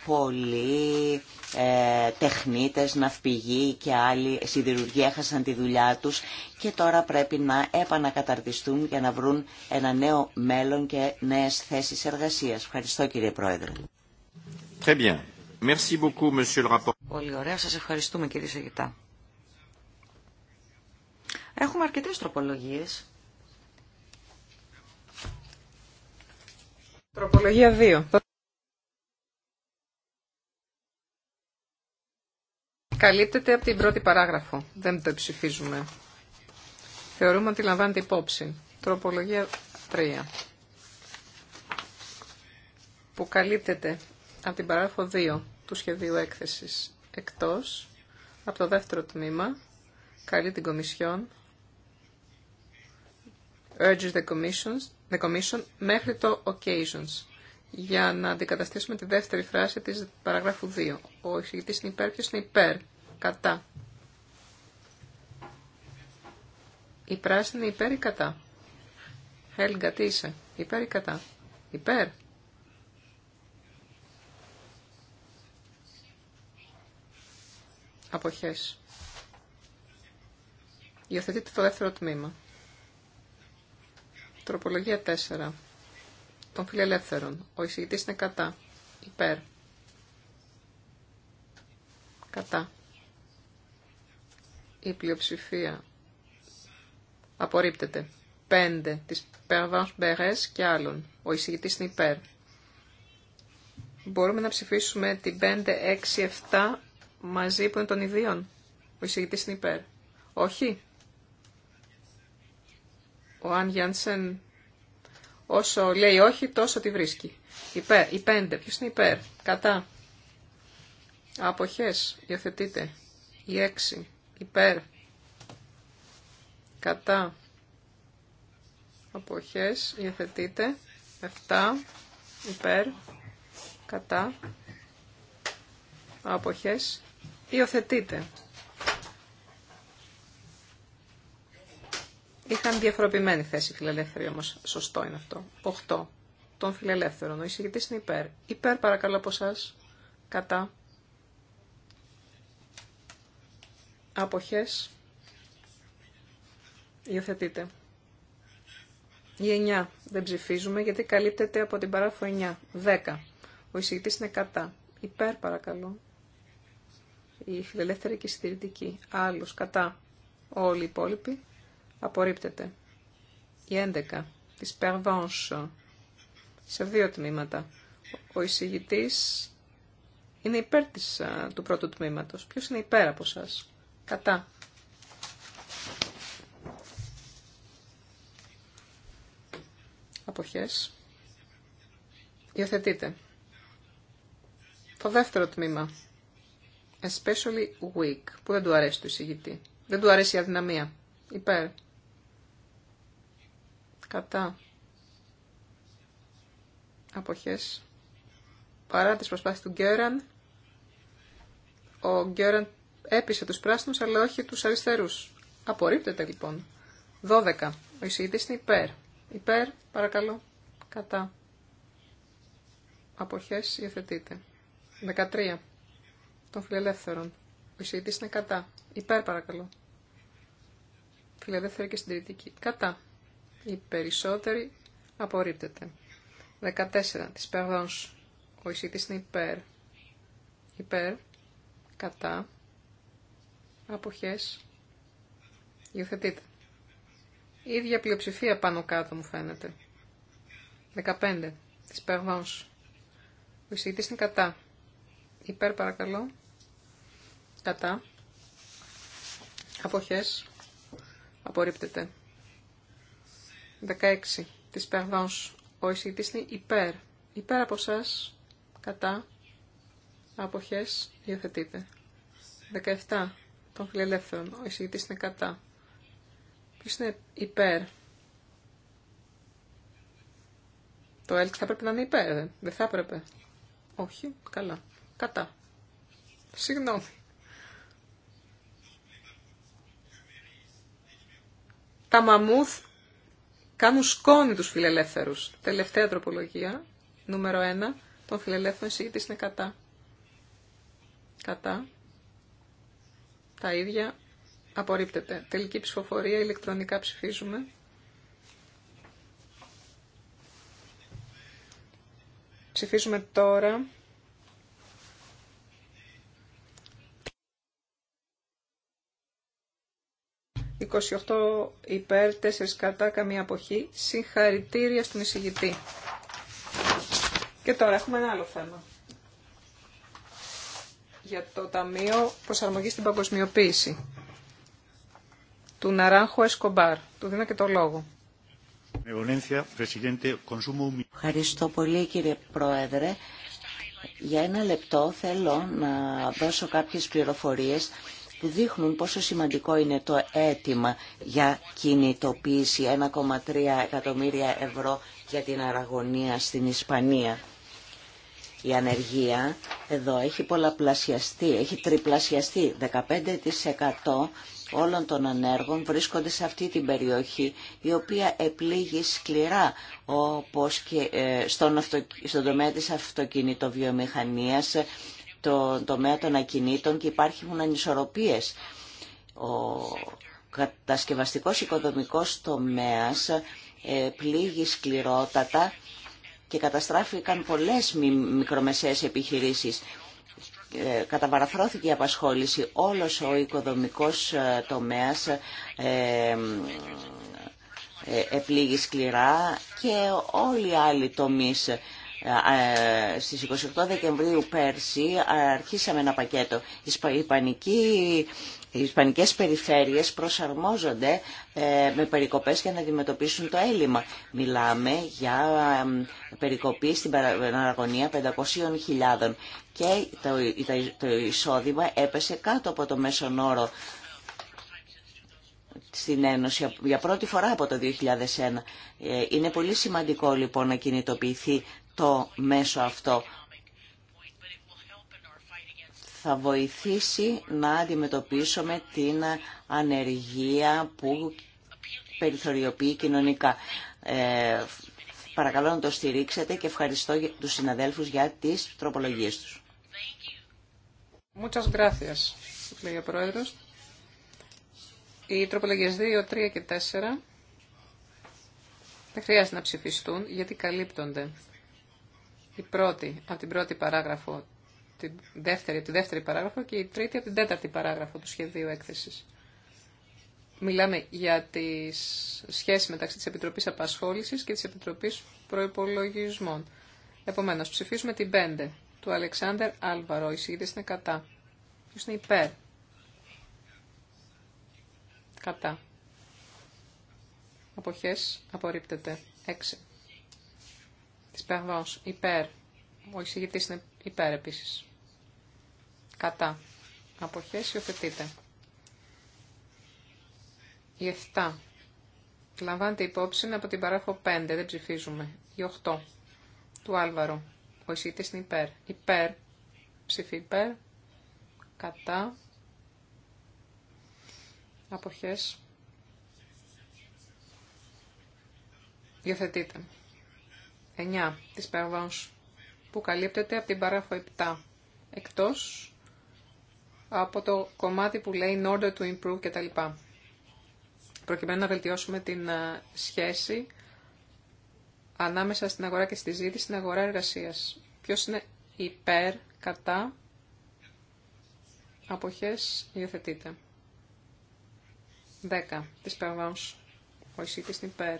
πολλοί ε, τεχνίτες, ναυπηγοί και άλλοι σιδηρουργοί έχασαν τη δουλειά τους και τώρα πρέπει να επανακαταρτιστούν για να βρουν ένα νέο μέλλον και νέες θέσεις εργασίας. Ευχαριστώ κύριε Πρόεδρε. Πολύ ωραία. Σας ευχαριστούμε κύριε Σεγητά. Έχουμε αρκετές τροπολογίες. Τροπολογία 2. Καλύπτεται από την πρώτη παράγραφο. Δεν το ψηφίζουμε. Θεωρούμε ότι λαμβάνεται υπόψη. Τροπολογία 3. Που καλύπτεται από την παράγραφο 2 του σχεδίου έκθεσης. Εκτός από το δεύτερο τμήμα καλεί την Κομισιόν urges the, commissions, the Commission μέχρι το occasions για να αντικαταστήσουμε τη δεύτερη φράση της παραγράφου 2. Ο εισηγητής είναι υπέρ, ποιος είναι υπέρ, κατά. Η πράσινη υπέρ ή κατά. Χέλγκα, τι είσαι, υπέρ ή κατά. Υπέρ. Αποχές. Υιοθετείτε το δεύτερο τμήμα. Τροπολογία 4 των φιλελεύθερων. Ο εισηγητής είναι κατά. Υπέρ. Κατά. Η πλειοψηφία απορρίπτεται. 5 της Περβάνς Μπερές και άλλων. Ο εισηγητής είναι υπέρ. Μπορούμε να ψηφίσουμε την 5, 6, 7 μαζί που είναι των ιδίων. Ο εισηγητής είναι υπέρ. Όχι. Ο Αν Γιάνσεν Όσο λέει όχι, τόσο τη βρίσκει. Υπέρ, η πέντε. Ποιος είναι υπέρ. Κατά. Αποχές. Υιοθετείτε. Η έξι. Υπέρ. Κατά. Αποχές. Υιοθετείτε. Εφτά. Υπέρ. Κατά. Αποχές. Υιοθετείτε. είχαν διαφοροποιημένη θέση φιλελεύθερη όμω Σωστό είναι αυτό. 8. Των φιλελεύθερων. Ο εισηγητή είναι υπέρ. Υπέρ παρακαλώ από εσά. Κατά. Αποχέ. Υιοθετείτε. Η 9. Δεν ψηφίζουμε γιατί καλύπτεται από την παράφο 9. 10. Ο εισηγητή είναι κατά. Υπέρ παρακαλώ. Η φιλελεύθερη και η συντηρητική. Άλλος κατά. Όλοι οι υπόλοιποι Απορρίπτεται. Η 11 της Pervenche σε δύο τμήματα. Ο εισηγητής είναι υπέρ της, του πρώτου τμήματος. Ποιος είναι υπέρ από σας. Κατά. Αποχές. Υιοθετείτε. Το δεύτερο τμήμα. Especially weak. Που δεν του αρέσει το εισηγητή. Δεν του αρέσει η αδυναμία. Υπέρ κατά αποχές παρά τις προσπάθειες του Γκέραν ο Γκέραν έπεισε τους πράσινους αλλά όχι τους αριστερούς απορρίπτεται λοιπόν 12 ο εισηγητής είναι υπέρ υπέρ παρακαλώ κατά αποχές υιοθετείται 13 των φιλελεύθερων ο εισηγητής είναι κατά υπέρ παρακαλώ φιλελεύθερη και συντηρητική κατά οι περισσότεροι απορρίπτεται. 14. Της Περδόνς. Ο εισήτης είναι υπέρ. Υπέρ. Κατά. Αποχές. Υιοθετείτε. Η ίδια πλειοψηφία πάνω κάτω μου φαίνεται. 15. Της Περδόνς. Ο εισήτης είναι κατά. Υπέρ παρακαλώ. Κατά. Αποχές. Απορρίπτεται. 16 της Περδόνς. Ο εισηγητής είναι υπέρ. Υπέρ από εσά κατά, αποχές, υιοθετείτε. 17 των φιλελεύθερων. Ο εισηγητής είναι κατά. Ποιος είναι υπέρ. Το ΕΛΚ θα πρέπει να είναι υπέρ, δεν, δεν θα έπρεπε. Όχι, καλά. Κατά. Συγγνώμη. Τα μαμούθ κάνουν σκόνη τους φιλελεύθερους. Τελευταία τροπολογία, νούμερο 1, των φιλελεύθερων εισηγητής είναι κατά. Κατά. Τα ίδια απορρίπτεται. Τελική ψηφοφορία, ηλεκτρονικά ψηφίζουμε. Ψηφίζουμε τώρα 28 υπέρ, 4 κατά, καμία αποχή. Συγχαρητήρια στον εισηγητή. Και τώρα έχουμε ένα άλλο θέμα. Για το Ταμείο Προσαρμογής στην Παγκοσμιοποίηση. Του Ναράγχο Εσκομπάρ. Του δίνω και το λόγο. Ευχαριστώ πολύ κύριε Πρόεδρε. Για ένα λεπτό θέλω να δώσω κάποιες πληροφορίες που δείχνουν πόσο σημαντικό είναι το αίτημα για κινητοποίηση 1,3 εκατομμύρια ευρώ για την αραγωνία στην Ισπανία. Η ανεργία εδώ έχει πολλαπλασιαστεί, έχει τριπλασιαστεί. 15% όλων των ανέργων βρίσκονται σε αυτή την περιοχή, η οποία επλήγει σκληρά όπως και ε, στον, αυτο... στον τομέα της αυτοκινητοβιομηχανίας, το τομέα των ακινήτων και υπάρχουν ανισορροπίες. Ο κατασκευαστικός οικοδομικός τομέας ε, πλήγει σκληρότατα και καταστράφηκαν πολλές μικρομεσαίες επιχειρήσεις. Ε, καταβαραθρώθηκε η απασχόληση. Όλος ο οικοδομικός ε, τομέας επλήγει σκληρά και όλοι οι άλλοι τομείς ε, στις 28 Δεκεμβρίου πέρσι αρχίσαμε ένα πακέτο. Οι ισπανικοί οι ισπανικές περιφέρειες προσαρμόζονται ε, με περικοπές για να αντιμετωπίσουν το έλλειμμα. Μιλάμε για περικοπή στην παραγωνία 500.000 και το εισόδημα έπεσε κάτω από το μέσον όρο στην Ένωση για πρώτη φορά από το 2001. Ε, είναι πολύ σημαντικό λοιπόν να κινητοποιηθεί το μέσο αυτό. Θα βοηθήσει να αντιμετωπίσουμε την ανεργία που περιθωριοποιεί κοινωνικά. Ε, παρακαλώ να το στηρίξετε και ευχαριστώ τους συναδέλφους για τις τροπολογίες τους. Muchas gracias, λέει Πρόεδρος. Οι τροπολογίες 2, 3 και 4 δεν χρειάζεται να ψηφιστούν γιατί καλύπτονται η πρώτη από την πρώτη παράγραφο, τη δεύτερη από τη δεύτερη παράγραφο και η τρίτη από την τέταρτη παράγραφο του σχεδίου έκθεσης. Μιλάμε για τη σχέση μεταξύ της Επιτροπής Απασχόλησης και της Επιτροπής Προϋπολογισμών. Επομένως, ψηφίσουμε την πέντε του Αλεξάνδρ Άλβαρο. Η είναι κατά. Ποιο είναι υπέρ. Κατά. Αποχές απορρίπτεται. 6 της Περβάνς υπέρ. Ο εισηγητής είναι υπέρ επίσης. Κατά. Αποχές υιοθετείται. Η 7. Λαμβάνεται υπόψη από την παράγραφο 5. Δεν ψηφίζουμε. Η 8. Του Άλβαρο. Ο εισηγητής είναι υπέρ. Υπέρ. Ψηφί υπέρ. Κατά. Αποχές. Υιοθετείται. 9 της Περβάνς που καλύπτεται από την παράγραφο 7 εκτός από το κομμάτι που λέει in order to improve κτλ. Προκειμένου να βελτιώσουμε την ε, σχέση ανάμεσα στην αγορά και στη ζήτηση στην αγορά εργασίας. Ποιος είναι υπέρ, κατά, αποχές, υιοθετείται. 10. Της Περβάνς. Ο εισήτης είναι υπέρ.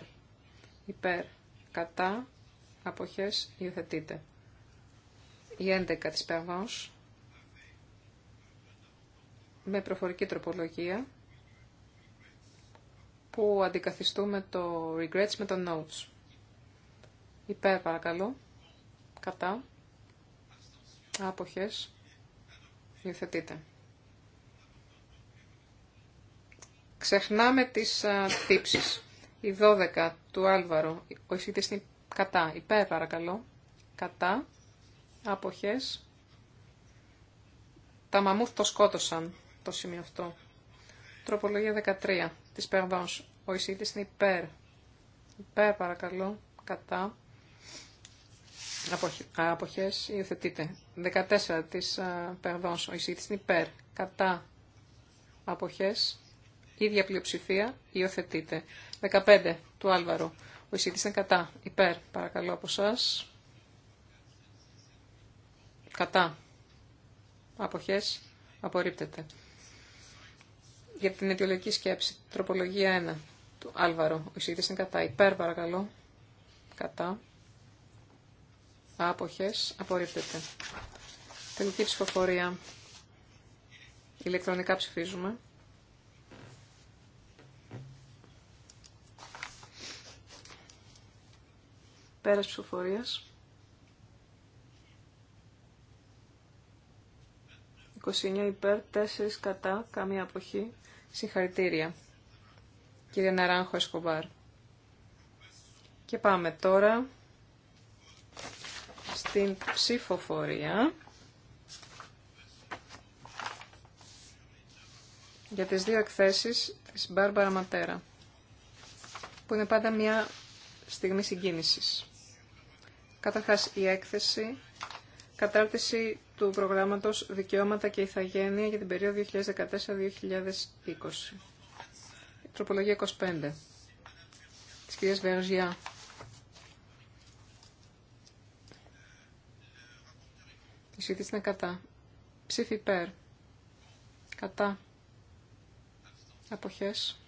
Υπέρ, κατά, αποχές Υιοθετείτε. Η 11 της Περβάνς με προφορική τροπολογία που αντικαθιστούμε το regrets με το notes. Υπέρ παρακαλώ, κατά, άποχες, υιοθετείτε. Ξεχνάμε τις α, τύψεις. Η 12 του Άλβαρο, ο εισήτης Κατά. Υπέρ παρακαλώ. Κατά. Αποχές. Τα μαμούθ το σκότωσαν το σημείο αυτό. Τροπολογία 13 της Περδόνς, Ο εισήτης είναι υπέρ. Υπέρ παρακαλώ. Κατά. Αποχές Υιοθετείτε. 14 της ε, Περδόνς, Ο εισήτης είναι υπέρ. Κατά. Αποχές. Ίδια πλειοψηφία υιοθετείται. 15 του Άλβαρο. Ο εισηγητής είναι κατά. Υπέρ, παρακαλώ από εσά. Κατά. Αποχές. Απορρίπτεται. Για την αιτιολογική σκέψη. Τροπολογία 1 του Άλβαρο. Ο εισηγητής είναι κατά. Υπέρ, παρακαλώ. Κατά. Άποχες. Απορρίπτεται. Τελική ψηφοφορία. Ηλεκτρονικά ψηφίζουμε. Πέρας ψηφοφορίας. 29 υπέρ, 4 κατά, καμία αποχή. Συγχαρητήρια. Κύριε Ναράγχο Εσκοβάρ. Και πάμε τώρα στην ψηφοφορία για τις δύο εκθέσεις της Μπάρμπαρα Ματέρα, που είναι πάντα μια στιγμή συγκίνησης. Καταρχάς, η έκθεση κατάρτιση του προγράμματος Δικαιώματα και Ιθαγένεια για την περίοδο 2014-2020. Τροπολογία 25 της κυρίας Βεργιά. Η σχετής είναι κατά. Ψήφι υπέρ. Κατά. Αποχές.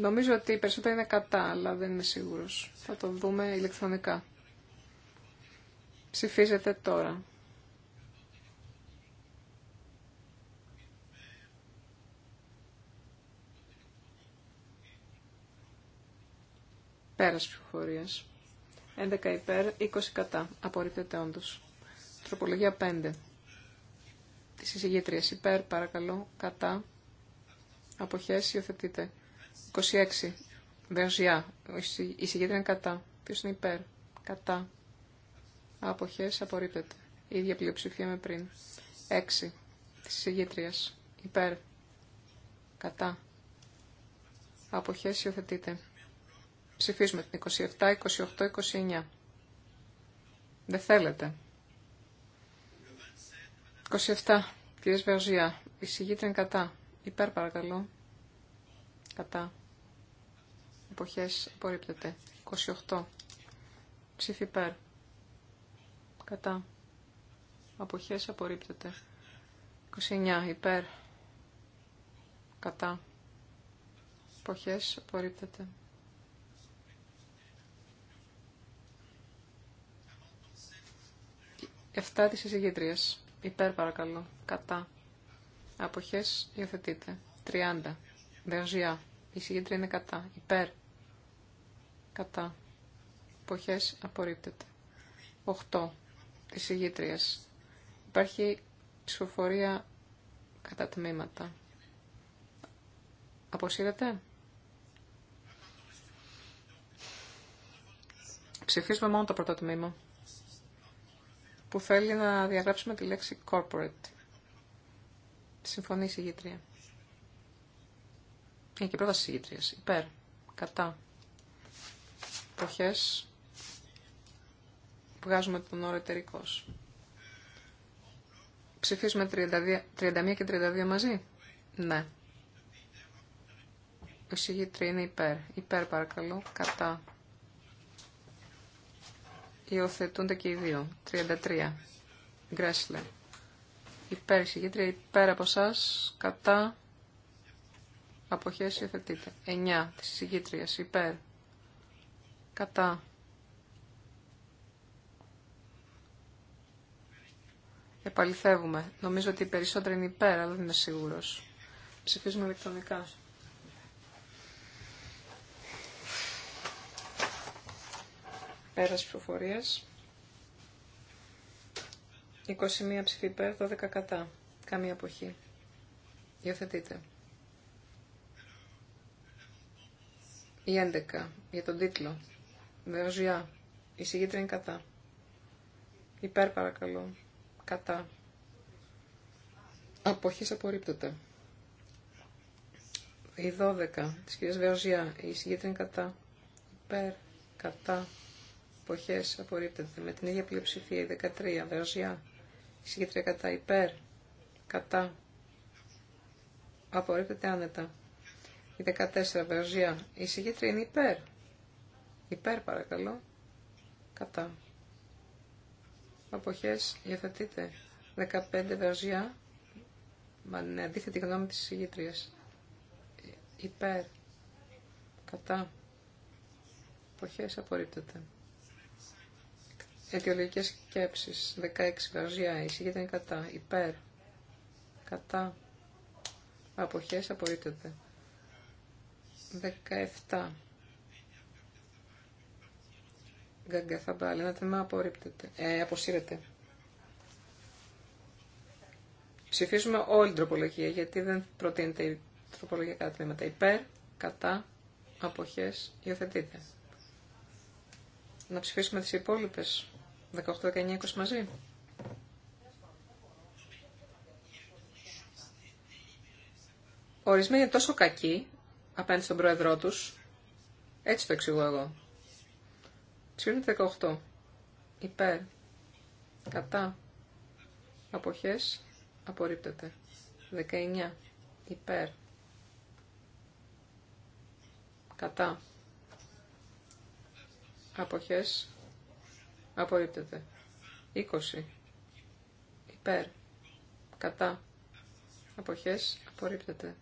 Νομίζω ότι η περισσότεροι είναι κατά, αλλά δεν είμαι σίγουρος. Θα το δούμε ηλεκτρονικά. Ψηφίζεται τώρα. Πέρας ψηφοφορίας. 11 υπέρ, 20 κατά. Απορρίπτεται όντως. Τροπολογία 5. Της εισηγήτριας υπέρ, παρακαλώ, κατά. Αποχές, υιοθετείτε. 26. Βερζιά. Η είναι κατά. Ποιο είναι υπέρ. Κατά. Αποχές απορρίπτεται. Η ίδια πλειοψηφία με πριν. 6. τη συγκέντριας. Υπέρ. Κατά. Αποχέ υιοθετείται. Ψηφίζουμε την 27, 28, 29. Δεν θέλετε. 27. κυριε Βεωζία. Η συγκέντρια είναι κατά. Υπέρ παρακαλώ κατά εποχές απορρίπτεται 28 ψήφι υπέρ κατά εποχές απορρίπτεται 29 υπέρ κατά εποχές απορρίπτεται 7 της εισηγήτριας υπέρ παρακαλώ κατά αποχές υιοθετείται 30 Βεργιά. Η συγκέντρια είναι κατά. Υπέρ. Κατά. Εποχές απορρίπτεται. 8. Της συγκίτρια. Υπάρχει ψηφοφορία κατά τμήματα. Αποσύρεται. Ψηφίζουμε μόνο το πρώτο τμήμα που θέλει να διαγράψουμε τη λέξη corporate. Συμφωνεί η συγκίτρια. Είναι και πρόταση ηγητρίας. Υπέρ. Κατά. Εποχές. Βγάζουμε τον όρο εταιρικός. Ψηφίσουμε 32, 31 και 32 μαζί. Ναι. Η εισηγήτρια είναι υπέρ. Υπέρ παρακαλώ. Κατά. Υιοθετούνται και οι δύο. 33. Γκρέσλε. Υπέρ εισηγήτρια. Υπέρ από εσά. Κατά. Αποχές υιοθετείται. 9 της συγκήτριας υπέρ. Κατά. Επαληθεύουμε. Νομίζω ότι οι περισσότεροι είναι υπέρ, αλλά δεν είμαι σίγουρος. Ψηφίζουμε ηλεκτρονικά. Πέρας ψηφοφορίας. 21 ψηφί υπέρ, 12 κατά. Καμία αποχή. Υιοθετείτε. Η 11. Για τον τίτλο. Βεωζιά. Η συγκίτρια είναι κατά. Υπέρ παρακαλώ. Κατά. Αποχή απορρίπτεται. Η 12. Τη κυρίας Βεωζιά. Η συγκίτρια είναι κατά. Υπέρ. Κατά. Αποχές απορρίπτεται. Με την ίδια πλειοψηφία. Η 13. Βεωζιά. Η συγκίτρια κατά. Υπέρ. Κατά. Απορρίπτεται άνετα. Η 14 βαζία. Η συγκήτρια είναι υπέρ. Υπέρ παρακαλώ. Κατά. Αποχές διαθετείτε. 15 βαζιά. Μα είναι αντίθετη γνώμη της συγκήτριας. Υπέρ. Κατά. Αποχές απορρίπτεται. Αιτιολογικές σκέψεις. 16 βαζία, Η συγκήτρια είναι κατά. Υπέρ. Κατά. Αποχές απορρίπτεται. 17. Γκάγκα θα πάλι. να θέμα απορρίπτεται. Ε, αποσύρεται. Ψηφίζουμε όλη την τροπολογία, γιατί δεν προτείνεται η τροπολογία κατά τμήματα. Υπέρ, κατά, αποχές, υιοθετείται. Να ψηφίσουμε τις υπόλοιπες 18, 19, 20 μαζί. Ορισμένοι είναι τόσο κακοί απέναντι στον πρόεδρό του. Έτσι το εξηγώ εγώ. Ψήφιν 18. Υπέρ. Κατά. Αποχές. Απορρίπτεται. 19. Υπέρ. Κατά. Αποχές. Απορρίπτεται. 20. Υπέρ. Κατά. Αποχές. Απορρίπτεται.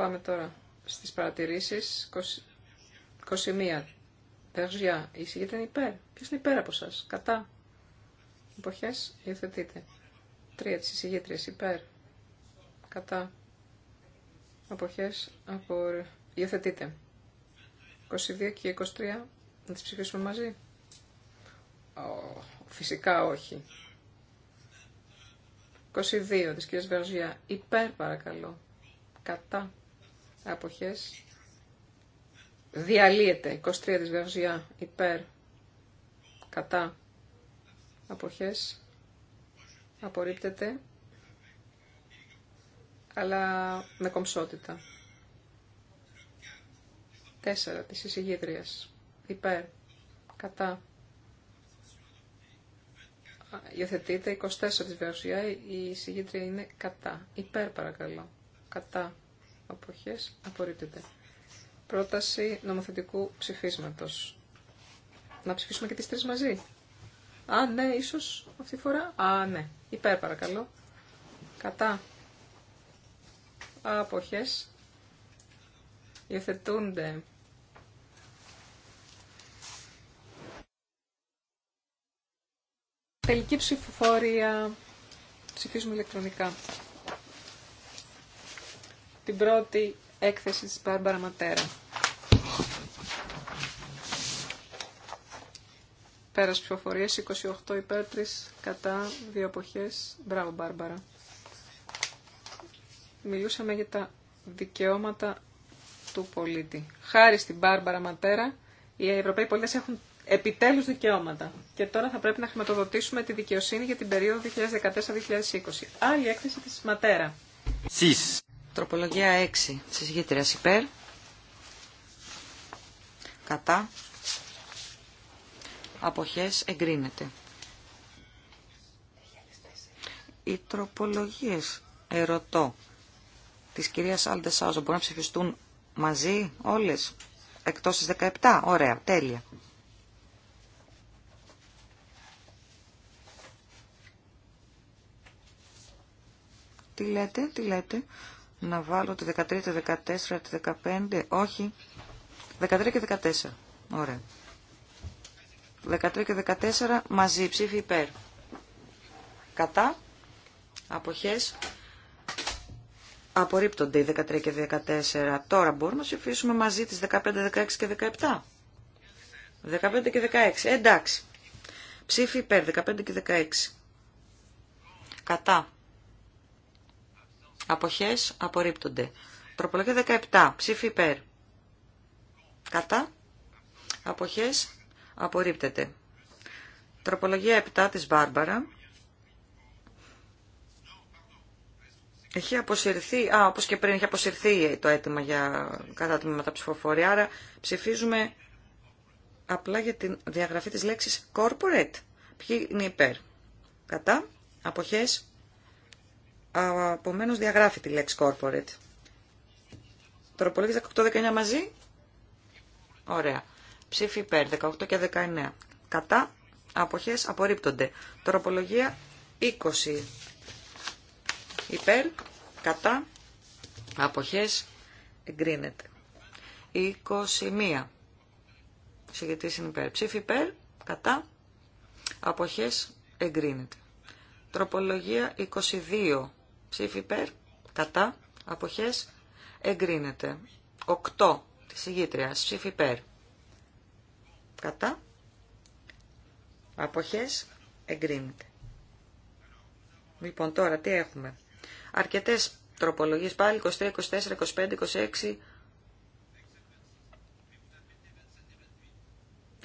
Πάμε τώρα στις παρατηρήσεις. 21. Περζιά. Η την είναι υπέρ. Ποιος είναι υπέρ από σας. Κατά. Εποχές. Υιοθετείτε. 3 της εισηγήτριας. Υπέρ. Κατά. Εποχές. Από... Υιοθετείτε. 22 και 23. Να τις ψηφίσουμε μαζί. φυσικά όχι. 22 της κυρίας Βερζιά. Υπέρ παρακαλώ. Κατά αποχές διαλύεται 23 της Βερζιά υπέρ κατά αποχές απορρίπτεται αλλά με κομψότητα 4 της εισηγήτριας υπέρ κατά Υιοθετείται 24 της η εισηγήτρια είναι κατά. Υπέρ παρακαλώ. Κατά αποχές απορρίπτεται. Πρόταση νομοθετικού ψηφίσματος. Να ψηφίσουμε και τις τρεις μαζί. Α, ναι, ίσως αυτή τη φορά. Α, ναι. Υπέρ παρακαλώ. Κατά. Αποχές. Υιοθετούνται. Τελική ψηφοφορία. Ψηφίζουμε ηλεκτρονικά την πρώτη έκθεση της Μπάρμπαρα Ματέρα. Πέρας ψηφοφορίες, 28 υπέρ, 3 κατά, 2 εποχές. Μπράβο Μπάρμπαρα. Μιλούσαμε για τα δικαιώματα του πολίτη. Χάρη στην Μπάρμπαρα Ματέρα, οι Ευρωπαίοι πολίτες έχουν επιτέλους δικαιώματα. Και τώρα θα πρέπει να χρηματοδοτήσουμε τη δικαιοσύνη για την περίοδο 2014-2020. Άλλη έκθεση της Ματέρα. Τροπολογία 6 της γήτριας υπέρ. Κατά. Αποχές εγκρίνεται. Οι τροπολογίες ερωτώ της κυρίας Άλντε μπορούν να ψηφιστούν μαζί όλες εκτός της 17. Ωραία, τέλεια. Τι λέτε, τι λέτε να βάλω το 13, τη 14, το 15, όχι, 13 και 14, ωραία. 13 και 14 μαζί, ψήφι υπέρ. Κατά, αποχές, απορρίπτονται οι 13 και 14. Τώρα μπορούμε να ψηφίσουμε μαζί τις 15, 16 και 17. 15 και 16, ε, εντάξει. Ψήφι υπέρ, 15 και 16. Κατά. Αποχές απορρίπτονται. Τροπολογία 17. Ψήφι υπέρ. Κατά. Αποχές απορρίπτεται. Τροπολογία 7 της Μπάρμπαρα. Έχει αποσυρθεί, α, όπως και πριν, έχει αποσυρθεί το αίτημα για κατά τη μεταψηφοφορία, άρα ψηφίζουμε απλά για τη διαγραφή της λέξης corporate. Ποιοι είναι υπέρ. Κατά, αποχές, Απομένως διαγράφει τη λέξη corporate. Τροπολογίες 18-19 μαζί. Ωραία. Ψήφι υπέρ 18 και 19. Κατά. Αποχές απορρίπτονται. Τροπολογία 20. Υπέρ. Κατά. Αποχές εγκρίνεται. 21. υπέρ. Ψήφι υπέρ. Κατά. Αποχές εγκρίνεται. Τροπολογία 22 ψήφι υπέρ, κατά, αποχές, εγκρίνεται. 8 της ηγήτριας, ψήφι υπέρ, κατά, αποχές, εγκρίνεται. Λοιπόν, τώρα τι έχουμε. Αρκετές τροπολογίες πάλι, 23, 24, 25, 26,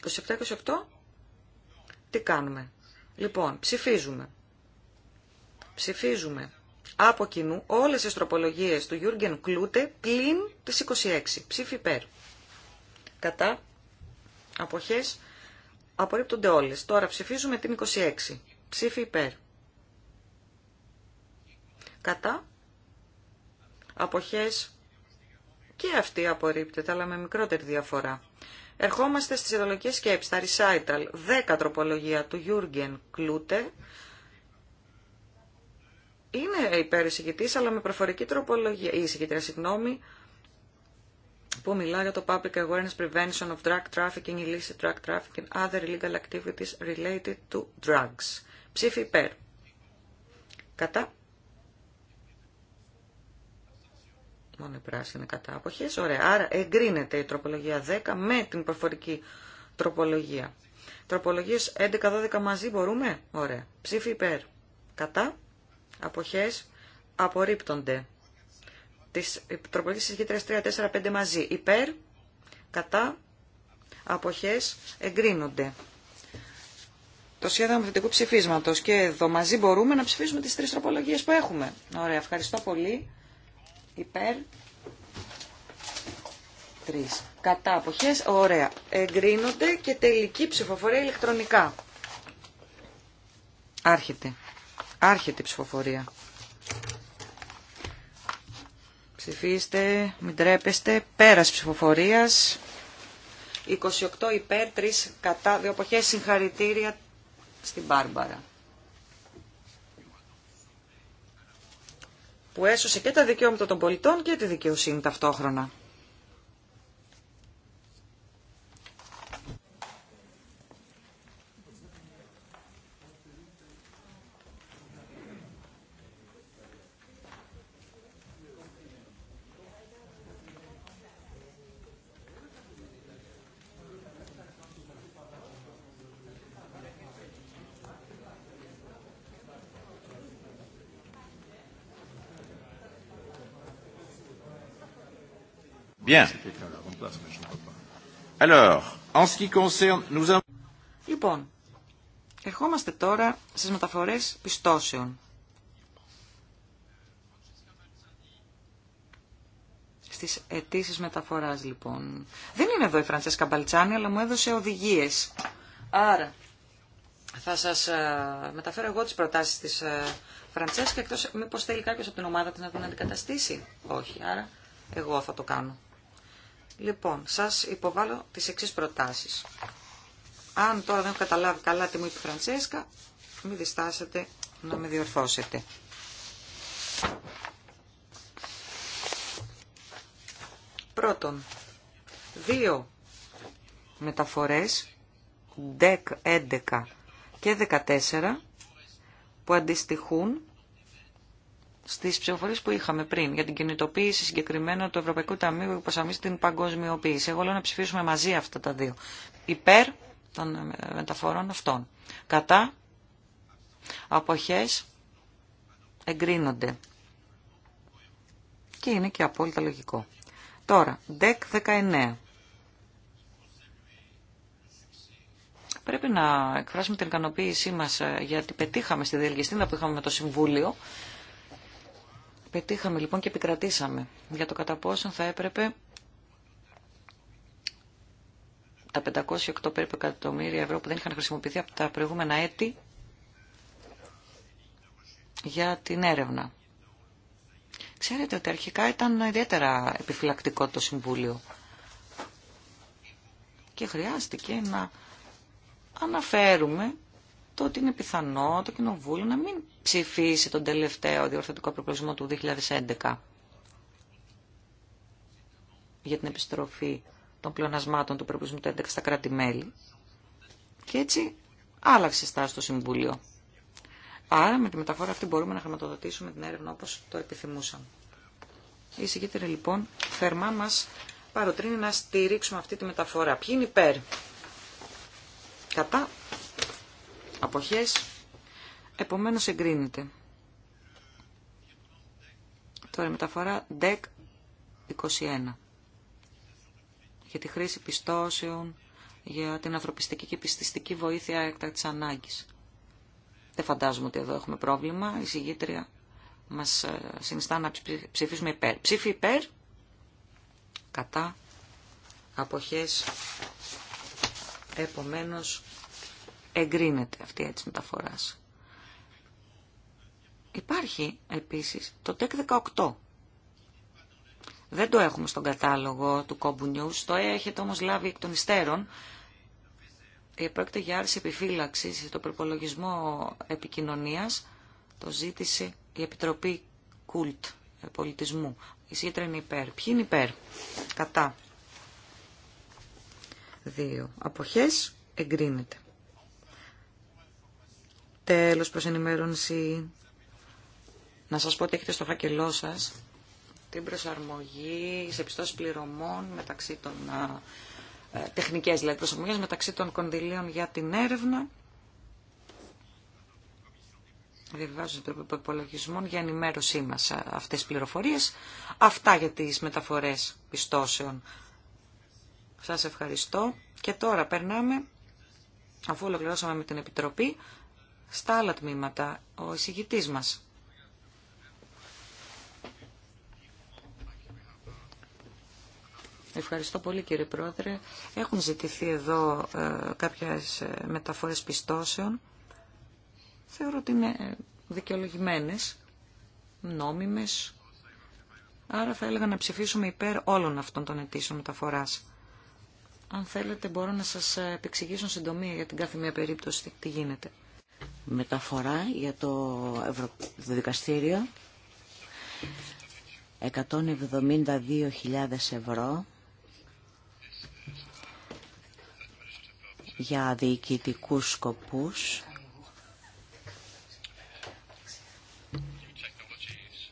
27, 28. Τι κάνουμε. Λοιπόν, ψηφίζουμε. Ψηφίζουμε από κοινού όλες τις τροπολογίες του Γιούργεν Κλούτε πλην τις 26. Ψήφι υπέρ. Κατά αποχές απορρίπτονται όλες. Τώρα ψηφίζουμε την 26. Ψήφι υπέρ. Κατά αποχές και αυτή απορρίπτεται αλλά με μικρότερη διαφορά. Ερχόμαστε στις ειδολογικές σκέψεις, τα recital 10 τροπολογία του Γιούργεν Κλούτε είναι υπέρ εισηγητής, αλλά με προφορική τροπολογία, ή εισηγητήρα, συγγνώμη, που μιλά για το Public Awareness Prevention of Drug Trafficking, Illicit Drug Trafficking, Other Illegal Activities Related to Drugs. Ψήφι υπέρ. Κατά. Μόνο η πράσινη κατά αποχές. Ωραία. Άρα εγκρίνεται η τροπολογία 10 με την προφορική τροπολογία. Τροπολογίες 11-12 μαζί μπορούμε. Ωραία. Ψήφι υπέρ. Κατά αποχές απορρίπτονται. Τις τροπολογίες της 3, 4, 5 μαζί. Υπέρ, κατά, αποχές εγκρίνονται. Το σχέδιο νομοθετικού ψηφίσματος και εδώ μαζί μπορούμε να ψηφίσουμε τις τρεις τροπολογίες που έχουμε. Ωραία, ευχαριστώ πολύ. Υπέρ, τρεις. Κατά αποχές, ωραία. Εγκρίνονται και τελική ψηφοφορία ηλεκτρονικά. Άρχεται. Άρχεται η ψηφοφορία. Ψηφίστε, μην τρέπεστε. Πέρας ψηφοφορίας. 28 υπέρ, 3 κατά, δύο εποχές συγχαρητήρια στην Μπάρμπαρα. Που έσωσε και τα δικαιώματα των πολιτών και τη δικαιοσύνη ταυτόχρονα. Λοιπόν, ερχόμαστε τώρα στις μεταφορές πιστώσεων. Στις αιτήσει μεταφοράς, λοιπόν. Δεν είναι εδώ η Φραντσέσκα Μπαλτσάνη, αλλά μου έδωσε οδηγίες. Άρα, θα σας ε, μεταφέρω εγώ τις προτάσεις της ε, Φραντσέσκα, εκτός μήπως θέλει κάποιος από την ομάδα της να την αντικαταστήσει. Όχι, άρα εγώ θα το κάνω. Λοιπόν, σας υποβάλλω τις εξής προτάσεις. Αν τώρα δεν έχω καταλάβει καλά τι μου είπε η Φραντσέσκα, μην διστάσετε να με διορθώσετε. Πρώτον, δύο μεταφορές, 11 και 14, που αντιστοιχούν στις ψηφοφορίες που είχαμε πριν για την κινητοποίηση συγκεκριμένα του Ευρωπαϊκού Ταμείου που προσαρμόζει την παγκοσμιοποίηση. Εγώ λέω να ψηφίσουμε μαζί αυτά τα δύο. Υπέρ των μεταφορών αυτών. Κατά αποχές εγκρίνονται. Και είναι και απόλυτα λογικό. Τώρα, ΔΕΚ 19. Πρέπει να εκφράσουμε την ικανοποίησή μας ε, γιατί πετύχαμε στη Διελγιστίνα που είχαμε με το Συμβούλιο Πετύχαμε λοιπόν και επικρατήσαμε για το κατά πόσο θα έπρεπε τα 508 περίπου εκατομμύρια ευρώ που δεν είχαν χρησιμοποιηθεί από τα προηγούμενα έτη για την έρευνα. Ξέρετε ότι αρχικά ήταν ιδιαίτερα επιφυλακτικό το Συμβούλιο και χρειάστηκε να αναφέρουμε το ότι είναι πιθανό το Κοινοβούλιο να μην ψηφίσει τον τελευταίο διορθωτικό προπολογισμό του 2011 για την επιστροφή των πλεονασμάτων του προπολογισμού του 2011 στα κράτη-μέλη. Και έτσι άλλαξε στάση στο Συμβούλιο. Άρα με τη μεταφορά αυτή μπορούμε να χρηματοδοτήσουμε την έρευνα όπως το επιθυμούσαν. Η εισηγήτρια λοιπόν θερμά μας παροτρύνει να στηρίξουμε αυτή τη μεταφορά. Ποιοι είναι υπέρ. Κατά αποχές, επομένως εγκρίνεται. Τώρα μεταφορά DEC 21 για τη χρήση πιστώσεων, για την ανθρωπιστική και πιστιστική βοήθεια της ανάγκης. Δεν φαντάζομαι ότι εδώ έχουμε πρόβλημα. Η συγγήτρια μας ε, συνιστά να ψηφίσουμε υπέρ. Ψήφι υπέρ, κατά, αποχές, επομένως εγκρίνεται αυτή έτσι μεταφοράς. Υπάρχει επίσης το ΤΕΚ 18. Δεν το έχουμε στον κατάλογο του Κόμπου News, το έχετε όμως λάβει εκ των υστέρων. Ε, πρόκειται για άρση επιφύλαξη στο προπολογισμό επικοινωνίας, το ζήτησε η Επιτροπή Κουλτ ε, Πολιτισμού. Η σύντρα είναι υπέρ. Ποιοι είναι υπέρ. Κατά. Δύο. Αποχές εγκρίνεται. Τέλος προς ενημέρωση. Να σας πω ότι έχετε στο φάκελό σας την προσαρμογή σε πιστός πληρωμών μεταξύ των ε, τεχνικές δηλαδή προσαρμογές μεταξύ των κονδυλίων για την έρευνα διαβάζω το υπολογισμών για ενημέρωσή μας αυτές τις πληροφορίες. Αυτά για τις μεταφορές πιστώσεων. Σας ευχαριστώ. Και τώρα περνάμε, αφού ολοκληρώσαμε με την Επιτροπή, στα άλλα τμήματα, ο εισηγητής μας. Ευχαριστώ πολύ κύριε Πρόεδρε. Έχουν ζητηθεί εδώ ε, κάποιες ε, μεταφορές πιστώσεων. Θεωρώ ότι είναι ε, δικαιολογημένες, νόμιμες. Άρα θα έλεγα να ψηφίσουμε υπέρ όλων αυτών των αιτήσεων μεταφοράς. Αν θέλετε μπορώ να σας επεξηγήσω συντομία για την κάθε μία περίπτωση τι γίνεται μεταφορά για το δικαστήριο 172.000 ευρώ για διοικητικούς σκοπούς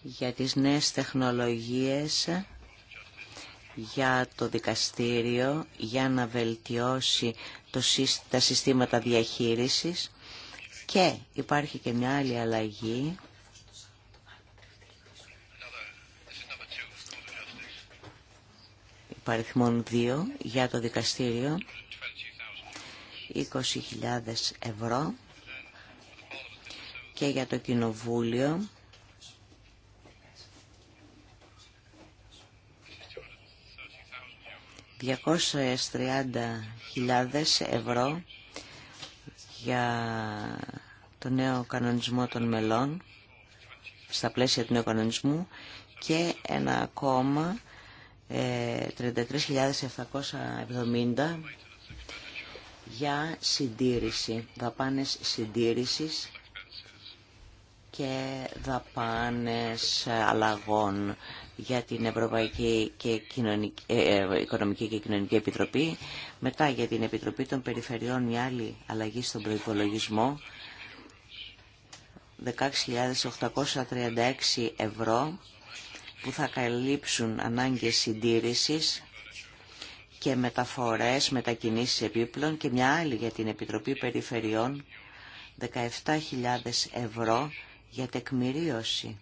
για τις νέες τεχνολογίες για το δικαστήριο για να βελτιώσει το, τα συστήματα διαχείρισης και υπάρχει και μια άλλη αλλαγή Υπάρχουν 2 για το δικαστήριο 20.000 ευρώ και για το κοινοβούλιο ...230.000 ευρώ για το νέο κανονισμό των μελών στα πλαίσια του νέου κανονισμού και ένα ακόμα 33.770 ε, για συντήρηση, δαπάνες συντήρησης και δαπάνες αλλαγών για την Ευρωπαϊκή και ε, ε, Οικονομική και Κοινωνική Επιτροπή, μετά για την Επιτροπή των Περιφερειών μια άλλη αλλαγή στον προϋπολογισμό, 16.836 ευρώ που θα καλύψουν ανάγκες συντήρησης και μεταφορές, μετακινήσεις επίπλων και μια άλλη για την Επιτροπή Περιφερειών 17.000 ευρώ για τεκμηρίωση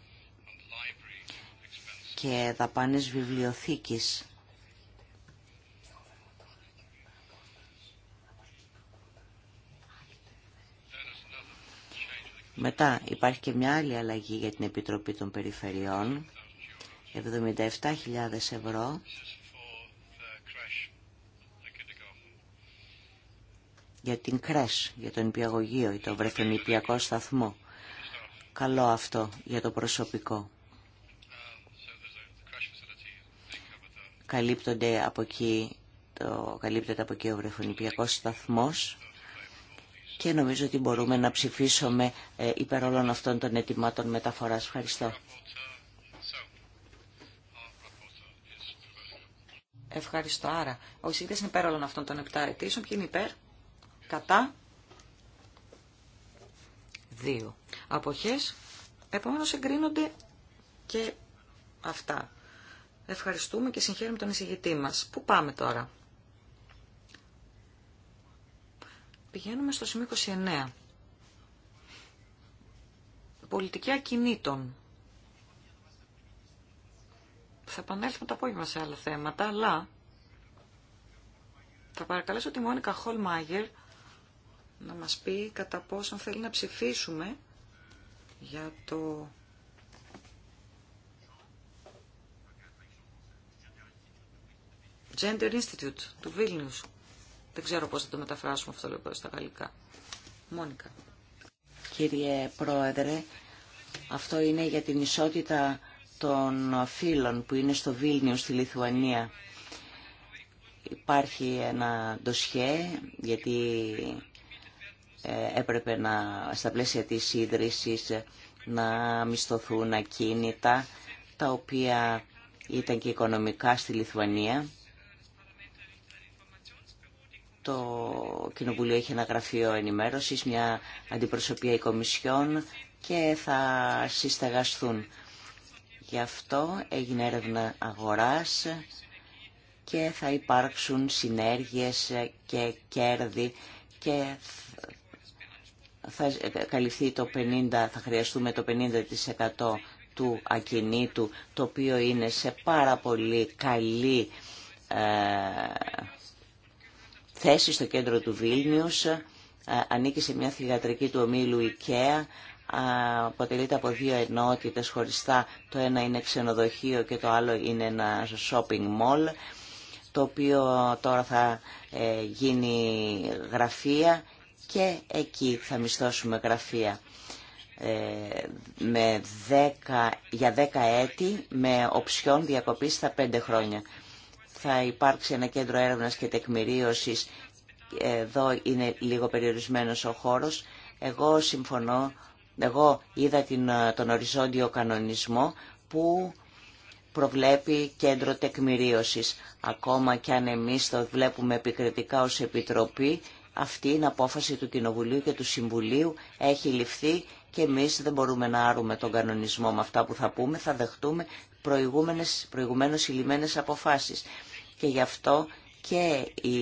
και δαπάνες βιβλιοθήκης. Μετά υπάρχει και μια άλλη αλλαγή για την Επιτροπή των Περιφερειών, 77.000 ευρώ για την ΚΡΕΣ, για τον υπηαγωγείο ή τον βρεθονιπιακό σταθμό. Καλό αυτό για το προσωπικό. καλύπτονται από εκεί, το, καλύπτεται από εκεί ο βρεφονιπιακός σταθμός και νομίζω ότι μπορούμε να ψηφίσουμε ε, υπέρ όλων αυτών των ετοιμάτων μεταφοράς. Ευχαριστώ. Ευχαριστώ. Άρα, ο εισηγητής είναι υπέρ όλων αυτών των επτά αιτήσεων. Ποιοι είναι υπέρ, κατά, δύο. Αποχές, επομένως εγκρίνονται και αυτά. Ευχαριστούμε και συγχαίρουμε τον εισηγητή μας. Πού πάμε τώρα. Πηγαίνουμε στο σημείο 29. Πολιτική ακινήτων. Θα επανέλθουμε το απόγευμα σε άλλα θέματα, αλλά θα παρακαλέσω τη Μόνικα Χολμάγερ να μας πει κατά πόσον θέλει να ψηφίσουμε για το Gender Institute του Βίλνιους. Δεν ξέρω πώς θα το μεταφράσουμε αυτό λοιπόν στα γαλλικά. Μόνικα. Κύριε Πρόεδρε, αυτό είναι για την ισότητα των φίλων που είναι στο Βίλνιο στη Λιθουανία. Υπάρχει ένα ντοσιέ γιατί ε, έπρεπε να, στα πλαίσια της ίδρυσης να μισθωθούν ακίνητα τα οποία ήταν και οικονομικά στη Λιθουανία το Κοινοβούλιο έχει ένα γραφείο ενημέρωσης, μια αντιπροσωπεία οικομισιών και θα συσταγαστούν. Γι' αυτό έγινε έρευνα αγοράς και θα υπάρξουν συνέργειες και κέρδη και θα καλυφθεί το 50, θα χρειαστούμε το 50% του ακινήτου, το οποίο είναι σε πάρα πολύ καλή ε, θέση στο κέντρο του Βίλνιους, ε, ανήκει σε μια θηγατρική του ομίλου IKEA, αποτελείται από δύο ενότητες χωριστά, το ένα είναι ξενοδοχείο και το άλλο είναι ένα shopping mall, το οποίο τώρα θα ε, γίνει γραφεία και εκεί θα μισθώσουμε γραφεία ε, με 10, για 10 έτη με οψιόν διακοπής στα 5 χρόνια θα υπάρξει ένα κέντρο έρευνας και τεκμηρίωσης. Εδώ είναι λίγο περιορισμένος ο χώρος. Εγώ συμφωνώ, εγώ είδα την, τον οριζόντιο κανονισμό που προβλέπει κέντρο τεκμηρίωσης. Ακόμα και αν εμείς το βλέπουμε επικριτικά ως Επιτροπή, αυτή είναι απόφαση του Κοινοβουλίου και του Συμβουλίου, έχει ληφθεί και εμείς δεν μπορούμε να άρουμε τον κανονισμό με αυτά που θα πούμε, θα δεχτούμε προηγούμενες, προηγουμένως αποφάσεις και γι' αυτό και οι,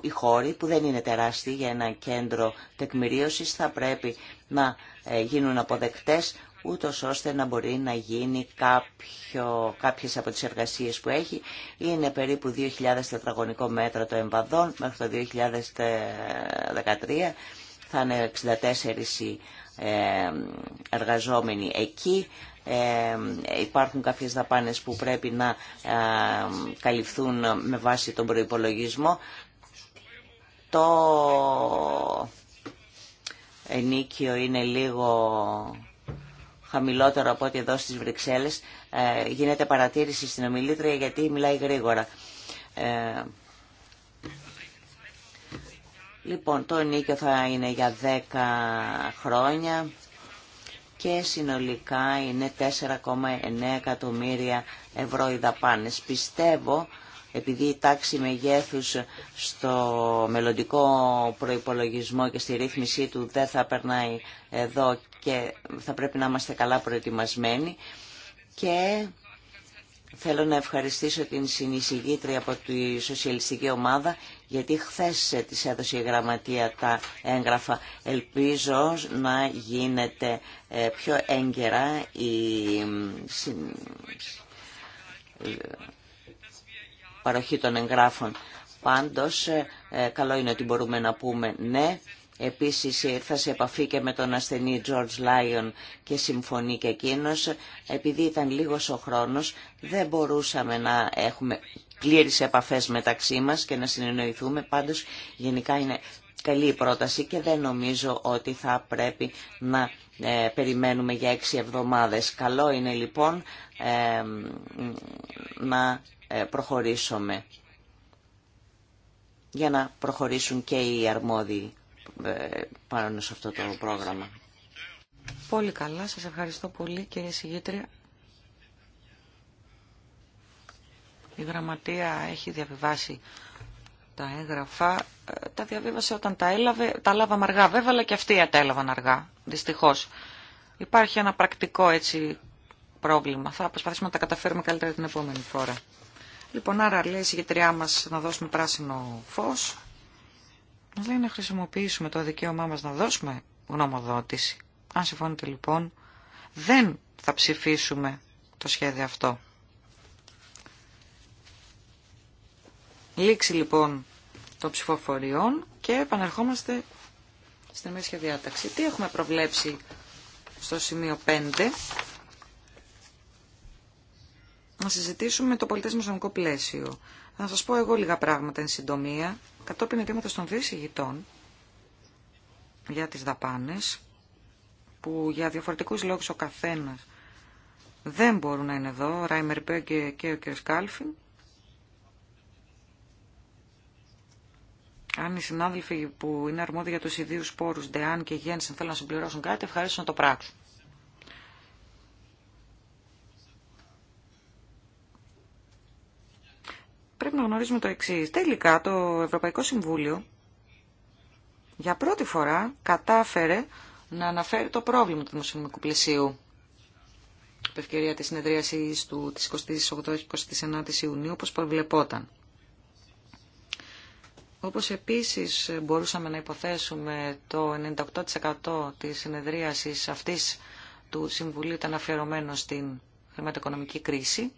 οι χώροι που δεν είναι τεράστιοι για ένα κέντρο τεκμηρίωσης θα πρέπει να ε, γίνουν αποδεκτές ούτω ώστε να μπορεί να γίνει κάποιο, κάποιες από τις εργασίες που έχει. Είναι περίπου 2.000 τετραγωνικό μέτρα το εμβαδόν μέχρι το 2013. Θα είναι 64 ε, εργαζόμενοι εκεί. Ε, υπάρχουν κάποιες δαπάνες που πρέπει να ε, καλυφθούν με βάση τον προϋπολογισμό. Το ενίκιο είναι λίγο χαμηλότερο από ό,τι εδώ στις Βρυξέλλες. Ε, γίνεται παρατήρηση στην ομιλήτρια γιατί μιλάει γρήγορα. λοιπόν, το ενίκιο θα είναι για 10 χρόνια και συνολικά είναι 4,9 εκατομμύρια ευρώ οι δαπάνες. Πιστεύω, επειδή η τάξη μεγέθους στο μελλοντικό προϋπολογισμό και στη ρύθμιση του δεν θα περνάει εδώ και θα πρέπει να είμαστε καλά προετοιμασμένοι και θέλω να ευχαριστήσω την συνεισηγήτρια από τη σοσιαλιστική ομάδα γιατί χθες ε, της έδωσε η γραμματεία τα έγγραφα. Ελπίζω να γίνεται ε, πιο έγκαιρα η παροχή των εγγράφων. Πάντως, ε, καλό είναι ότι μπορούμε να πούμε ναι. Επίσης ήρθα σε επαφή και με τον ασθενή George Lyon και συμφωνεί και εκείνος. Επειδή ήταν λίγος ο χρόνος, δεν μπορούσαμε να έχουμε πλήρεις επαφές μεταξύ μας και να συνεννοηθούμε. Πάντως γενικά είναι καλή η πρόταση και δεν νομίζω ότι θα πρέπει να ε, περιμένουμε για έξι εβδομάδες. Καλό είναι λοιπόν ε, να ε, προχωρήσουμε για να προχωρήσουν και οι αρμόδιοι ε, πάνω σε αυτό το πρόγραμμα. Πολύ καλά. Σας ευχαριστώ πολύ κύριε Συγήτρια. Η γραμματεία έχει διαβιβάσει τα έγγραφα. Ε, τα διαβίβασε όταν τα έλαβε. Τα λάβαμε αργά βέβαια, αλλά και αυτοί τα έλαβαν αργά. Δυστυχώ. Υπάρχει ένα πρακτικό έτσι πρόβλημα. Θα προσπαθήσουμε να τα καταφέρουμε καλύτερα την επόμενη φορά. Λοιπόν, άρα λέει η συγκεκριά μα να δώσουμε πράσινο φω. Μα λέει να χρησιμοποιήσουμε το δικαίωμά μα να δώσουμε γνωμοδότηση. Αν συμφωνείτε λοιπόν, δεν θα ψηφίσουμε το σχέδιο αυτό. Λήξη λοιπόν των ψηφοφοριών και επαναρχόμαστε στην μέση διάταξη. Τι έχουμε προβλέψει στο σημείο 5. Να συζητήσουμε το πολιτισμο πλαίσιο. Να σας πω εγώ λίγα πράγματα εν συντομία. Κατόπιν αιτήματα των δύο γητών για τις δαπάνες, που για διαφορετικούς λόγους ο καθένας δεν μπορούν να είναι εδώ, ο Ράιμερ Μπέγκε και ο κ. Κάλφιν, Αν οι συνάδελφοι που είναι αρμόδιοι για τους ιδίους πόρου Ντεάν και Γένσεν, θέλουν να συμπληρώσουν κάτι, ευχαρίστω να το πράξουν. Πρέπει να γνωρίζουμε το εξή. Τελικά το Ευρωπαϊκό Συμβούλιο για πρώτη φορά κατάφερε να αναφέρει το πρόβλημα του δημοσιονομικού πλαισίου. Επευκαιρία της συνεδρίασης του της 28-29 Ιουνίου, όπως προβλεπόταν. Όπως επίσης μπορούσαμε να υποθέσουμε το 98% της συνεδρίασης αυτής του Συμβουλίου ήταν αφιερωμένο στην χρηματοοικονομική κρίση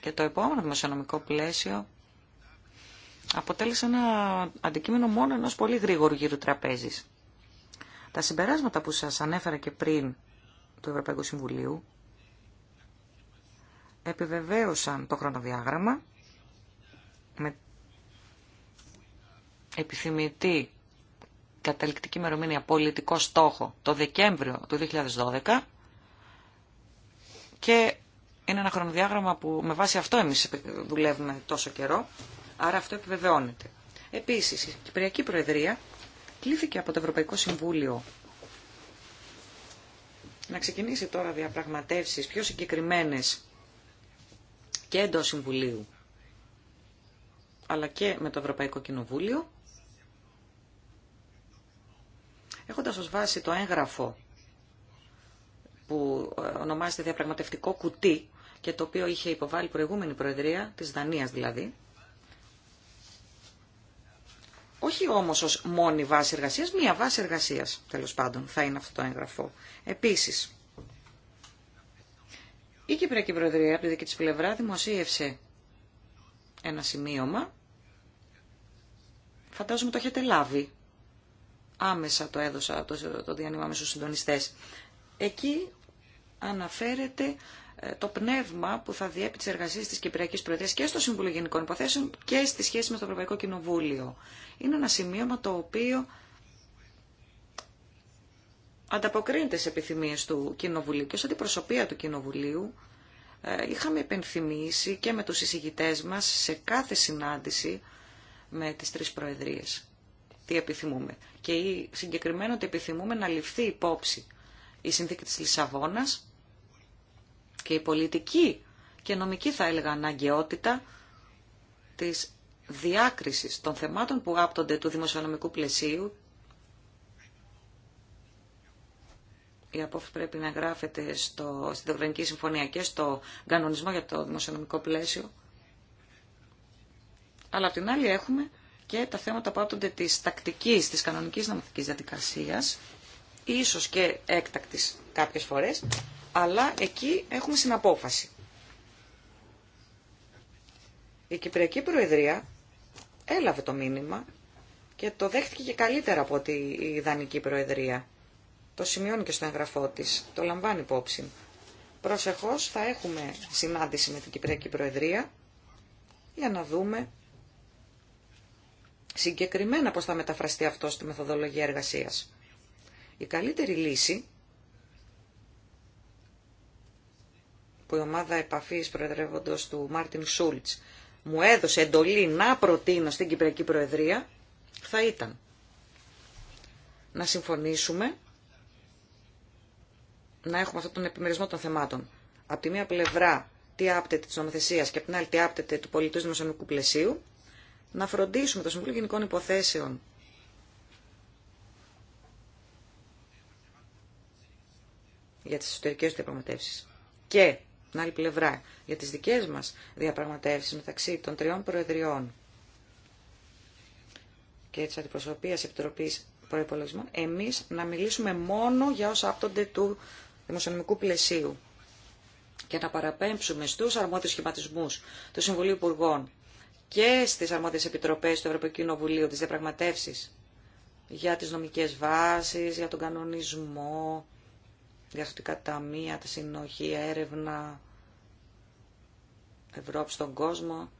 και το επόμενο δημοσιονομικό πλαίσιο αποτέλεσε ένα αντικείμενο μόνο ενός πολύ γρήγορου γύρου τραπέζης. Τα συμπεράσματα που σας ανέφερα και πριν του Ευρωπαϊκού Συμβουλίου επιβεβαίωσαν το χρονοδιάγραμμα με επιθυμητή καταληκτική μερομήνια πολιτικό στόχο το Δεκέμβριο του 2012 και είναι ένα χρονοδιάγραμμα που με βάση αυτό εμείς δουλεύουμε τόσο καιρό, άρα αυτό επιβεβαιώνεται. Επίσης, η Κυπριακή Προεδρία κλήθηκε από το Ευρωπαϊκό Συμβούλιο να ξεκινήσει τώρα διαπραγματεύσεις πιο συγκεκριμένες και εντός Συμβουλίου αλλά και με το Ευρωπαϊκό Κοινοβούλιο, έχοντας ως βάση το έγγραφο που ε, ονομάζεται διαπραγματευτικό κουτί και το οποίο είχε υποβάλει προηγούμενη Προεδρία, της Δανίας δηλαδή, όχι όμως ως μόνη βάση εργασίας, μία βάση εργασίας τέλος πάντων θα είναι αυτό το έγγραφο. Επίσης, η Κυπριακή Προεδρία από τη δική της πλευρά δημοσίευσε ένα σημείωμα Φαντάζομαι το έχετε λάβει. Άμεσα το έδωσα το, το διανύμα με στους συντονιστές. Εκεί αναφέρεται ε, το πνεύμα που θα διέπει τι εργασίε τη Κυπριακή Προεδρία και στο Συμβούλιο Γενικών Υποθέσεων και στη σχέση με το Ευρωπαϊκό Κοινοβούλιο. Είναι ένα σημείωμα το οποίο ανταποκρίνεται σε επιθυμίες του Κοινοβουλίου και ως αντιπροσωπεία του Κοινοβουλίου ε, είχαμε επενθυμίσει και με τους εισηγητές μας σε κάθε συνάντηση με τις τρεις προεδρίες. Τι επιθυμούμε. Και συγκεκριμένα ότι επιθυμούμε να ληφθεί υπόψη η συνθήκη της Λισαβόνας και η πολιτική και νομική θα έλεγα αναγκαιότητα της διάκρισης των θεμάτων που άπτονται του δημοσιονομικού πλαισίου η απόφαση πρέπει να γράφεται στο, στην Ευρωπαϊκή Συμφωνία και στο κανονισμό για το δημοσιονομικό πλαίσιο αλλά απ' την άλλη έχουμε και τα θέματα που άπτονται της τακτικής, της κανονικής νομοθετικής διαδικασίας, ίσως και έκτακτης κάποιες φορές, αλλά εκεί έχουμε συναπόφαση. Η Κυπριακή Προεδρία έλαβε το μήνυμα και το δέχτηκε και καλύτερα από ότι η Ιδανική Προεδρία. Το σημειώνει και στο εγγραφό της, το λαμβάνει υπόψη. Προσεχώς θα έχουμε συνάντηση με την Κυπριακή Προεδρία για να δούμε συγκεκριμένα πώς θα μεταφραστεί αυτό στη μεθοδολογία εργασίας. Η καλύτερη λύση που η ομάδα επαφής προεδρεύοντος του Μάρτιν Σούλτς μου έδωσε εντολή να προτείνω στην Κυπριακή Προεδρία θα ήταν να συμφωνήσουμε να έχουμε αυτόν τον επιμερισμό των θεμάτων. Από τη μία πλευρά τι άπτεται της νομοθεσίας και από την άλλη τι άπτεται του πολιτού δημοσιονομικού πλαισίου να φροντίσουμε το Συμβούλιο Γενικών Υποθέσεων για τις εσωτερικές διαπραγματεύσεις και, την άλλη πλευρά, για τις δικές μας διαπραγματεύσεις μεταξύ των τριών προεδριών και της Αντιπροσωπείας Επιτροπής Προϋπολογισμών, εμείς να μιλήσουμε μόνο για όσα άπτονται του δημοσιονομικού πλαισίου και να παραπέμψουμε στους αρμόδιους σχηματισμούς του Συμβουλίου Υπουργών και στις αρμόδιες επιτροπές του Ευρωπαϊκού Κοινοβουλίου τις διαπραγματεύσεις για τις νομικές βάσεις, για τον κανονισμό, τα ταμεία, τη συνοχή, έρευνα, Ευρώπη στον κόσμο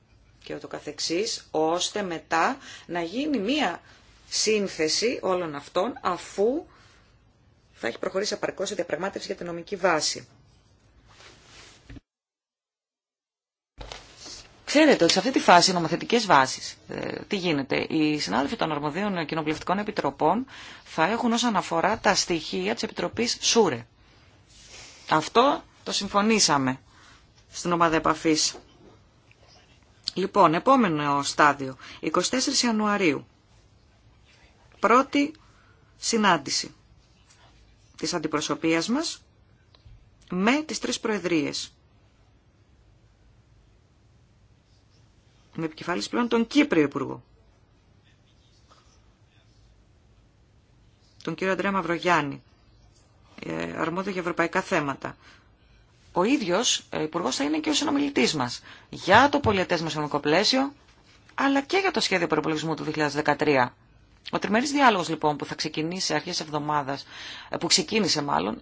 και ούτω καθεξής, ώστε μετά να γίνει μία σύνθεση όλων αυτών αφού θα έχει προχωρήσει απαρκώς η διαπραγμάτευση για την νομική βάση. Ξέρετε ότι σε αυτή τη φάση νομοθετικέ βάσει, ε, τι γίνεται, οι συνάδελφοι των αρμοδίων κοινοβουλευτικών επιτροπών θα έχουν ω αναφορά τα στοιχεία τη Επιτροπή ΣΟΥΡΕ. Αυτό το συμφωνήσαμε στην ομάδα επαφή. Λοιπόν, επόμενο στάδιο, 24 Ιανουαρίου. Πρώτη συνάντηση της αντιπροσωπείας μας με τις τρεις προεδρίες. με επικεφάλιση πλέον τον Κύπριο Υπουργό. Τον κύριο Αντρέα Μαυρογιάννη, ε, αρμόδιο για ευρωπαϊκά θέματα. Ο ίδιο ε, υπουργό θα είναι και ο συνομιλητή μα για το στο μεσονομικό πλαίσιο, αλλά και για το σχέδιο προπολογισμού του 2013. Ο τριμερή διάλογο λοιπόν που θα ξεκινήσει αρχέ εβδομάδα, ε, που ξεκίνησε μάλλον,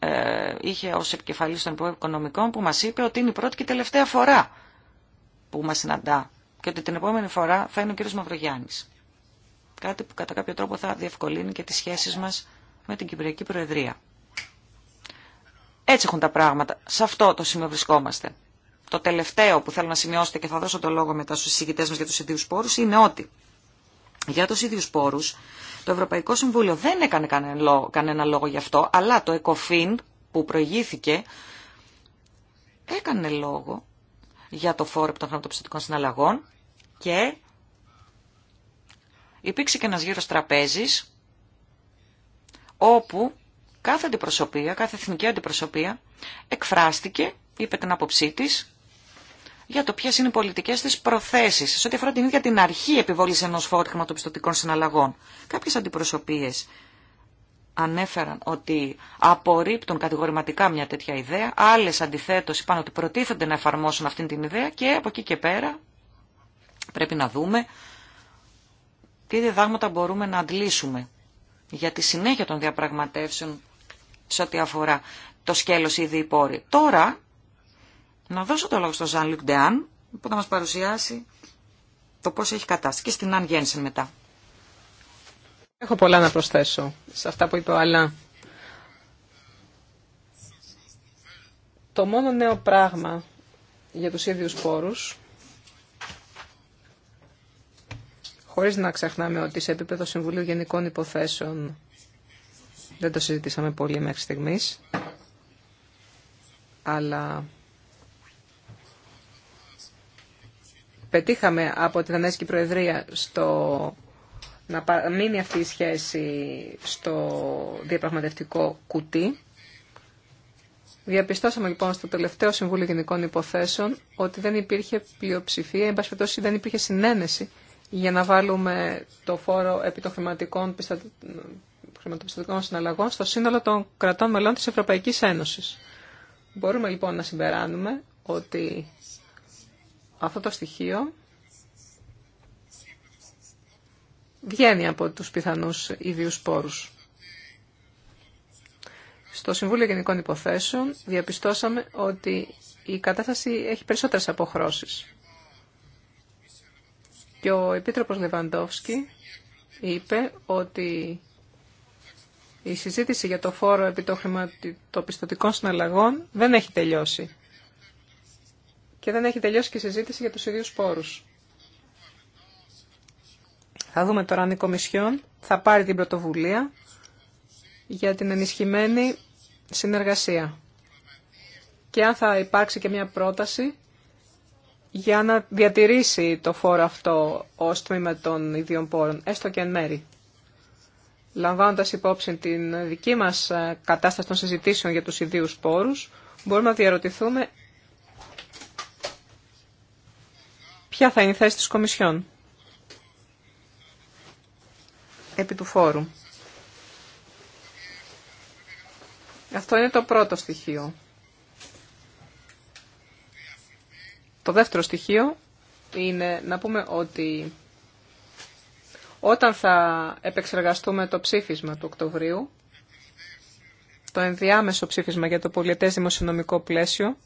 είχε ω επικεφαλή των Υπουργών Οικονομικών που μα είπε ότι είναι η πρώτη και τελευταία φορά που μα συναντά και ότι την επόμενη φορά θα είναι ο κύριος Μαυρογιάννης. Κάτι που κατά κάποιο τρόπο θα διευκολύνει και τις σχέσεις μας με την Κυπριακή Προεδρία. Έτσι έχουν τα πράγματα. Σε αυτό το σημείο βρισκόμαστε. Το τελευταίο που θέλω να σημειώσετε και θα δώσω το λόγο μετά στους συζητητές μας για τους ίδιους πόρους είναι ότι για τους ίδιους πόρους το Ευρωπαϊκό Συμβούλιο δεν έκανε κανένα λόγο γι' αυτό, αλλά το ΕΚΟΦΗΝ που προηγήθηκε έκανε λόγο για το φόρο των χρηματοπιστωτικών συναλλαγών και υπήρξε και ένας γύρος τραπέζης όπου κάθε αντιπροσωπεία, κάθε εθνική αντιπροσωπεία εκφράστηκε, είπε την άποψή της, για το ποιε είναι οι πολιτικέ τη προθέσει, σε ό,τι αφορά την ίδια την αρχή επιβόλη ενό φόρου χρηματοπιστωτικών συναλλαγών. Κάποιε αντιπροσωπείε ανέφεραν ότι απορρίπτουν κατηγορηματικά μια τέτοια ιδέα, άλλε αντιθέτω είπαν ότι προτίθενται να εφαρμόσουν αυτή την ιδέα και από εκεί και πέρα Πρέπει να δούμε τι διδάγματα μπορούμε να αντλήσουμε για τη συνέχεια των διαπραγματεύσεων σε ό,τι αφορά το σκέλος ήδη υπόρρη. Τώρα, να δώσω το λόγο στον Ζαν Λουκ Ντεάν, που θα μας παρουσιάσει το πώς έχει κατάσταση και στην Αν μετά. Έχω πολλά να προσθέσω σε αυτά που είπε ο Το μόνο νέο πράγμα για τους ίδιους πόρους χωρίς να ξεχνάμε ότι σε επίπεδο Συμβουλίου Γενικών Υποθέσεων δεν το συζητήσαμε πολύ μέχρι στιγμής, αλλά πετύχαμε από την Ανέσκη Προεδρία στο να μείνει αυτή η σχέση στο διαπραγματευτικό κουτί. Διαπιστώσαμε λοιπόν στο τελευταίο Συμβούλιο Γενικών Υποθέσεων ότι δεν υπήρχε πλειοψηφία, εν δεν υπήρχε συνένεση για να βάλουμε το φόρο επί των χρηματοπιστωτικών συναλλαγών στο σύνολο των κρατών μελών της Ευρωπαϊκής Ένωσης. Μπορούμε λοιπόν να συμπεράνουμε ότι αυτό το στοιχείο βγαίνει από τους πιθανούς ιδίους πόρους. Στο Συμβούλιο Γενικών Υποθέσεων διαπιστώσαμε ότι η κατάσταση έχει περισσότερες αποχρώσεις. Και ο Επίτροπος Λεβαντόφσκι είπε ότι η συζήτηση για το φόρο επί των χρηματοπιστωτικών συναλλαγών δεν έχει τελειώσει. Και δεν έχει τελειώσει και η συζήτηση για τους ίδιους πόρους. Θα δούμε τώρα αν η Κομισιόν θα πάρει την πρωτοβουλία για την ενισχυμένη συνεργασία. Και αν θα υπάρξει και μια πρόταση για να διατηρήσει το φόρο αυτό ως τμήμα των ιδιών πόρων, έστω και εν μέρη. Λαμβάνοντας υπόψη την δική μας ε, κατάσταση των συζητήσεων για τους ιδίους πόρους, μπορούμε να διαρωτηθούμε ποια θα είναι η θέση της Κομισιόν επί του φόρου. Αυτό είναι το πρώτο στοιχείο. Το δεύτερο στοιχείο είναι να πούμε ότι όταν θα επεξεργαστούμε το ψήφισμα του Οκτωβρίου, το ενδιάμεσο ψήφισμα για το πολιετές δημοσιονομικό πλαίσιο,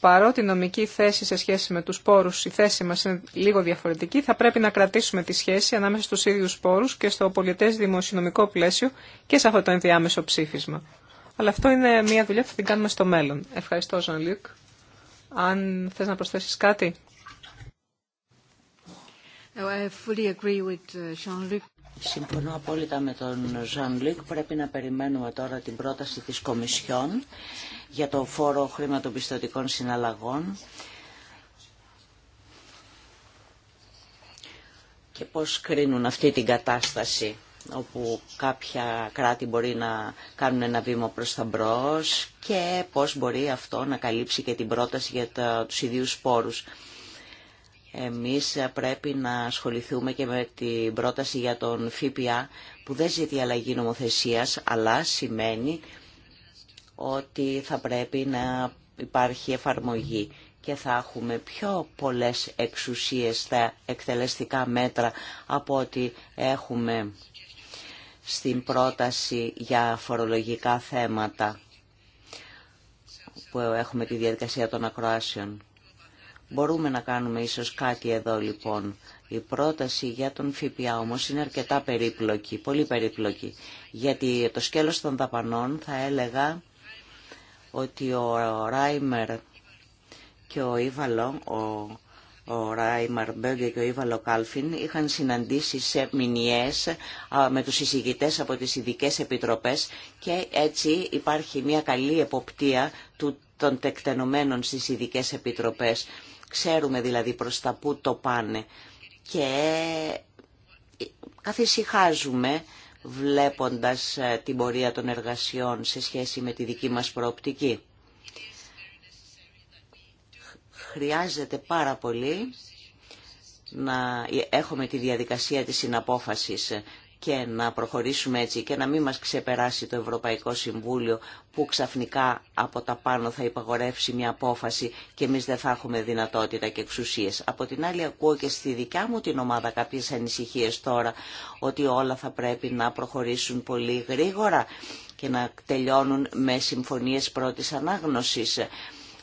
παρότι η νομική θέση σε σχέση με τους πόρους, η θέση μας είναι λίγο διαφορετική, θα πρέπει να κρατήσουμε τη σχέση ανάμεσα στους ίδιους πόρους και στο πολιτες δημοσιονομικό πλαίσιο και σε αυτό το ενδιάμεσο ψήφισμα. Αλλά αυτό είναι μια δουλειά που θα την κάνουμε στο μέλλον. Ευχαριστώ, Ζαν αν θες να προσθέσεις κάτι. Uh, Συμφωνώ απόλυτα με τον Ζαν Λουκ. Πρέπει να περιμένουμε τώρα την πρόταση της Κομισιόν για το φόρο χρηματοπιστωτικών συναλλαγών και πώς κρίνουν αυτή την κατάσταση όπου κάποια κράτη μπορεί να κάνουν ένα βήμα προς τα μπρος και πώς μπορεί αυτό να καλύψει και την πρόταση για τα, τους ιδίους σπόρους. Εμείς πρέπει να ασχοληθούμε και με την πρόταση για τον ΦΠΑ που δεν ζητεί αλλαγή νομοθεσίας αλλά σημαίνει ότι θα πρέπει να υπάρχει εφαρμογή και θα έχουμε πιο πολλές εξουσίες στα εκτελεστικά μέτρα από ότι έχουμε στην πρόταση για φορολογικά θέματα που έχουμε τη διαδικασία των ακροάσεων. Μπορούμε να κάνουμε ίσως κάτι εδώ λοιπόν. Η πρόταση για τον ΦΠΑ όμως είναι αρκετά περίπλοκη, πολύ περίπλοκη, γιατί το σκέλος των δαπανών θα έλεγα ότι ο Ράιμερ και ο Ήβαλο, ο ο Ράι Μπέγκε και ο Ιβαλο Λοκάλφιν είχαν συναντήσει σε μηνιές με τους εισηγητές από τις ειδικέ επιτροπές και έτσι υπάρχει μια καλή εποπτεία των τεκτενομένων στις ειδικέ επιτροπές. Ξέρουμε δηλαδή προς τα πού το πάνε και ε, καθησυχάζουμε βλέποντας ε, την πορεία των εργασιών σε σχέση με τη δική μας προοπτική χρειάζεται πάρα πολύ να έχουμε τη διαδικασία της συναπόφασης και να προχωρήσουμε έτσι και να μην μας ξεπεράσει το Ευρωπαϊκό Συμβούλιο που ξαφνικά από τα πάνω θα υπαγορεύσει μια απόφαση και εμείς δεν θα έχουμε δυνατότητα και εξουσίες. Από την άλλη ακούω και στη δικιά μου την ομάδα κάποιες ανησυχίες τώρα ότι όλα θα πρέπει να προχωρήσουν πολύ γρήγορα και να τελειώνουν με συμφωνίες πρώτης ανάγνωσης.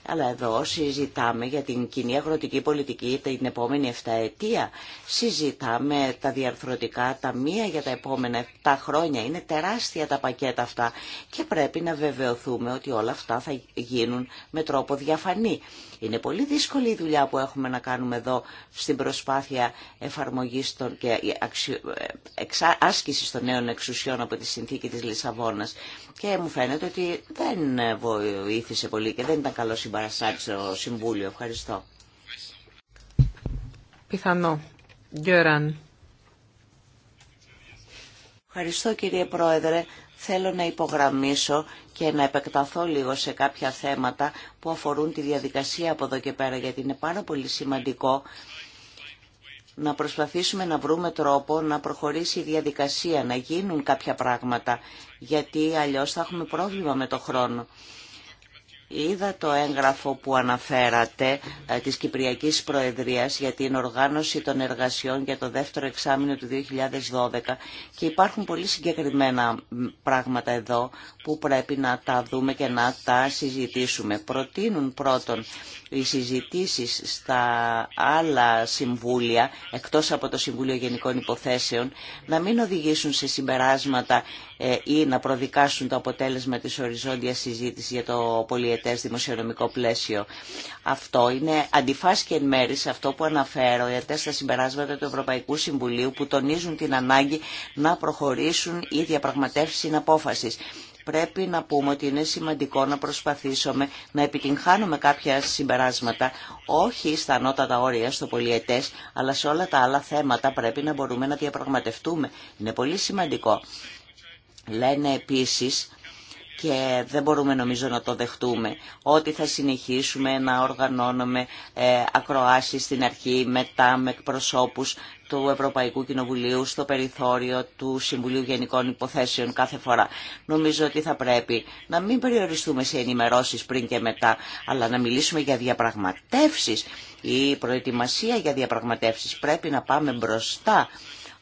Αλλά εδώ συζητάμε για την κοινή αγροτική πολιτική την επόμενη 7 ετία. Συζητάμε τα διαρθρωτικά ταμεία για τα επόμενα 7 χρόνια. Είναι τεράστια τα πακέτα αυτά και πρέπει να βεβαιωθούμε ότι όλα αυτά θα γίνουν με τρόπο διαφανή. Είναι πολύ δύσκολη η δουλειά που έχουμε να κάνουμε εδώ στην προσπάθεια εφαρμογής των και ε, άσκησης των νέων εξουσιών από τη συνθήκη της Λισαβόνας. Και μου φαίνεται ότι δεν βοήθησε πολύ και δεν ήταν καλό συμπαραστάτη στο Συμβούλιο. Ευχαριστώ. Πιθανό. Γκέραν. Ευχαριστώ κύριε Πρόεδρε. Θέλω να υπογραμμίσω και να επεκταθώ λίγο σε κάποια θέματα που αφορούν τη διαδικασία από εδώ και πέρα, γιατί είναι πάρα πολύ σημαντικό να προσπαθήσουμε να βρούμε τρόπο να προχωρήσει η διαδικασία, να γίνουν κάποια πράγματα, γιατί αλλιώς θα έχουμε πρόβλημα με το χρόνο. Είδα το έγγραφο που αναφέρατε ε, της Κυπριακής Προεδρίας για την οργάνωση των εργασιών για το δεύτερο εξάμεινο του 2012 και υπάρχουν πολύ συγκεκριμένα πράγματα εδώ που πρέπει να τα δούμε και να τα συζητήσουμε. Προτείνουν πρώτον οι συζητήσεις στα άλλα συμβούλια, εκτός από το Συμβούλιο Γενικών Υποθέσεων, να μην οδηγήσουν σε συμπεράσματα ε, ή να προδικάσουν το αποτέλεσμα της οριζόντιας συζήτηση για το πολιετές δημοσιονομικό πλαίσιο. Αυτό είναι αντιφάσκη εν μέρη σε αυτό που αναφέρω στα συμπεράσματα του Ευρωπαϊκού Συμβουλίου που τονίζουν την ανάγκη να προχωρήσουν οι διαπραγματεύσεις συναπόφασης πρέπει να πούμε ότι είναι σημαντικό να προσπαθήσουμε να επιτυγχάνουμε κάποια συμπεράσματα, όχι στα ανώτατα όρια, στο πολιετές, αλλά σε όλα τα άλλα θέματα πρέπει να μπορούμε να διαπραγματευτούμε. Είναι πολύ σημαντικό. Λένε επίσης και δεν μπορούμε νομίζω να το δεχτούμε ότι θα συνεχίσουμε να οργανώνουμε ε, ακροάσεις στην αρχή μετά με εκπροσώπους του Ευρωπαϊκού Κοινοβουλίου στο περιθώριο του Συμβουλίου Γενικών Υποθέσεων κάθε φορά. Νομίζω ότι θα πρέπει να μην περιοριστούμε σε ενημερώσεις πριν και μετά, αλλά να μιλήσουμε για διαπραγματεύσεις. Η προετοιμασία για διαπραγματεύσεις πρέπει να πάμε μπροστά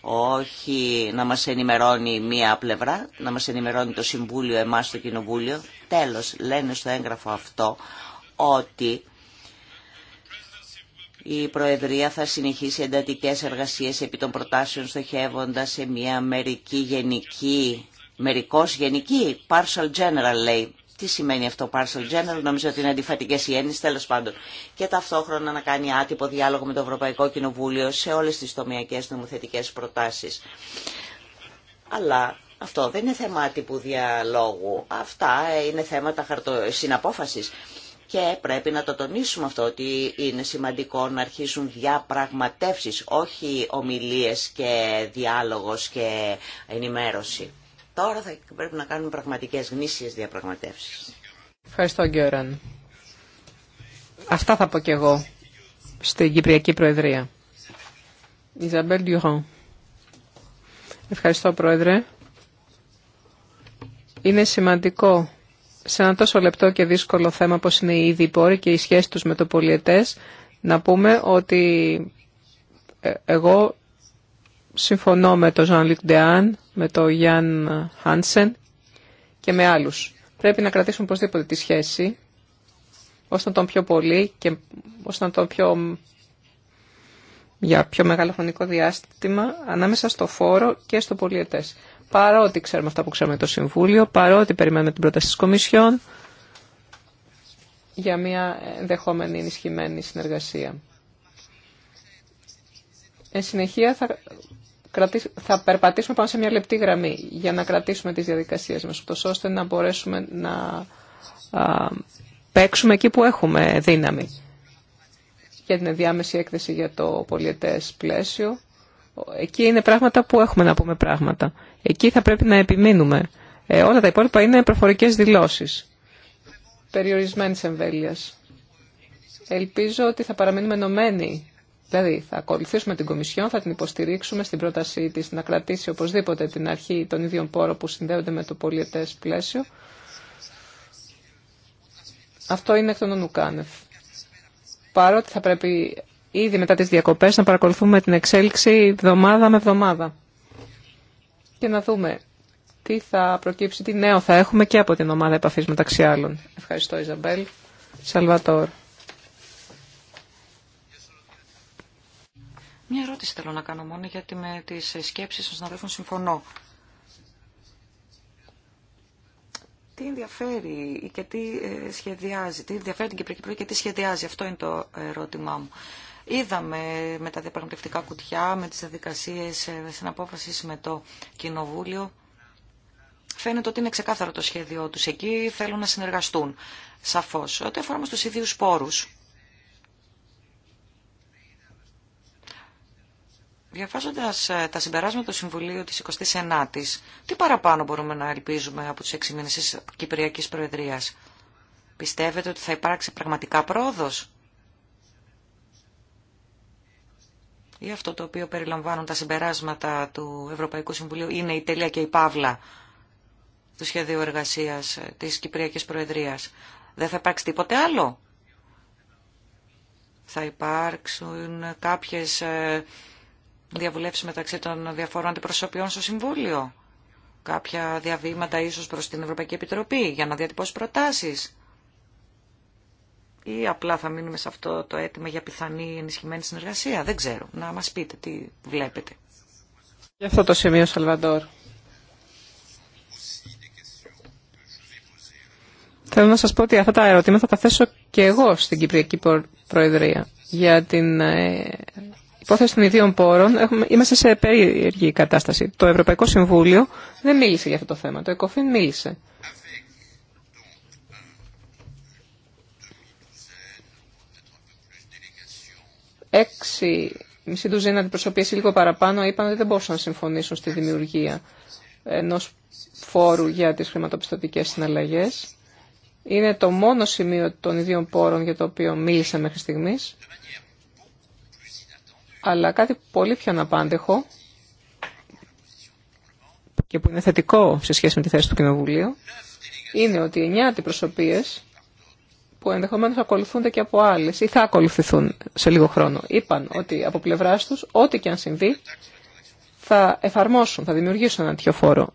όχι να μας ενημερώνει μία πλευρά, να μας ενημερώνει το Συμβούλιο, εμάς το Κοινοβούλιο. Τέλος, λένε στο έγγραφο αυτό ότι η Προεδρία θα συνεχίσει εντατικές εργασίες επί των προτάσεων στοχεύοντας σε μια μερική γενική, μερικός γενική, partial general λέει, τι σημαίνει αυτό Parcel General, νομίζω ότι είναι αντιφατικέ οι έννοιε, τέλο πάντων. Και ταυτόχρονα να κάνει άτυπο διάλογο με το Ευρωπαϊκό Κοινοβούλιο σε όλε τι τομιακέ νομοθετικέ προτάσει. Αλλά αυτό δεν είναι θέμα άτυπου διαλόγου. Αυτά είναι θέματα χαρτο... συναπόφασης. Και πρέπει να το τονίσουμε αυτό ότι είναι σημαντικό να αρχίσουν διαπραγματεύσεις, όχι ομιλίες και διάλογος και ενημέρωση τώρα θα πρέπει να κάνουμε πραγματικές γνήσιες διαπραγματεύσεις. Ευχαριστώ Γκέραν. Αυτά θα πω και εγώ στην Κυπριακή Προεδρία. Ιζαμπέλ Ντιουχόν. Ευχαριστώ Πρόεδρε. Είναι σημαντικό σε ένα τόσο λεπτό και δύσκολο θέμα όπως είναι οι ίδιοι και οι σχέσεις τους με το πολιετές να πούμε ότι ε, εγώ συμφωνώ με τον Ζαν Λικ Ντεάν, με τον Γιάν Χάνσεν και με άλλους. Πρέπει να κρατήσουμε οπωσδήποτε τη σχέση, ώστε να τον πιο πολύ και ώστε να τον πιο για πιο μεγάλο χρονικό διάστημα ανάμεσα στο φόρο και στο πολιετές. Παρότι ξέρουμε αυτά που ξέρουμε το Συμβούλιο, παρότι περιμένουμε την πρόταση της Κομισιόν για μια ενδεχόμενη ενισχυμένη συνεργασία. Εν συνεχεία θα θα περπατήσουμε πάνω σε μια λεπτή γραμμή για να κρατήσουμε τις διαδικασίες μας, ώστε να μπορέσουμε να παίξουμε εκεί που έχουμε δύναμη. Για την διάμεση έκθεση για το πολιετές πλαίσιο, εκεί είναι πράγματα που έχουμε να πούμε πράγματα. Εκεί θα πρέπει να επιμείνουμε. Ε, όλα τα υπόλοιπα είναι προφορικές δηλώσεις, περιορισμένης εμβέλειας. Ελπίζω ότι θα παραμείνουμε ενωμένοι Δηλαδή θα ακολουθήσουμε την Κομισιόν, θα την υποστηρίξουμε στην πρότασή της να κρατήσει οπωσδήποτε την αρχή των ίδιων πόρων που συνδέονται με το πολιτέ πλαίσιο. Αυτό είναι εκ των ονουκάνευ. Παρότι θα πρέπει ήδη μετά τις διακοπές να παρακολουθούμε την εξέλιξη εβδομάδα με εβδομάδα και να δούμε τι θα προκύψει, τι νέο θα έχουμε και από την ομάδα επαφή μεταξύ άλλων. Ευχαριστώ Ιζαμπέλ. Σαλβατόρ. Μια ερώτηση θέλω να κάνω μόνο γιατί με τις σκέψεις των συναδέλφων συμφωνώ. Τι ενδιαφέρει και τι ε, σχεδιάζει, τι ενδιαφέρει την Κυπριακή Προεδρία και τι σχεδιάζει, αυτό είναι το ερώτημά μου. Είδαμε με τα διαπραγματευτικά κουτιά, με τις διαδικασίες ε, στην απόφαση με το Κοινοβούλιο, φαίνεται ότι είναι ξεκάθαρο το σχέδιό τους. Εκεί θέλουν να συνεργαστούν, σαφώς. Ό,τι αφορά τους ίδιους πόρους, Διαφάζοντα ε, τα συμπεράσματα του Συμβουλίου της 29ης, τι παραπάνω μπορούμε να ελπίζουμε από τις 6 μήνες της Κυπριακής Προεδρίας. Πιστεύετε ότι θα υπάρξει πραγματικά πρόοδος ή αυτό το οποίο περιλαμβάνουν τα συμπεράσματα του Ευρωπαϊκού Συμβουλίου είναι η τελεία και η παύλα του σχεδίου εργασίας ε, της Κυπριακής Προεδρίας. Δεν θα υπάρξει τίποτε άλλο. Θα υπάρξουν κάποιες ε, διαβουλεύσει μεταξύ των διαφορών αντιπροσωπιών στο Συμβούλιο. Κάποια διαβήματα ίσως προς την Ευρωπαϊκή Επιτροπή για να διατυπώσει προτάσεις. Ή απλά θα μείνουμε σε αυτό το αίτημα για πιθανή ενισχυμένη συνεργασία. Δεν ξέρω. Να μας πείτε τι βλέπετε. Για αυτό το σημείο, Σαλβαντόρ. Θέλω να σας πω ότι αυτά τα ερωτήματα θα τα θέσω και εγώ στην Κυπριακή Προεδρία για την ε, υπόθεση των ιδίων πόρων είμαστε σε περίεργη κατάσταση. Το Ευρωπαϊκό Συμβούλιο δεν μίλησε για αυτό το θέμα. Το ΕΚΟΦΗΝ μίλησε. Έξι μισή τουζίνα αντιπροσωπείες ή λίγο παραπάνω είπαν ότι δεν μπορούσαν να συμφωνήσουν στη δημιουργία ενό φόρου για τις χρηματοπιστωτικές συναλλαγές. Είναι το μόνο σημείο των ιδίων πόρων για το οποίο μίλησα μέχρι στιγμής αλλά κάτι πολύ πιο αναπάντεχο και που είναι θετικό σε σχέση με τη θέση του Κοινοβουλίου είναι ότι εννιά αντιπροσωπείες που ενδεχομένως ακολουθούνται και από άλλες ή θα ακολουθηθούν σε λίγο χρόνο είπαν ότι από πλευράς τους ό,τι και αν συμβεί θα εφαρμόσουν, θα δημιουργήσουν ένα τέτοιο φόρο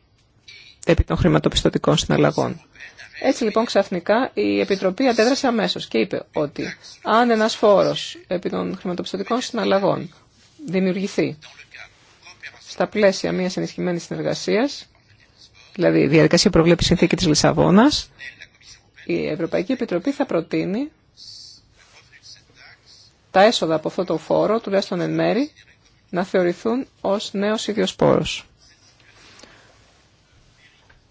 επί των χρηματοπιστωτικών συναλλαγών. Έτσι λοιπόν ξαφνικά η Επιτροπή αντέδρασε αμέσω και είπε ότι αν ένας φόρος επί των χρηματοπιστωτικών συναλλαγών δημιουργηθεί στα πλαίσια μιας ενισχυμένης συνεργασίας, δηλαδή η διαδικασία προβλέπει συνθήκη της Λισαβόνας, η Ευρωπαϊκή Επιτροπή θα προτείνει τα έσοδα από αυτό το φόρο, τουλάχιστον εν μέρη, να θεωρηθούν ως νέος ίδιος πόρος.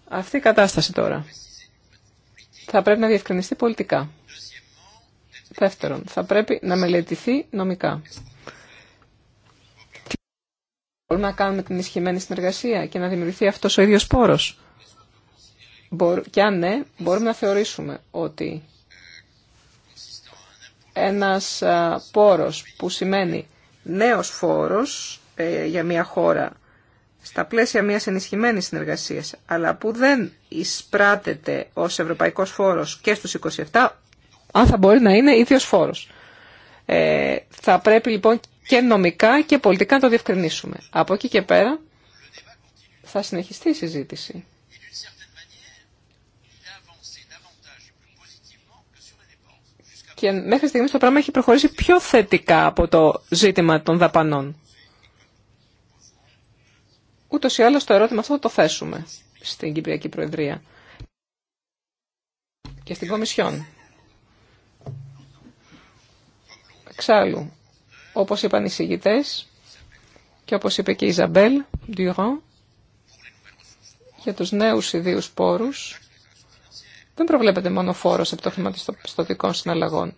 Αυτή η κατάσταση τώρα θα πρέπει να διευκρινιστεί πολιτικά. Δεύτερον, θα πρέπει να μελετηθεί νομικά. Μπορούμε να κάνουμε την ισχυμένη συνεργασία και να δημιουργηθεί αυτός ο ίδιος πόρος. Και αν ναι, μπορούμε να θεωρήσουμε ότι ένας πόρος που σημαίνει νέος φόρος ε, για μια χώρα στα πλαίσια μιας ενισχυμένης συνεργασίας, αλλά που δεν εισπράτεται ως ευρωπαϊκός φόρος και στους 27, αν θα μπορεί να είναι ίδιος φόρος. Ε, θα πρέπει λοιπόν και νομικά και πολιτικά να το διευκρινίσουμε. Από εκεί και πέρα θα συνεχιστεί η συζήτηση. Και μέχρι στιγμής το πράγμα έχει προχωρήσει πιο θετικά από το ζήτημα των δαπανών. Ούτως ή άλλως το ερώτημα αυτό θα το θέσουμε στην Κυπριακή Προεδρία και στην Κομισιόν. Εξάλλου, όπως είπαν οι συγητές και όπως είπε και η Ιζαμπέλ για τους νέους ιδίους πόρους, δεν προβλέπεται μόνο φόρο από το χρηματοπιστωτικό συναλλαγών.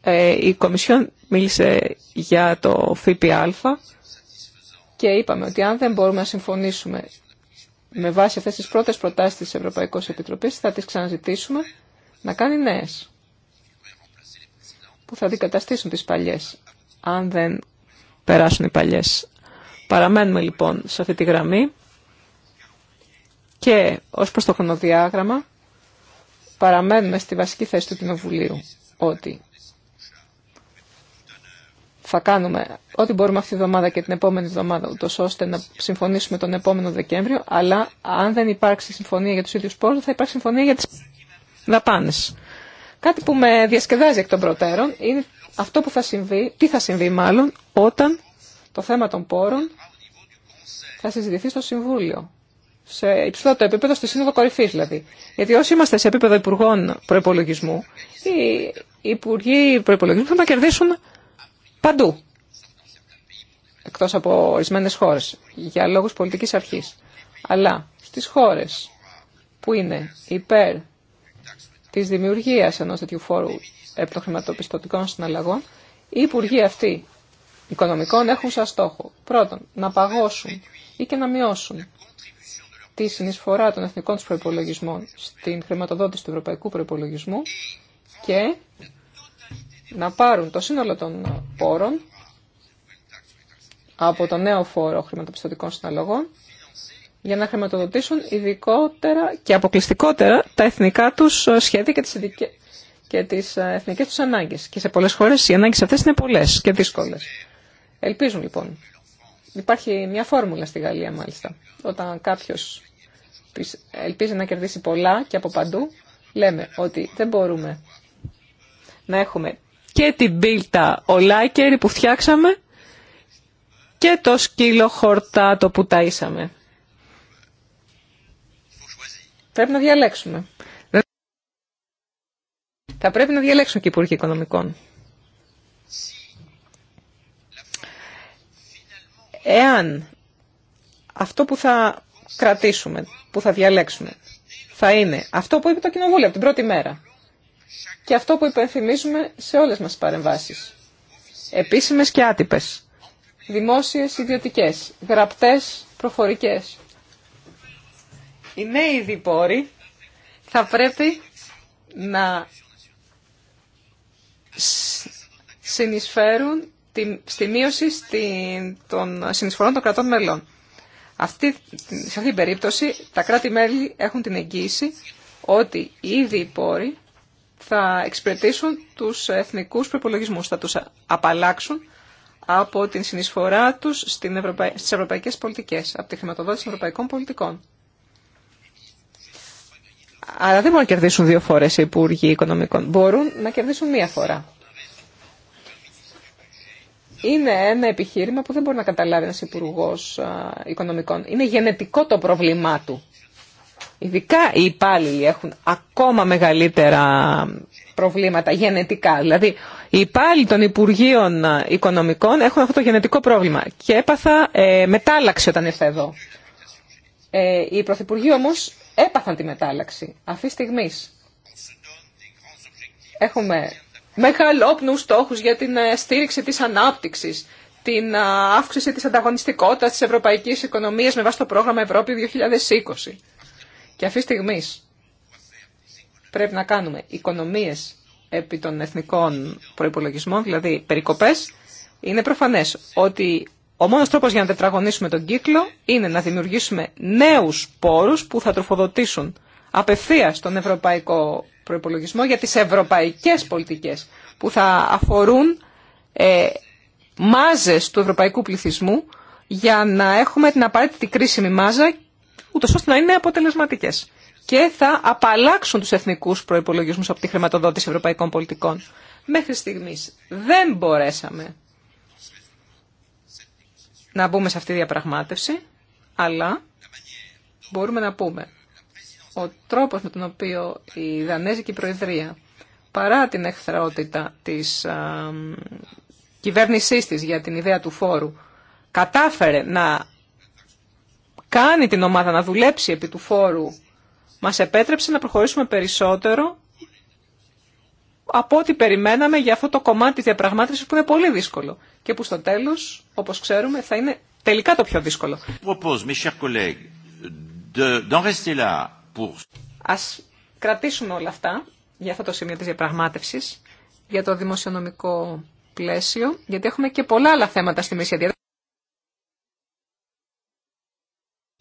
Ε, η Κομισιόν μίλησε για το ΦΠΑ και είπαμε ότι αν δεν μπορούμε να συμφωνήσουμε με βάση αυτές τις πρώτες προτάσεις της Ευρωπαϊκής Επιτροπής θα τις ξαναζητήσουμε να κάνει νέες που θα δικαταστήσουν τις παλιές αν δεν περάσουν οι παλιές. Παραμένουμε λοιπόν σε αυτή τη γραμμή και ως προς το χρονοδιάγραμμα παραμένουμε στη βασική θέση του Κοινοβουλίου ότι θα κάνουμε ό,τι μπορούμε αυτή τη εβδομάδα και την επόμενη εβδομάδα, ούτως ώστε να συμφωνήσουμε τον επόμενο Δεκέμβριο, αλλά αν δεν υπάρξει συμφωνία για τους ίδιους πόρους, θα υπάρξει συμφωνία για τις δαπάνες. Κάτι που με διασκεδάζει εκ των προτέρων είναι αυτό που θα συμβεί, τι θα συμβεί μάλλον, όταν το θέμα των πόρων θα συζητηθεί στο Συμβούλιο. Σε υψηλότερο επίπεδο, στη Σύνοδο Κορυφή δηλαδή. Γιατί όσοι είμαστε σε επίπεδο υπουργών προπολογισμού, οι υπουργοί προπολογισμού θα παντού, εκτός από ορισμένε χώρες, για λόγους πολιτικής αρχής. Αλλά στις χώρες που είναι υπέρ της δημιουργίας ενός τέτοιου φόρου επιτοχρηματοπιστωτικών συναλλαγών, οι υπουργοί αυτοί οικονομικών έχουν σαν στόχο πρώτον να παγώσουν ή και να μειώσουν τη συνεισφορά των εθνικών τους προϋπολογισμών στην χρηματοδότηση του ευρωπαϊκού προπολογισμού και να πάρουν το σύνολο των πόρων από το νέο φόρο χρηματοπιστωτικών συναλλαγών για να χρηματοδοτήσουν ειδικότερα και αποκλειστικότερα τα εθνικά τους σχέδια και τις, ειδικε... και τις ε, εθνικές τους ανάγκες. Και σε πολλές χώρες οι ανάγκες αυτές είναι πολλές και δύσκολες. Ελπίζουν λοιπόν. Υπάρχει μια φόρμουλα στη Γαλλία μάλιστα. Όταν κάποιος ελπίζει να κερδίσει πολλά και από παντού, λέμε ότι δεν μπορούμε να έχουμε και την πίλτα ολάκερη που φτιάξαμε και το σκύλο χορτάτο που ταΐσαμε. Πρέπει να διαλέξουμε. Θα πρέπει να διαλέξουν και οι Υπουργοί Οικονομικών. Εάν αυτό που θα κρατήσουμε, που θα διαλέξουμε, θα είναι αυτό που είπε το Κοινοβούλιο από την πρώτη μέρα και αυτό που υπενθυμίζουμε σε όλες μας παρεμβάσεις. Επίσημες και άτυπες, δημόσιες, ιδιωτικές, γραπτές, προφορικές. Οι νέοι διπόροι θα πρέπει να συνεισφέρουν στη μείωση των συνεισφορών των κρατών μελών. Αυτή, σε αυτή την περίπτωση, τα κράτη-μέλη έχουν την εγγύηση ότι οι ίδιοι πόροι θα εξυπηρετήσουν τους εθνικούς προπολογισμού, θα τους απαλλάξουν από την συνεισφορά τους στις ευρωπαϊκές πολιτικές, από τη χρηματοδότηση των ευρωπαϊκών πολιτικών. Αλλά δεν μπορούν να κερδίσουν δύο φορές οι Υπουργοί Οικονομικών. Μπορούν να κερδίσουν μία φορά. Είναι ένα επιχείρημα που δεν μπορεί να καταλάβει ένας υπουργό Οικονομικών. Είναι γενετικό το πρόβλημά του. Ειδικά οι υπάλληλοι έχουν ακόμα μεγαλύτερα προβλήματα γενετικά. Δηλαδή, οι υπάλληλοι των Υπουργείων Οικονομικών έχουν αυτό το γενετικό πρόβλημα. Και έπαθα ε, μετάλλαξη όταν ήρθα εδώ. Ε, οι Πρωθυπουργοί όμω έπαθαν τη μετάλλαξη. Αυτή τη στιγμή έχουμε μεγαλόπνου στόχους για την ε, στήριξη τη ανάπτυξη, την ε, αύξηση της ανταγωνιστικότητας της ευρωπαϊκής οικονομίας με βάση το πρόγραμμα Ευρώπη 2020. Και αυτή τη στιγμή πρέπει να κάνουμε οικονομίες επί των εθνικών προϋπολογισμών, δηλαδή περικοπές, είναι προφανές ότι ο μόνος τρόπος για να τετραγωνίσουμε τον κύκλο είναι να δημιουργήσουμε νέους πόρους που θα τροφοδοτήσουν απευθείας τον ευρωπαϊκό προϋπολογισμό για τις ευρωπαϊκές πολιτικές που θα αφορούν ε, μάζες του ευρωπαϊκού πληθυσμού για να έχουμε την απαραίτητη κρίσιμη μάζα ούτως ώστε να είναι αποτελεσματικές. Και θα απαλλάξουν τους εθνικούς προϋπολογισμούς από τη χρηματοδότηση ευρωπαϊκών πολιτικών. Μέχρι στιγμής δεν μπορέσαμε να μπούμε σε αυτή τη διαπραγμάτευση, αλλά μπορούμε να πούμε ο τρόπος με τον οποίο η Δανέζικη Προεδρία, παρά την εχθρότητα της α, κυβέρνησής της για την ιδέα του φόρου, κατάφερε να κάνει την ομάδα να δουλέψει επί του φόρου μας επέτρεψε να προχωρήσουμε περισσότερο από ό,τι περιμέναμε για αυτό το κομμάτι της διαπραγμάτευσης που είναι πολύ δύσκολο και που στο τέλος, όπως ξέρουμε, θα είναι τελικά το πιο δύσκολο. Ας κρατήσουμε όλα αυτά για αυτό το σημείο της διαπραγμάτευσης, για το δημοσιονομικό πλαίσιο, γιατί έχουμε και πολλά άλλα θέματα στη μέση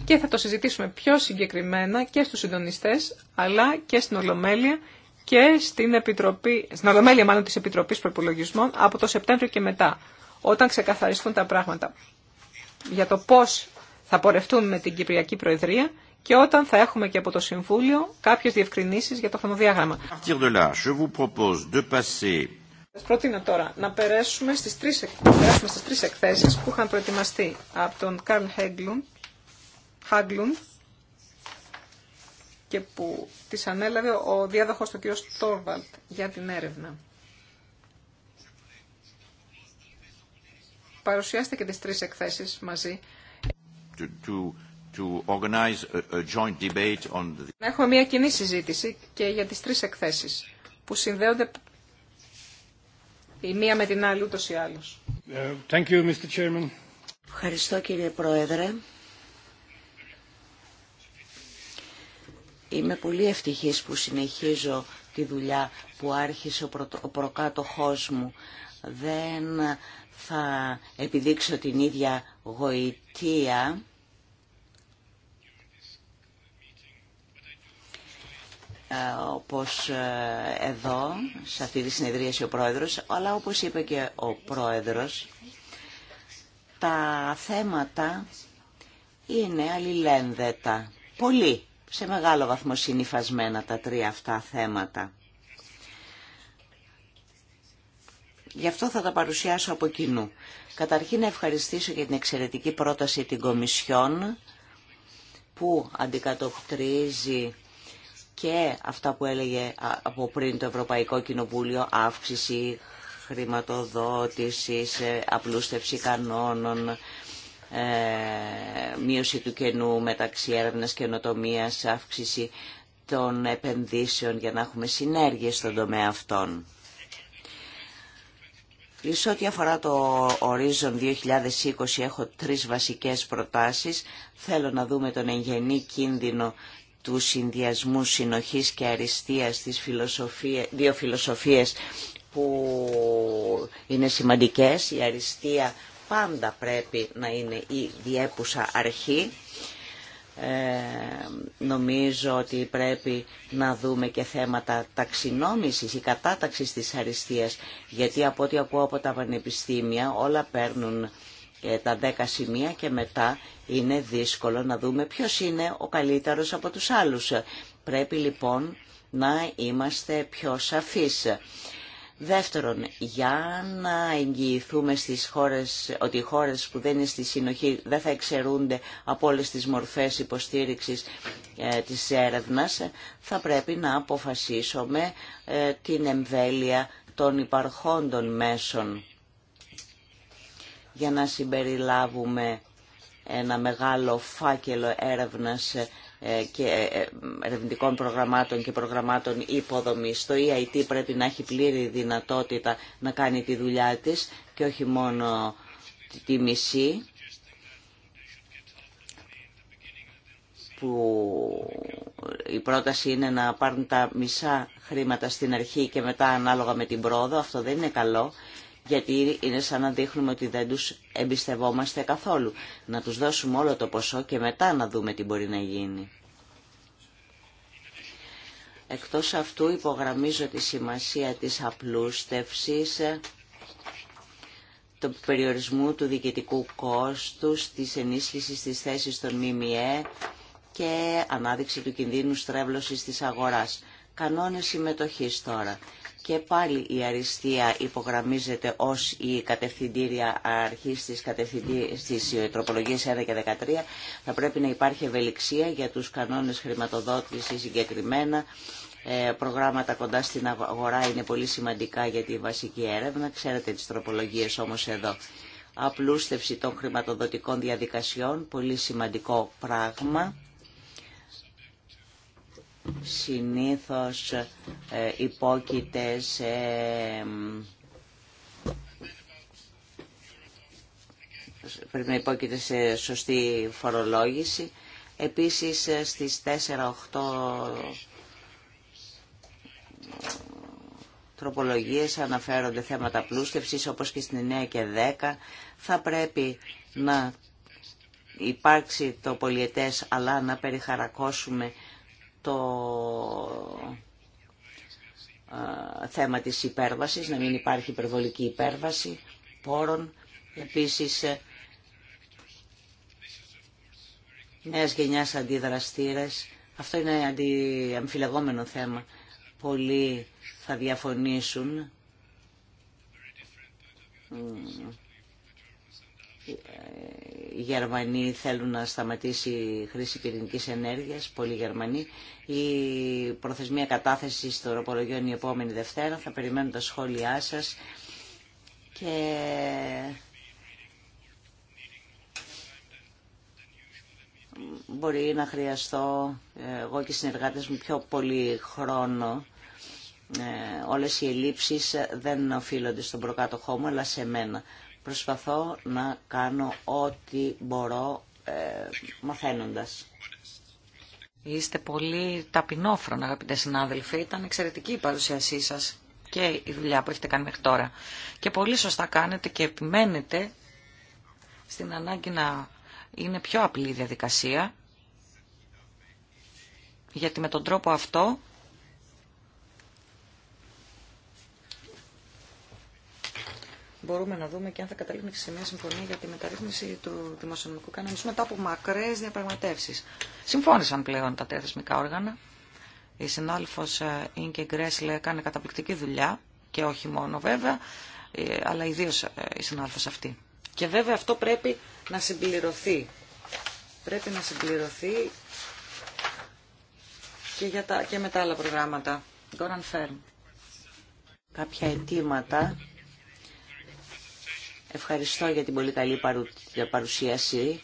και θα το συζητήσουμε πιο συγκεκριμένα και στους συντονιστές, αλλά και στην Ολομέλεια και στην, Επιτροπή, στην Ολομέλεια μάλλον της Επιτροπής Προπολογισμών από το Σεπτέμβριο και μετά, όταν ξεκαθαριστούν τα πράγματα για το πώς θα πορευτούν με την Κυπριακή Προεδρία και όταν θα έχουμε και από το Συμβούλιο κάποιες διευκρινήσεις για το χρονοδιάγραμμα. προτείνω τώρα να περάσουμε στις τρεις, εκθέσεις που είχαν προετοιμαστεί από τον Καρλ Χέγκλουντ Χάγκλουν και που τις ανέλαβε ο διάδοχος του κ. Στόρβαλτ για την έρευνα. Παρουσιάστε και τις τρεις εκθέσεις μαζί. To, Να έχουμε μια κοινή συζήτηση και για τις τρεις εκθέσεις που συνδέονται η μία με την άλλη ούτως ή άλλως. Ε, Ευχαριστώ κύριε Πρόεδρε. Είμαι πολύ ευτυχής που συνεχίζω τη δουλειά που άρχισε ο, προ... προκάτοχός μου. Δεν θα επιδείξω την ίδια γοητεία ε, όπως ε, εδώ, σε αυτή τη συνεδρίαση ο Πρόεδρος, αλλά όπως είπε και ο Πρόεδρος, τα θέματα είναι αλληλένδετα. Πολύ σε μεγάλο βαθμό συνειφασμένα τα τρία αυτά θέματα. Γι' αυτό θα τα παρουσιάσω από κοινού. Καταρχήν να ευχαριστήσω για την εξαιρετική πρόταση την Κομισιόν που αντικατοπτρίζει και αυτά που έλεγε από πριν το Ευρωπαϊκό Κοινοβούλιο, αύξηση χρηματοδότησης, ε, απλούστευση κανόνων, ε, μείωση του κενού μεταξύ έρευνας και ενοτομίας, αύξηση των επενδύσεων για να έχουμε συνέργειες στον τομέα αυτών. Σε ό,τι αφορά το Horizon 2020 έχω τρεις βασικές προτάσεις. Θέλω να δούμε τον εγγενή κίνδυνο του συνδυασμού συνοχής και αριστείας στις δύο φιλοσοφίες που είναι σημαντικές. Η αριστεία πάντα πρέπει να είναι η διέπουσα αρχή. Ε, νομίζω ότι πρέπει να δούμε και θέματα ταξινόμησης ή κατάταξης της αριστείας γιατί από ό,τι ακούω από τα πανεπιστήμια όλα παίρνουν ε, τα δέκα σημεία και μετά είναι δύσκολο να δούμε ποιος είναι ο καλύτερος από τους άλλους. Πρέπει λοιπόν να είμαστε πιο σαφείς. Δεύτερον, για να εγγυηθούμε στις χώρες, ότι οι χώρες που δεν είναι στη συνοχή δεν θα εξαιρούνται από όλες τις μορφές υποστήριξης ε, της έρευνας, θα πρέπει να αποφασίσουμε ε, την εμβέλεια των υπαρχόντων μέσων για να συμπεριλάβουμε ένα μεγάλο φάκελο έρευνας ε, ε, και ε, ε, ερευνητικών προγραμμάτων και προγραμμάτων υποδομής. Το EIT πρέπει να έχει πλήρη δυνατότητα να κάνει τη δουλειά της και όχι μόνο τη μισή που η πρόταση είναι να πάρουν τα μισά χρήματα στην αρχή και μετά ανάλογα με την πρόοδο. Αυτό δεν είναι καλό γιατί είναι σαν να δείχνουμε ότι δεν τους εμπιστευόμαστε καθόλου. Να τους δώσουμε όλο το ποσό και μετά να δούμε τι μπορεί να γίνει. Εκτός αυτού υπογραμμίζω τη σημασία της απλούστευσης, του περιορισμού του διοικητικού κόστους, της ενίσχυσης της θέσης των ΜΜΕ και ανάδειξη του κινδύνου στρέβλωσης της αγοράς. Κανόνες συμμετοχής τώρα. Και πάλι η αριστεία υπογραμμίζεται ως η κατευθυντήρια αρχή στις, κατευθυντή... 1 και 13. Θα πρέπει να υπάρχει ευελιξία για τους κανόνες χρηματοδότησης συγκεκριμένα. Ε, προγράμματα κοντά στην αγορά είναι πολύ σημαντικά για τη βασική έρευνα. Ξέρετε τις τροπολογίες όμως εδώ. Απλούστευση των χρηματοδοτικών διαδικασιών, πολύ σημαντικό πράγμα συνήθως ε, υπόκειται σε πρέπει να υπόκειται σε σωστή φορολόγηση. Επίσης ε, στις 4-8 τροπολογίες αναφέρονται θέματα πλούστευσης όπως και στην 9 και 10. Θα πρέπει να υπάρξει το πολιετές αλλά να περιχαρακώσουμε το θέμα της υπέρβασης, να μην υπάρχει υπερβολική υπέρβαση πόρων. Επίσης, ε, νέας γενιάς αντιδραστήρες. Αυτό είναι αντιαμφιλεγόμενο θέμα. Πολλοί θα διαφωνήσουν οι Γερμανοί θέλουν να σταματήσει η χρήση πυρηνικής ενέργειας, πολλοί Γερμανοί. Η προθεσμία κατάθεση των οροπολογίων είναι η επόμενη Δευτέρα. Θα περιμένω τα σχόλιά σας. Και... Μπορεί να χρειαστώ ε, εγώ και οι συνεργάτες μου πιο πολύ χρόνο. Ε, όλες οι ελλείψεις δεν οφείλονται στον προκάτοχό μου, αλλά σε μένα. Προσπαθώ να κάνω ό,τι μπορώ ε, μαθαίνοντας. Είστε πολύ ταπεινόφρονα, αγαπητέ συνάδελφοι. Ήταν εξαιρετική η παρουσίασή σας και η δουλειά που έχετε κάνει μέχρι τώρα. Και πολύ σωστά κάνετε και επιμένετε στην ανάγκη να είναι πιο απλή η διαδικασία, γιατί με τον τρόπο αυτό μπορούμε να δούμε και αν θα καταλήξει σε μια συμφωνία για τη μεταρρύθμιση του δημοσιονομικού κανονισμού μετά από μακρέ διαπραγματεύσει. Συμφώνησαν πλέον τα τρία όργανα. Η συνάδελφο Ινκε ε, Γκρέσλε κάνει καταπληκτική δουλειά και όχι μόνο βέβαια, ε, αλλά ιδίω ε, η συνάδελφο αυτή. Και βέβαια αυτό πρέπει να συμπληρωθεί. Πρέπει να συμπληρωθεί και, για τα, και με τα άλλα προγράμματα. Γκόραν Φέρν. Κάποια αιτήματα Ευχαριστώ για την πολύ καλή παρουσίαση.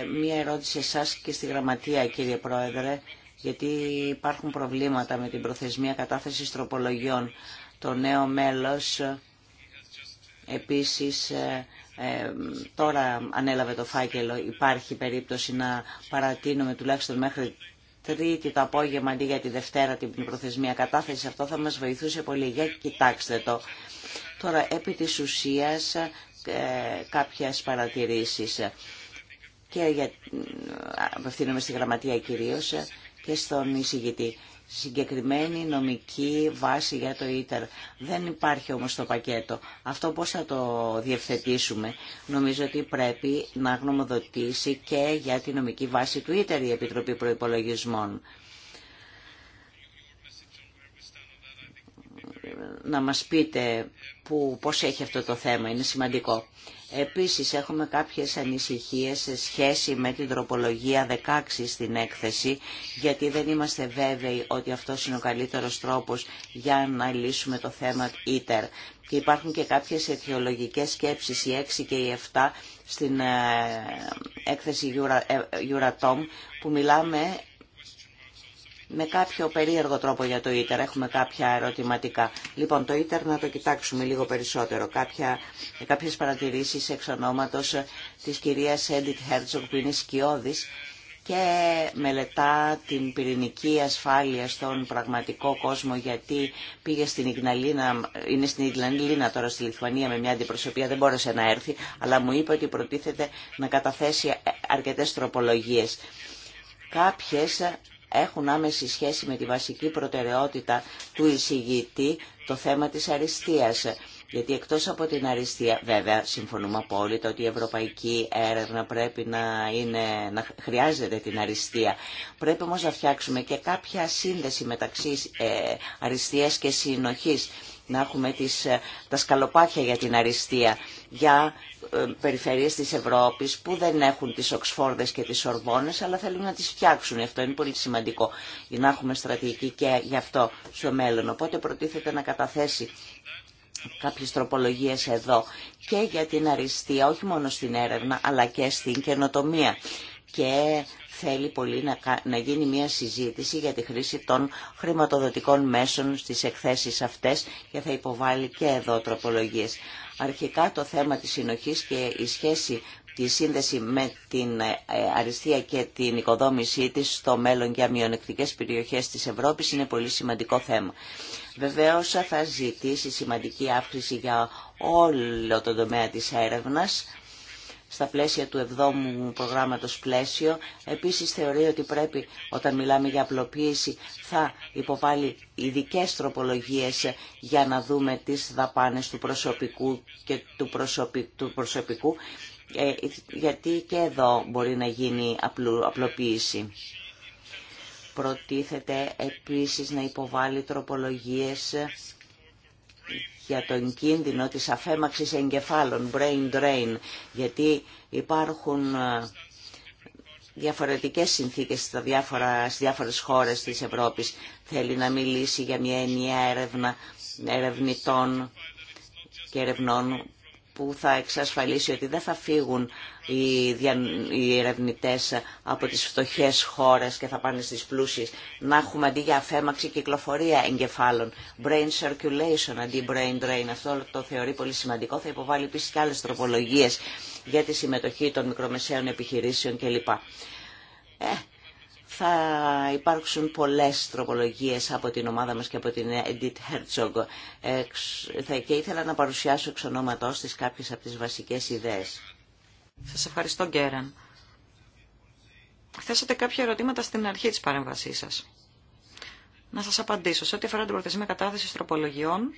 Ε, μία ερώτηση εσάς και στη Γραμματεία, κύριε Πρόεδρε, γιατί υπάρχουν προβλήματα με την προθεσμία κατάθεσης τροπολογιών. Το νέο μέλος, ε, επίσης, ε, ε, τώρα ανέλαβε το φάκελο. Υπάρχει περίπτωση να παρατείνουμε τουλάχιστον μέχρι Τρίτη το απόγευμα αντί για τη Δευτέρα την προθεσμία κατάθεση. Αυτό θα μας βοηθούσε πολύ. Για κοιτάξτε το. Τώρα, επί της ουσίας, ε, κάποιες παρατηρήσεις και για, ε, απευθύνομαι στη γραμματεία κυρίως ε, και στον εισηγητή. Συγκεκριμένη νομική βάση για το ίτερ. Δεν υπάρχει όμως το πακέτο. Αυτό πώς θα το διευθετήσουμε. Νομίζω ότι πρέπει να γνωμοδοτήσει και για τη νομική βάση του ίτερ η Επιτροπή Προϋπολογισμών. να μας πείτε που, πώς έχει αυτό το θέμα, είναι σημαντικό. Επίσης έχουμε κάποιες ανησυχίες σε σχέση με την τροπολογία 16 στην έκθεση, γιατί δεν είμαστε βέβαιοι ότι αυτός είναι ο καλύτερος τρόπος για να λύσουμε το θέμα ίτερ. Και υπάρχουν και κάποιες αιτιολογικές σκέψεις, οι 6 και οι 7, στην ε, έκθεση Euratom, που μιλάμε με κάποιο περίεργο τρόπο για το ίτερ. Έχουμε κάποια ερωτηματικά. Λοιπόν, το ίτερ να το κοιτάξουμε λίγο περισσότερο. Κάποια, κάποιες παρατηρήσεις εξ ονόματος ε, της κυρίας Έντιτ Herzog που είναι σκιώδης και μελετά την πυρηνική ασφάλεια στον πραγματικό κόσμο γιατί πήγε στην Ιγναλίνα, είναι στην Ιγναλίνα τώρα στη Λιθουανία με μια αντιπροσωπεία, δεν μπόρεσε να έρθει, αλλά μου είπε ότι προτίθεται να καταθέσει αρκετές τροπολογίες. Κάποιες έχουν άμεση σχέση με τη βασική προτεραιότητα του εισηγητή το θέμα της αριστείας. Γιατί εκτός από την αριστεία, βέβαια συμφωνούμε απόλυτα ότι η ευρωπαϊκή έρευνα πρέπει να, είναι, να χρειάζεται την αριστεία. Πρέπει όμως να φτιάξουμε και κάποια σύνδεση μεταξύ ε, αριστείας και συνοχής να έχουμε τις, ε, τα σκαλοπάτια για την αριστεία, για ε, περιφέρειες της Ευρώπης που δεν έχουν τις Οξφόρδες και τις Ορβόνες, αλλά θέλουν να τις φτιάξουν. Αυτό είναι πολύ σημαντικό, για να έχουμε στρατηγική και γι' αυτό στο μέλλον. Οπότε προτίθεται να καταθέσει κάποιες τροπολογίες εδώ και για την αριστεία, όχι μόνο στην έρευνα, αλλά και στην καινοτομία και θέλει πολύ να, γίνει μια συζήτηση για τη χρήση των χρηματοδοτικών μέσων στις εκθέσεις αυτές και θα υποβάλει και εδώ τροπολογίες. Αρχικά το θέμα της συνοχής και η σχέση τη σύνδεση με την ε, αριστεία και την οικοδόμησή της στο μέλλον για μειονεκτικές περιοχές της Ευρώπης είναι πολύ σημαντικό θέμα. Βεβαίω θα ζητήσει σημαντική αύξηση για όλο τον τομέα της έρευνας στα πλαίσια του εβδόμου ου προγράμματος πλαίσιο. Επίσης θεωρεί ότι πρέπει όταν μιλάμε για απλοποίηση θα υποβάλει ειδικέ τροπολογίες για να δούμε τις δαπάνες του προσωπικού και του, του προσωπικού ε, γιατί και εδώ μπορεί να γίνει απλοποίηση. Προτίθεται επίσης να υποβάλει τροπολογίες για τον κίνδυνο της αφέμαξης εγκεφάλων, brain drain, γιατί υπάρχουν ε, διαφορετικές συνθήκες στα διάφορα, στις διάφορες χώρες της Ευρώπης. Θέλει να μιλήσει για μια ενιαία έρευνα ερευνητών και ερευνών που θα εξασφαλίσει ότι δεν θα φύγουν οι ερευνητέ από τις φτωχές χώρες και θα πάνε στις πλούσιες. Να έχουμε αντί για αφέμαξη κυκλοφορία εγκεφάλων, brain circulation αντί brain drain. Αυτό το θεωρεί πολύ σημαντικό. Θα υποβάλει επίσης και άλλες τροπολογίες για τη συμμετοχή των μικρομεσαίων επιχειρήσεων κλπ. Ε, θα υπάρξουν πολλές τροπολογίες από την ομάδα μας και από την Edith Herzog και ήθελα να παρουσιάσω εξ ονόματός της κάποιες από τις βασικές ιδέες. Σας ευχαριστώ Γκέραν. Θέσατε κάποια ερωτήματα στην αρχή της παρέμβασής σας. Να σας απαντήσω. Σε ό,τι αφορά την προθεσμία κατάθεση τροπολογιών,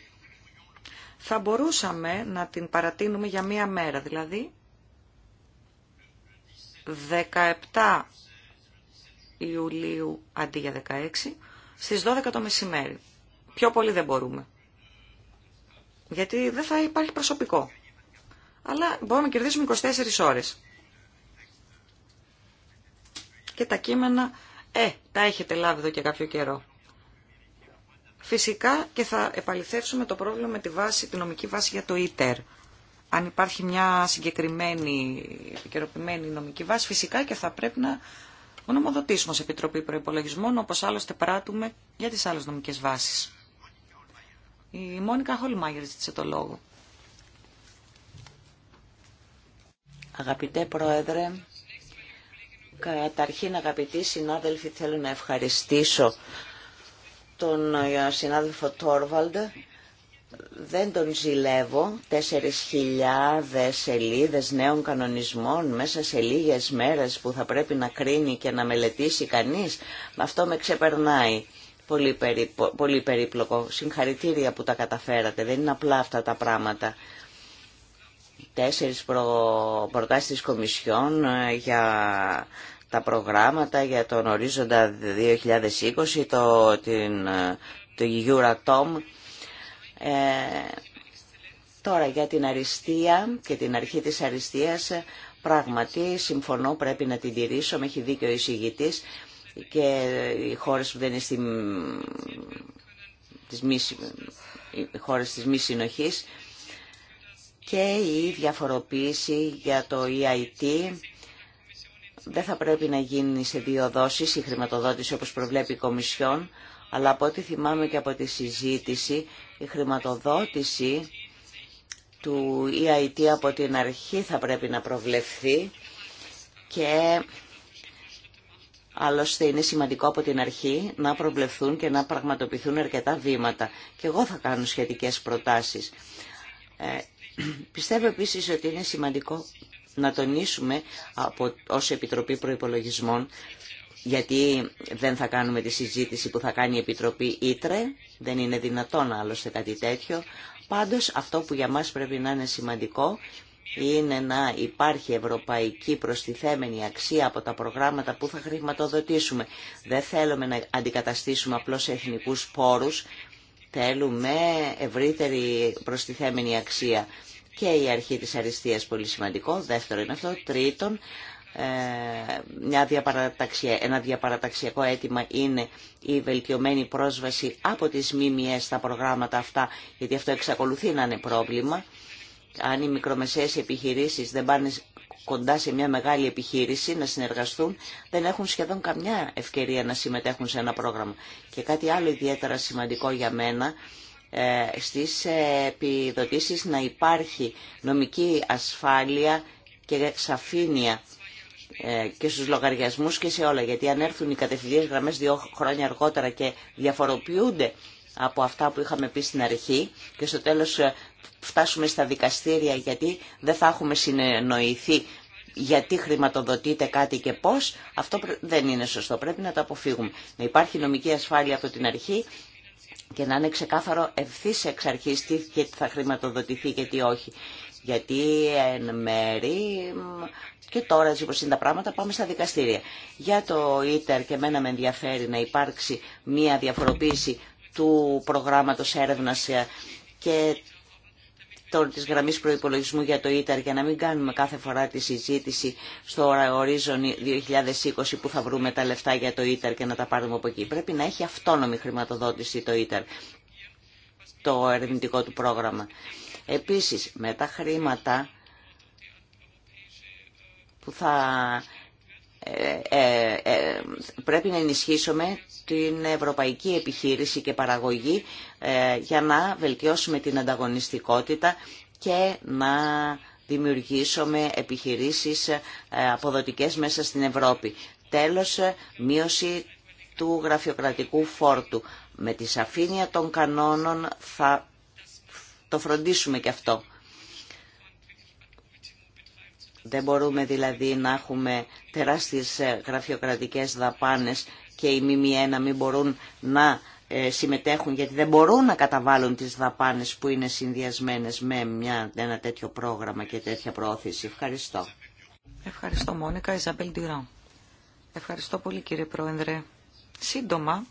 θα μπορούσαμε να την παρατείνουμε για μία μέρα, δηλαδή 17 Ιουλίου αντί για 16 στις 12 το μεσημέρι. Πιο πολύ δεν μπορούμε. Γιατί δεν θα υπάρχει προσωπικό. Αλλά μπορούμε να κερδίσουμε 24 ώρες. Και τα κείμενα, ε, τα έχετε λάβει εδώ και κάποιο καιρό. Φυσικά και θα επαληθεύσουμε το πρόβλημα με τη, βάση, τη νομική βάση για το ΙΤΕΡ. Αν υπάρχει μια συγκεκριμένη επικαιροποιημένη νομική βάση, φυσικά και θα πρέπει να νομοδοτήσουμε ως Επιτροπή Προϋπολογισμών, όπως άλλωστε πράττουμε για τις άλλες νομικές βάσεις. Η Μόνικα Χολμάγερ ζήτησε το λόγο. Αγαπητέ Πρόεδρε, καταρχήν αγαπητοί συνάδελφοι, θέλω να ευχαριστήσω τον ε, συνάδελφο Τόρβαλντ δεν τον ζηλεύω. χιλιάδες σελίδες νέων κανονισμών μέσα σε λίγες μέρες που θα πρέπει να κρίνει και να μελετήσει κανείς. Αυτό με ξεπερνάει. Πολύ, πολύ περίπλοκο. Συγχαρητήρια που τα καταφέρατε. Δεν είναι απλά αυτά τα πράγματα. Τέσσερις προ... προτάσεις της Κομισιόν ε, για τα προγράμματα, για τον ορίζοντα 2020, το, την, ε, το Euratom ε, τώρα για την αριστεία και την αρχή της αριστείας πράγματι συμφωνώ πρέπει να την τηρήσω, με έχει δίκιο ο και οι χώρες που δεν είναι τις μη, οι χώρες της μη συνοχής και η διαφοροποίηση για το EIT δεν θα πρέπει να γίνει σε δύο δόσεις η χρηματοδότηση όπως προβλέπει η Κομισιόν αλλά από ό,τι θυμάμαι και από τη συζήτηση, η χρηματοδότηση του EIT από την αρχή θα πρέπει να προβλεφθεί και άλλωστε είναι σημαντικό από την αρχή να προβλεφθούν και να πραγματοποιηθούν αρκετά βήματα. Και εγώ θα κάνω σχετικές προτάσεις. Ε, πιστεύω επίσης ότι είναι σημαντικό να τονίσουμε από, ως Επιτροπή Προϋπολογισμών γιατί δεν θα κάνουμε τη συζήτηση που θα κάνει η Επιτροπή Ήτρε, δεν είναι δυνατόν άλλωστε κάτι τέτοιο. Πάντως αυτό που για μας πρέπει να είναι σημαντικό είναι να υπάρχει ευρωπαϊκή προστιθέμενη αξία από τα προγράμματα που θα χρηματοδοτήσουμε. Δεν θέλουμε να αντικαταστήσουμε απλώς εθνικούς πόρους, θέλουμε ευρύτερη προστιθέμενη αξία. Και η αρχή της αριστείας πολύ σημαντικό, δεύτερο είναι αυτό, τρίτον ε, μια διαπαραταξια, ένα διαπαραταξιακό αίτημα είναι η βελτιωμένη πρόσβαση από τις ΜΜΕ στα προγράμματα αυτά, γιατί αυτό εξακολουθεί να είναι πρόβλημα. Αν οι μικρομεσαίες επιχειρήσεις δεν πάνε κοντά σε μια μεγάλη επιχείρηση να συνεργαστούν, δεν έχουν σχεδόν καμιά ευκαιρία να συμμετέχουν σε ένα πρόγραμμα. Και κάτι άλλο ιδιαίτερα σημαντικό για μένα, ε, στις επιδοτήσεις να υπάρχει νομική ασφάλεια και σαφήνεια ε, και στους λογαριασμούς και σε όλα. Γιατί αν έρθουν οι κατευθυντικές γραμμές δύο χρόνια αργότερα και διαφοροποιούνται από αυτά που είχαμε πει στην αρχή και στο τέλος ε, φτάσουμε στα δικαστήρια γιατί δεν θα έχουμε συνεννοηθεί γιατί χρηματοδοτείται κάτι και πώς, αυτό δεν είναι σωστό. Πρέπει να το αποφύγουμε. Να υπάρχει νομική ασφάλεια από την αρχή και να είναι ξεκάθαρο ευθύ εξ αρχή τι θα χρηματοδοτηθεί και τι όχι. Γιατί εν μέρη και τώρα έτσι όπως είναι τα πράγματα πάμε στα δικαστήρια. Για το ΙΤΕΡ και μένα με ενδιαφέρει να υπάρξει μια διαφοροποίηση του προγράμματος έρευνας και της γραμμής προϋπολογισμού για το ΙΤΑΡ για να μην κάνουμε κάθε φορά τη συζήτηση στο ορίζον 2020 που θα βρούμε τα λεφτά για το ΙΤΑΡ και να τα πάρουμε από εκεί. Πρέπει να έχει αυτόνομη χρηματοδότηση το ΙΤΑΡ, το ερευνητικό του πρόγραμμα. Επίσης, με τα χρήματα που θα ε, ε, ε, πρέπει να ενισχύσουμε την ευρωπαϊκή επιχείρηση και παραγωγή ε, για να βελτιώσουμε την ανταγωνιστικότητα και να δημιουργήσουμε επιχειρήσεις ε, αποδοτικές μέσα στην Ευρώπη. Τέλος, μείωση του γραφειοκρατικού φόρτου. Με τη σαφήνεια των κανόνων θα το φροντίσουμε και αυτό. Δεν μπορούμε δηλαδή να έχουμε τεράστιες ε, γραφειοκρατικές δαπάνες και οι ΜΜΕ να μην μπορούν να ε, συμμετέχουν γιατί δεν μπορούν να καταβάλουν τις δαπάνες που είναι συνδυασμένες με μια, ένα τέτοιο πρόγραμμα και τέτοια προώθηση. Ευχαριστώ. Ευχαριστώ Μόνικα Ιζαμπέλ Ντυρά. Ευχαριστώ πολύ κύριε Πρόεδρε. Σύντομα,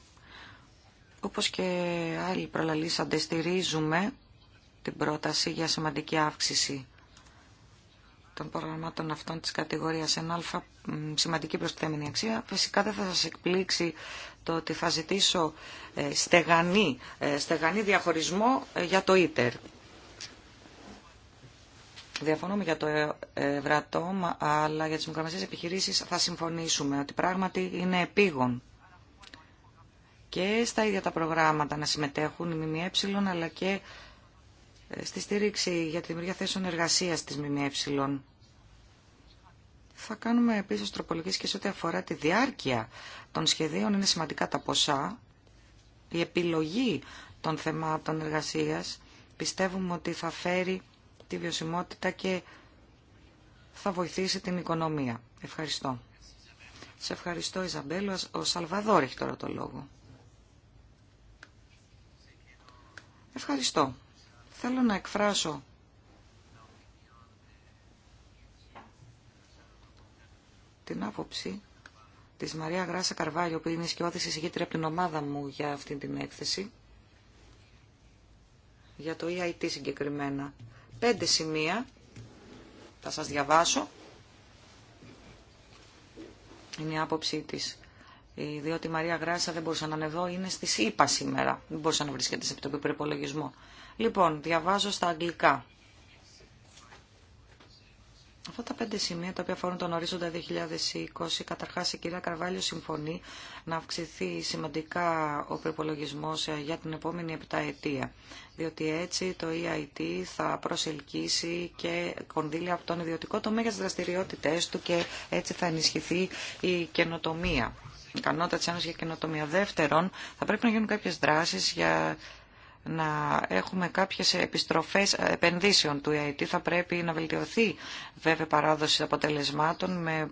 όπως και άλλοι προλαλήσαντε, στηρίζουμε την πρόταση για σημαντική αύξηση των προγραμμάτων αυτών της κατηγορίας 1α σημαντική προστιθέμενη αξία. Φυσικά δεν θα σας εκπλήξει το ότι θα ζητήσω ε, στεγανή, ε, στεγανή διαχωρισμό ε, για το ίτερ. Διαφωνούμε για το Ευρατόμ, αλλά για τις μικρομεσαίες επιχειρήσεις θα συμφωνήσουμε ότι πράγματι είναι επίγον και στα ίδια τα προγράμματα να συμμετέχουν οι ΜΜΕ αλλά και στη στήριξη για τη δημιουργία θέσεων εργασίας της ΜΜΕ. Θα κάνουμε επίσης τροπολογίες και σε ό,τι αφορά τη διάρκεια των σχεδίων. Είναι σημαντικά τα ποσά. Η επιλογή των θεμάτων εργασίας πιστεύουμε ότι θα φέρει τη βιωσιμότητα και θα βοηθήσει την οικονομία. Ευχαριστώ. Σε ευχαριστώ Ιζαμπέλο. Ο Σαλβαδόρ έχει τώρα το λόγο. Ευχαριστώ. Θέλω να εκφράσω την άποψη της Μαρία Γράσα Καρβάλιο που είναι σκιώδη εισηγήτρια από την ομάδα μου για αυτή την έκθεση για το EIT συγκεκριμένα. Πέντε σημεία θα σας διαβάσω. Είναι η άποψή της. Ε, διότι η Μαρία Γράσα δεν μπορούσε να είναι εδώ, είναι στη ΣΥΠΑ σήμερα. Δεν μπορούσε να βρίσκεται σε επιτροπή προπολογισμό. Λοιπόν, διαβάζω στα αγγλικά. Αυτά τα πέντε σημεία τα οποία αφορούν τον ορίζοντα 2020, καταρχάς η κυρία Καρβάλιο συμφωνεί να αυξηθεί σημαντικά ο προπολογισμό ε, για την επόμενη επταετία, διότι έτσι το EIT θα προσελκύσει και κονδύλια από τον ιδιωτικό τομέα για τις δραστηριότητές του και έτσι θα ενισχυθεί η καινοτομία. Η ικανότητα της Ένωσης για καινοτομία. Δεύτερον, θα πρέπει να γίνουν κάποιες δράσεις για να έχουμε κάποιες επιστροφές επενδύσεων του EIT. Θα πρέπει να βελτιωθεί βέβαια παράδοση αποτελεσμάτων με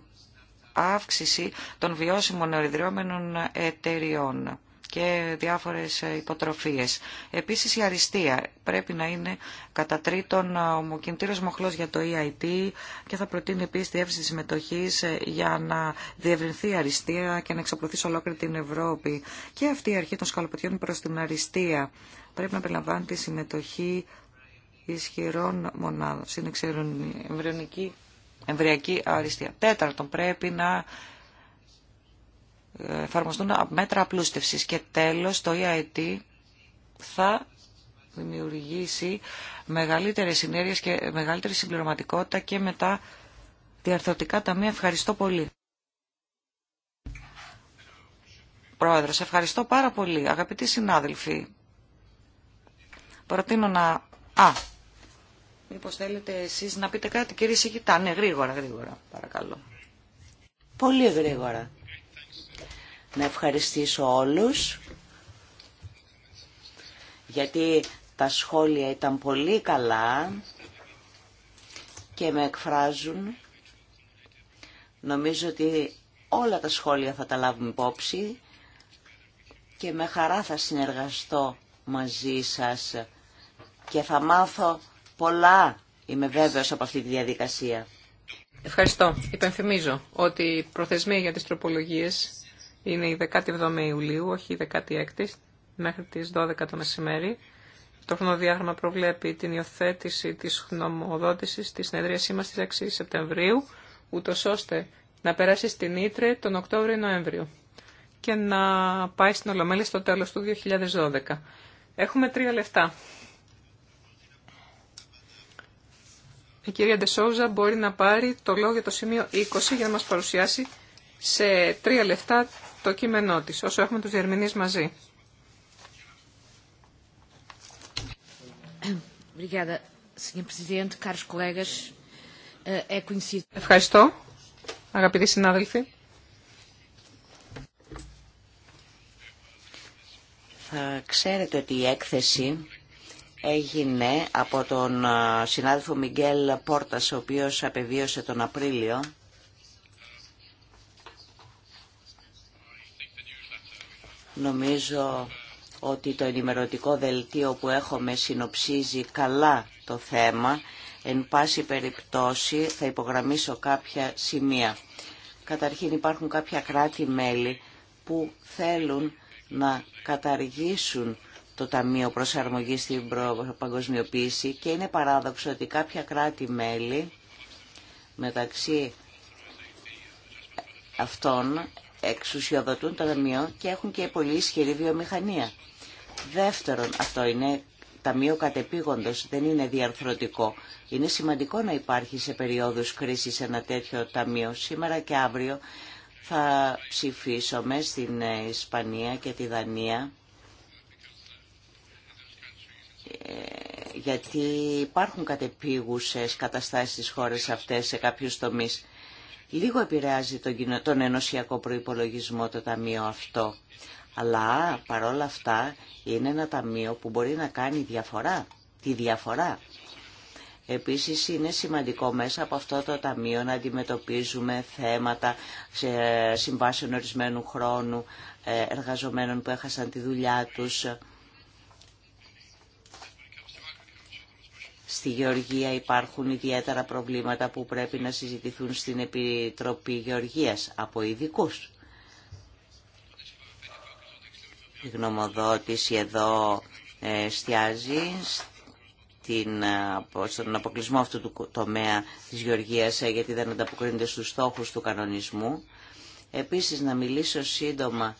αύξηση των βιώσιμων οριδριόμενων εταιριών και διάφορες υποτροφίες. Επίσης η αριστεία πρέπει να είναι κατά τρίτον ο μοχλός για το EIT και θα προτείνει επίσης τη έβριση συμμετοχής για να διευρυνθεί η αριστεία και να εξοπλωθεί σε ολόκληρη την Ευρώπη. Και αυτή η αρχή των σκαλοπατιών προς την αριστεία πρέπει να περιλαμβάνει τη συμμετοχή ισχυρών μονάδων στην εξαιρετική εμβριακή αριστεία. Τέταρτον, πρέπει να εφαρμοστούν μέτρα απλούστευσης. Και τέλος, το EIT θα δημιουργήσει μεγαλύτερες συνέργειες και μεγαλύτερη συμπληρωματικότητα και μετά διαρθρωτικά ταμεία. Ευχαριστώ πολύ. Πρόεδρος, ευχαριστώ πάρα πολύ. Αγαπητοί συνάδελφοι, προτείνω να... Α, μήπως θέλετε εσείς να πείτε κάτι κύριε Σιγητά. Ναι, γρήγορα, γρήγορα, παρακαλώ. Πολύ γρήγορα. Να ευχαριστήσω όλους, γιατί τα σχόλια ήταν πολύ καλά και με εκφράζουν. Νομίζω ότι όλα τα σχόλια θα τα λάβουμε υπόψη και με χαρά θα συνεργαστώ μαζί σας και θα μάθω πολλά, είμαι βέβαιος, από αυτή τη διαδικασία. Ευχαριστώ. Υπενθυμίζω ότι η προθεσμία για τις τροπολογίες είναι η 17η Ιουλίου, όχι η 16η, μέχρι τις 12 το μεσημέρι. Το χρονοδιάγραμμα προβλέπει την υιοθέτηση της γνωμοδότησης της συνεδρίασή μας στις 6 Σεπτεμβρίου, ούτω ώστε να περάσει στην Ήτρε τον Οκτώβριο-Νοέμβριο και να πάει στην Ολομέλη στο τέλος του 2012. Έχουμε τρία λεφτά. η κυρία Ντεσόουζα μπορεί να πάρει το λόγο για το σημείο 20 για να μας παρουσιάσει σε τρία λεφτά το κείμενό της, όσο έχουμε τους διερμηνείς μαζί. Eh, Ευχαριστώ, αγαπητοί συνάδελφοι. Θα ξέρετε ότι η έκθεση έγινε από τον συνάδελφο Μιγγέλ Πόρτας, ο οποίος απεβίωσε τον Απρίλιο. Νομίζω ότι το ενημερωτικό δελτίο που έχουμε συνοψίζει καλά το θέμα. Εν πάση περιπτώσει θα υπογραμμίσω κάποια σημεία. Καταρχήν υπάρχουν κάποια κράτη-μέλη που θέλουν να καταργήσουν το Ταμείο Προσαρμογής στην Παγκοσμιοποίηση και είναι παράδοξο ότι κάποια κράτη-μέλη μεταξύ αυτών εξουσιοδοτούν το Ταμείο και έχουν και πολύ ισχυρή βιομηχανία. Δεύτερον, αυτό είναι Ταμείο κατεπήγοντος, δεν είναι διαρθρωτικό. Είναι σημαντικό να υπάρχει σε περίοδους κρίσης ένα τέτοιο ταμείο. Σήμερα και αύριο θα ψηφίσουμε στην ε, Ισπανία και τη Δανία γιατί υπάρχουν κατεπίγουσες καταστάσεις στις χώρες αυτές σε κάποιους τομείς. Λίγο επηρεάζει τον, τον ενωσιακό προϋπολογισμό το ταμείο αυτό. Αλλά παρόλα αυτά είναι ένα ταμείο που μπορεί να κάνει διαφορά, τη διαφορά. Επίσης είναι σημαντικό μέσα από αυτό το ταμείο να αντιμετωπίζουμε θέματα σε συμβάσεων ορισμένου χρόνου, ε, εργαζομένων που έχασαν τη δουλειά τους, Στη Γεωργία υπάρχουν ιδιαίτερα προβλήματα που πρέπει να συζητηθούν στην Επιτροπή Γεωργίας από ειδικού. Η γνωμοδότηση εδώ ε, εστιάζει την, ε, στον αποκλεισμό αυτού του τομέα της Γεωργίας ε, γιατί δεν ανταποκρίνεται στους στόχους του κανονισμού. Επίσης να μιλήσω σύντομα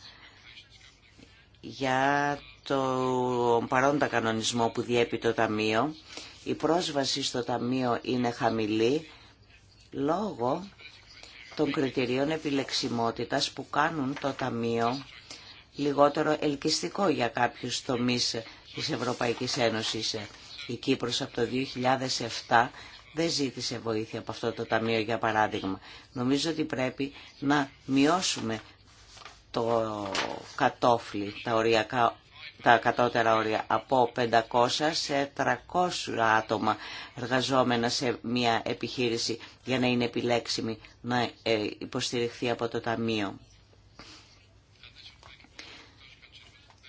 για τον παρόντα κανονισμό που διέπει το Ταμείο η πρόσβαση στο Ταμείο είναι χαμηλή λόγω των κριτηρίων επιλεξιμότητας που κάνουν το Ταμείο λιγότερο ελκυστικό για κάποιους τομείς της Ευρωπαϊκής Ένωσης. Η Κύπρος από το 2007 δεν ζήτησε βοήθεια από αυτό το Ταμείο, για παράδειγμα. Νομίζω ότι πρέπει να μειώσουμε το κατόφλι, τα οριακά τα κατώτερα όρια από 500 σε 300 άτομα εργαζόμενα σε μια επιχείρηση για να είναι επιλέξιμη να ε, υποστηριχθεί από το Ταμείο.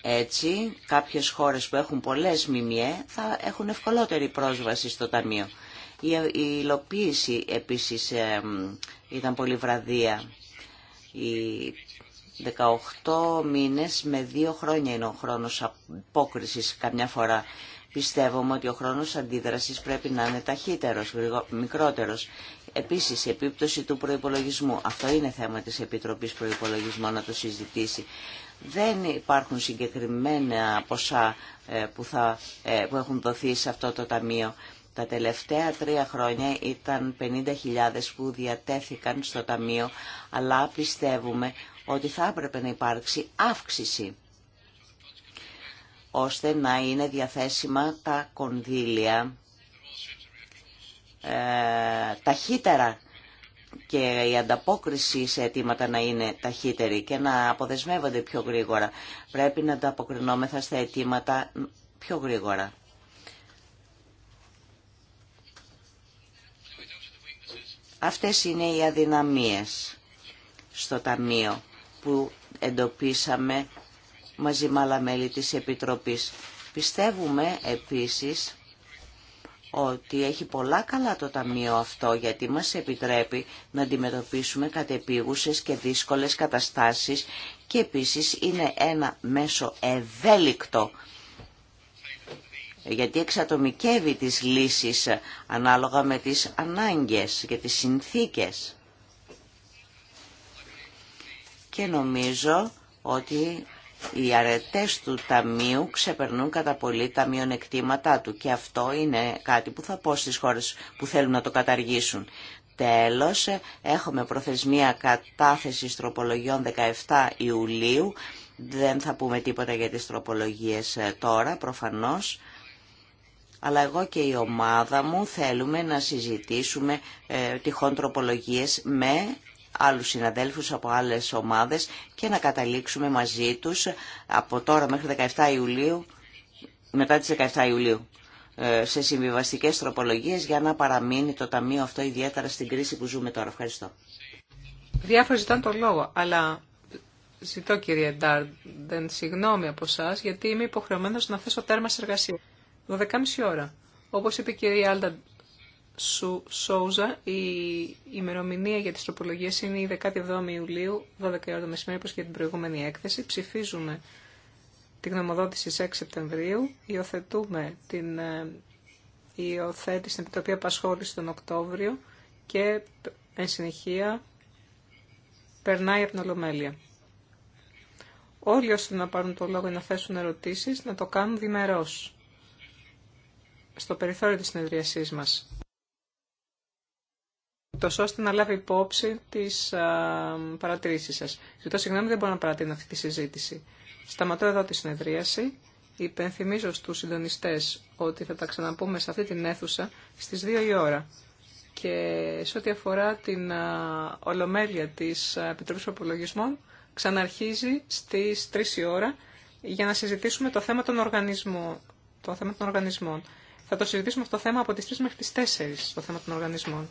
Έτσι, κάποιες χώρες που έχουν πολλές μιμιέ θα έχουν ευκολότερη πρόσβαση στο Ταμείο. Η υλοποίηση επίσης ήταν πολύ βραδία. 18 μήνες με 2 χρόνια είναι ο χρόνος απόκρισης καμιά φορά. Πιστεύουμε ότι ο χρόνος αντίδρασης πρέπει να είναι ταχύτερος, μικρότερος. Επίσης, η επίπτωση του προϋπολογισμού. Αυτό είναι θέμα της Επιτροπής Προϋπολογισμού να το συζητήσει. Δεν υπάρχουν συγκεκριμένα ποσά ε, που, θα, ε, που έχουν δοθεί σε αυτό το ταμείο. Τα τελευταία τρία χρόνια ήταν 50.000 που διατέθηκαν στο Ταμείο, αλλά πιστεύουμε ότι θα έπρεπε να υπάρξει αύξηση ώστε να είναι διαθέσιμα τα κονδύλια ε, ταχύτερα και η ανταπόκριση σε αιτήματα να είναι ταχύτερη και να αποδεσμεύονται πιο γρήγορα. Πρέπει να ανταποκρινόμεθα στα αιτήματα πιο γρήγορα. Αυτές είναι οι αδυναμίες στο Ταμείο που εντοπίσαμε μαζί με άλλα μέλη της Επιτροπής. Πιστεύουμε επίσης ότι έχει πολλά καλά το Ταμείο αυτό γιατί μας επιτρέπει να αντιμετωπίσουμε κατεπίγουσες και δύσκολες καταστάσεις και επίσης είναι ένα μέσο ευέλικτο γιατί εξατομικεύει τις λύσεις ανάλογα με τις ανάγκες και τις συνθήκες και νομίζω ότι οι αρετές του Ταμείου ξεπερνούν κατά πολύ τα μειονεκτήματά του και αυτό είναι κάτι που θα πω στις χώρες που θέλουν να το καταργήσουν. Τέλος, έχουμε προθεσμία κατάθεσης τροπολογιών 17 Ιουλίου. Δεν θα πούμε τίποτα για τις τροπολογίες ε, τώρα, προφανώς. Αλλά εγώ και η ομάδα μου θέλουμε να συζητήσουμε ε, τυχόν τροπολογίες με άλλους συναδέλφους από άλλες ομάδες και να καταλήξουμε μαζί τους από τώρα μέχρι 17 Ιουλίου, μετά τις 17 Ιουλίου ε, σε συμβιβαστικές τροπολογίες για να παραμείνει το Ταμείο αυτό ιδιαίτερα στην κρίση που ζούμε τώρα. Ευχαριστώ. Διάφοροι ζητάνε τον λόγο, αλλά ζητώ κύριε Ντάρντεν συγγνώμη από εσά γιατί είμαι υποχρεωμένο να θέσω τέρμα σε εργασία. 12.30 ώρα. Όπως είπε η κυρία Άλτα σου, Σόουζα, η ημερομηνία για τις τροπολογίες είναι η 17η Ιουλίου, 12 ώρα το μεσημέρι, και την προηγούμενη έκθεση. Ψηφίζουμε την γνωμοδότηση 6 Σεπτεμβρίου, υιοθετούμε την ε, υιοθέτηση στην οποία Απασχόληση τον Οκτώβριο και εν συνεχεία περνάει από την Ολομέλεια. Όλοι όσοι να πάρουν το λόγο ή να θέσουν ερωτήσεις, να το κάνουν διμερώς στο περιθώριο της συνεδριασής μας τόσο ώστε να λάβει υπόψη τις παρατηρήσει σα. σας. Ζητώ συγγνώμη, δεν μπορώ να παρατείνω αυτή τη συζήτηση. Σταματώ εδώ τη συνεδρίαση. Υπενθυμίζω στους συντονιστές ότι θα τα ξαναπούμε σε αυτή την αίθουσα στις 2 η ώρα. Και σε ό,τι αφορά την α, ολομέλεια της Επιτροπής Προπολογισμών, ξαναρχίζει στις 3 η ώρα για να συζητήσουμε το θέμα των οργανισμών. Το θέμα των οργανισμών. Θα το συζητήσουμε αυτό το θέμα από τις 3 μέχρι τις 4, το θέμα των οργανισμών.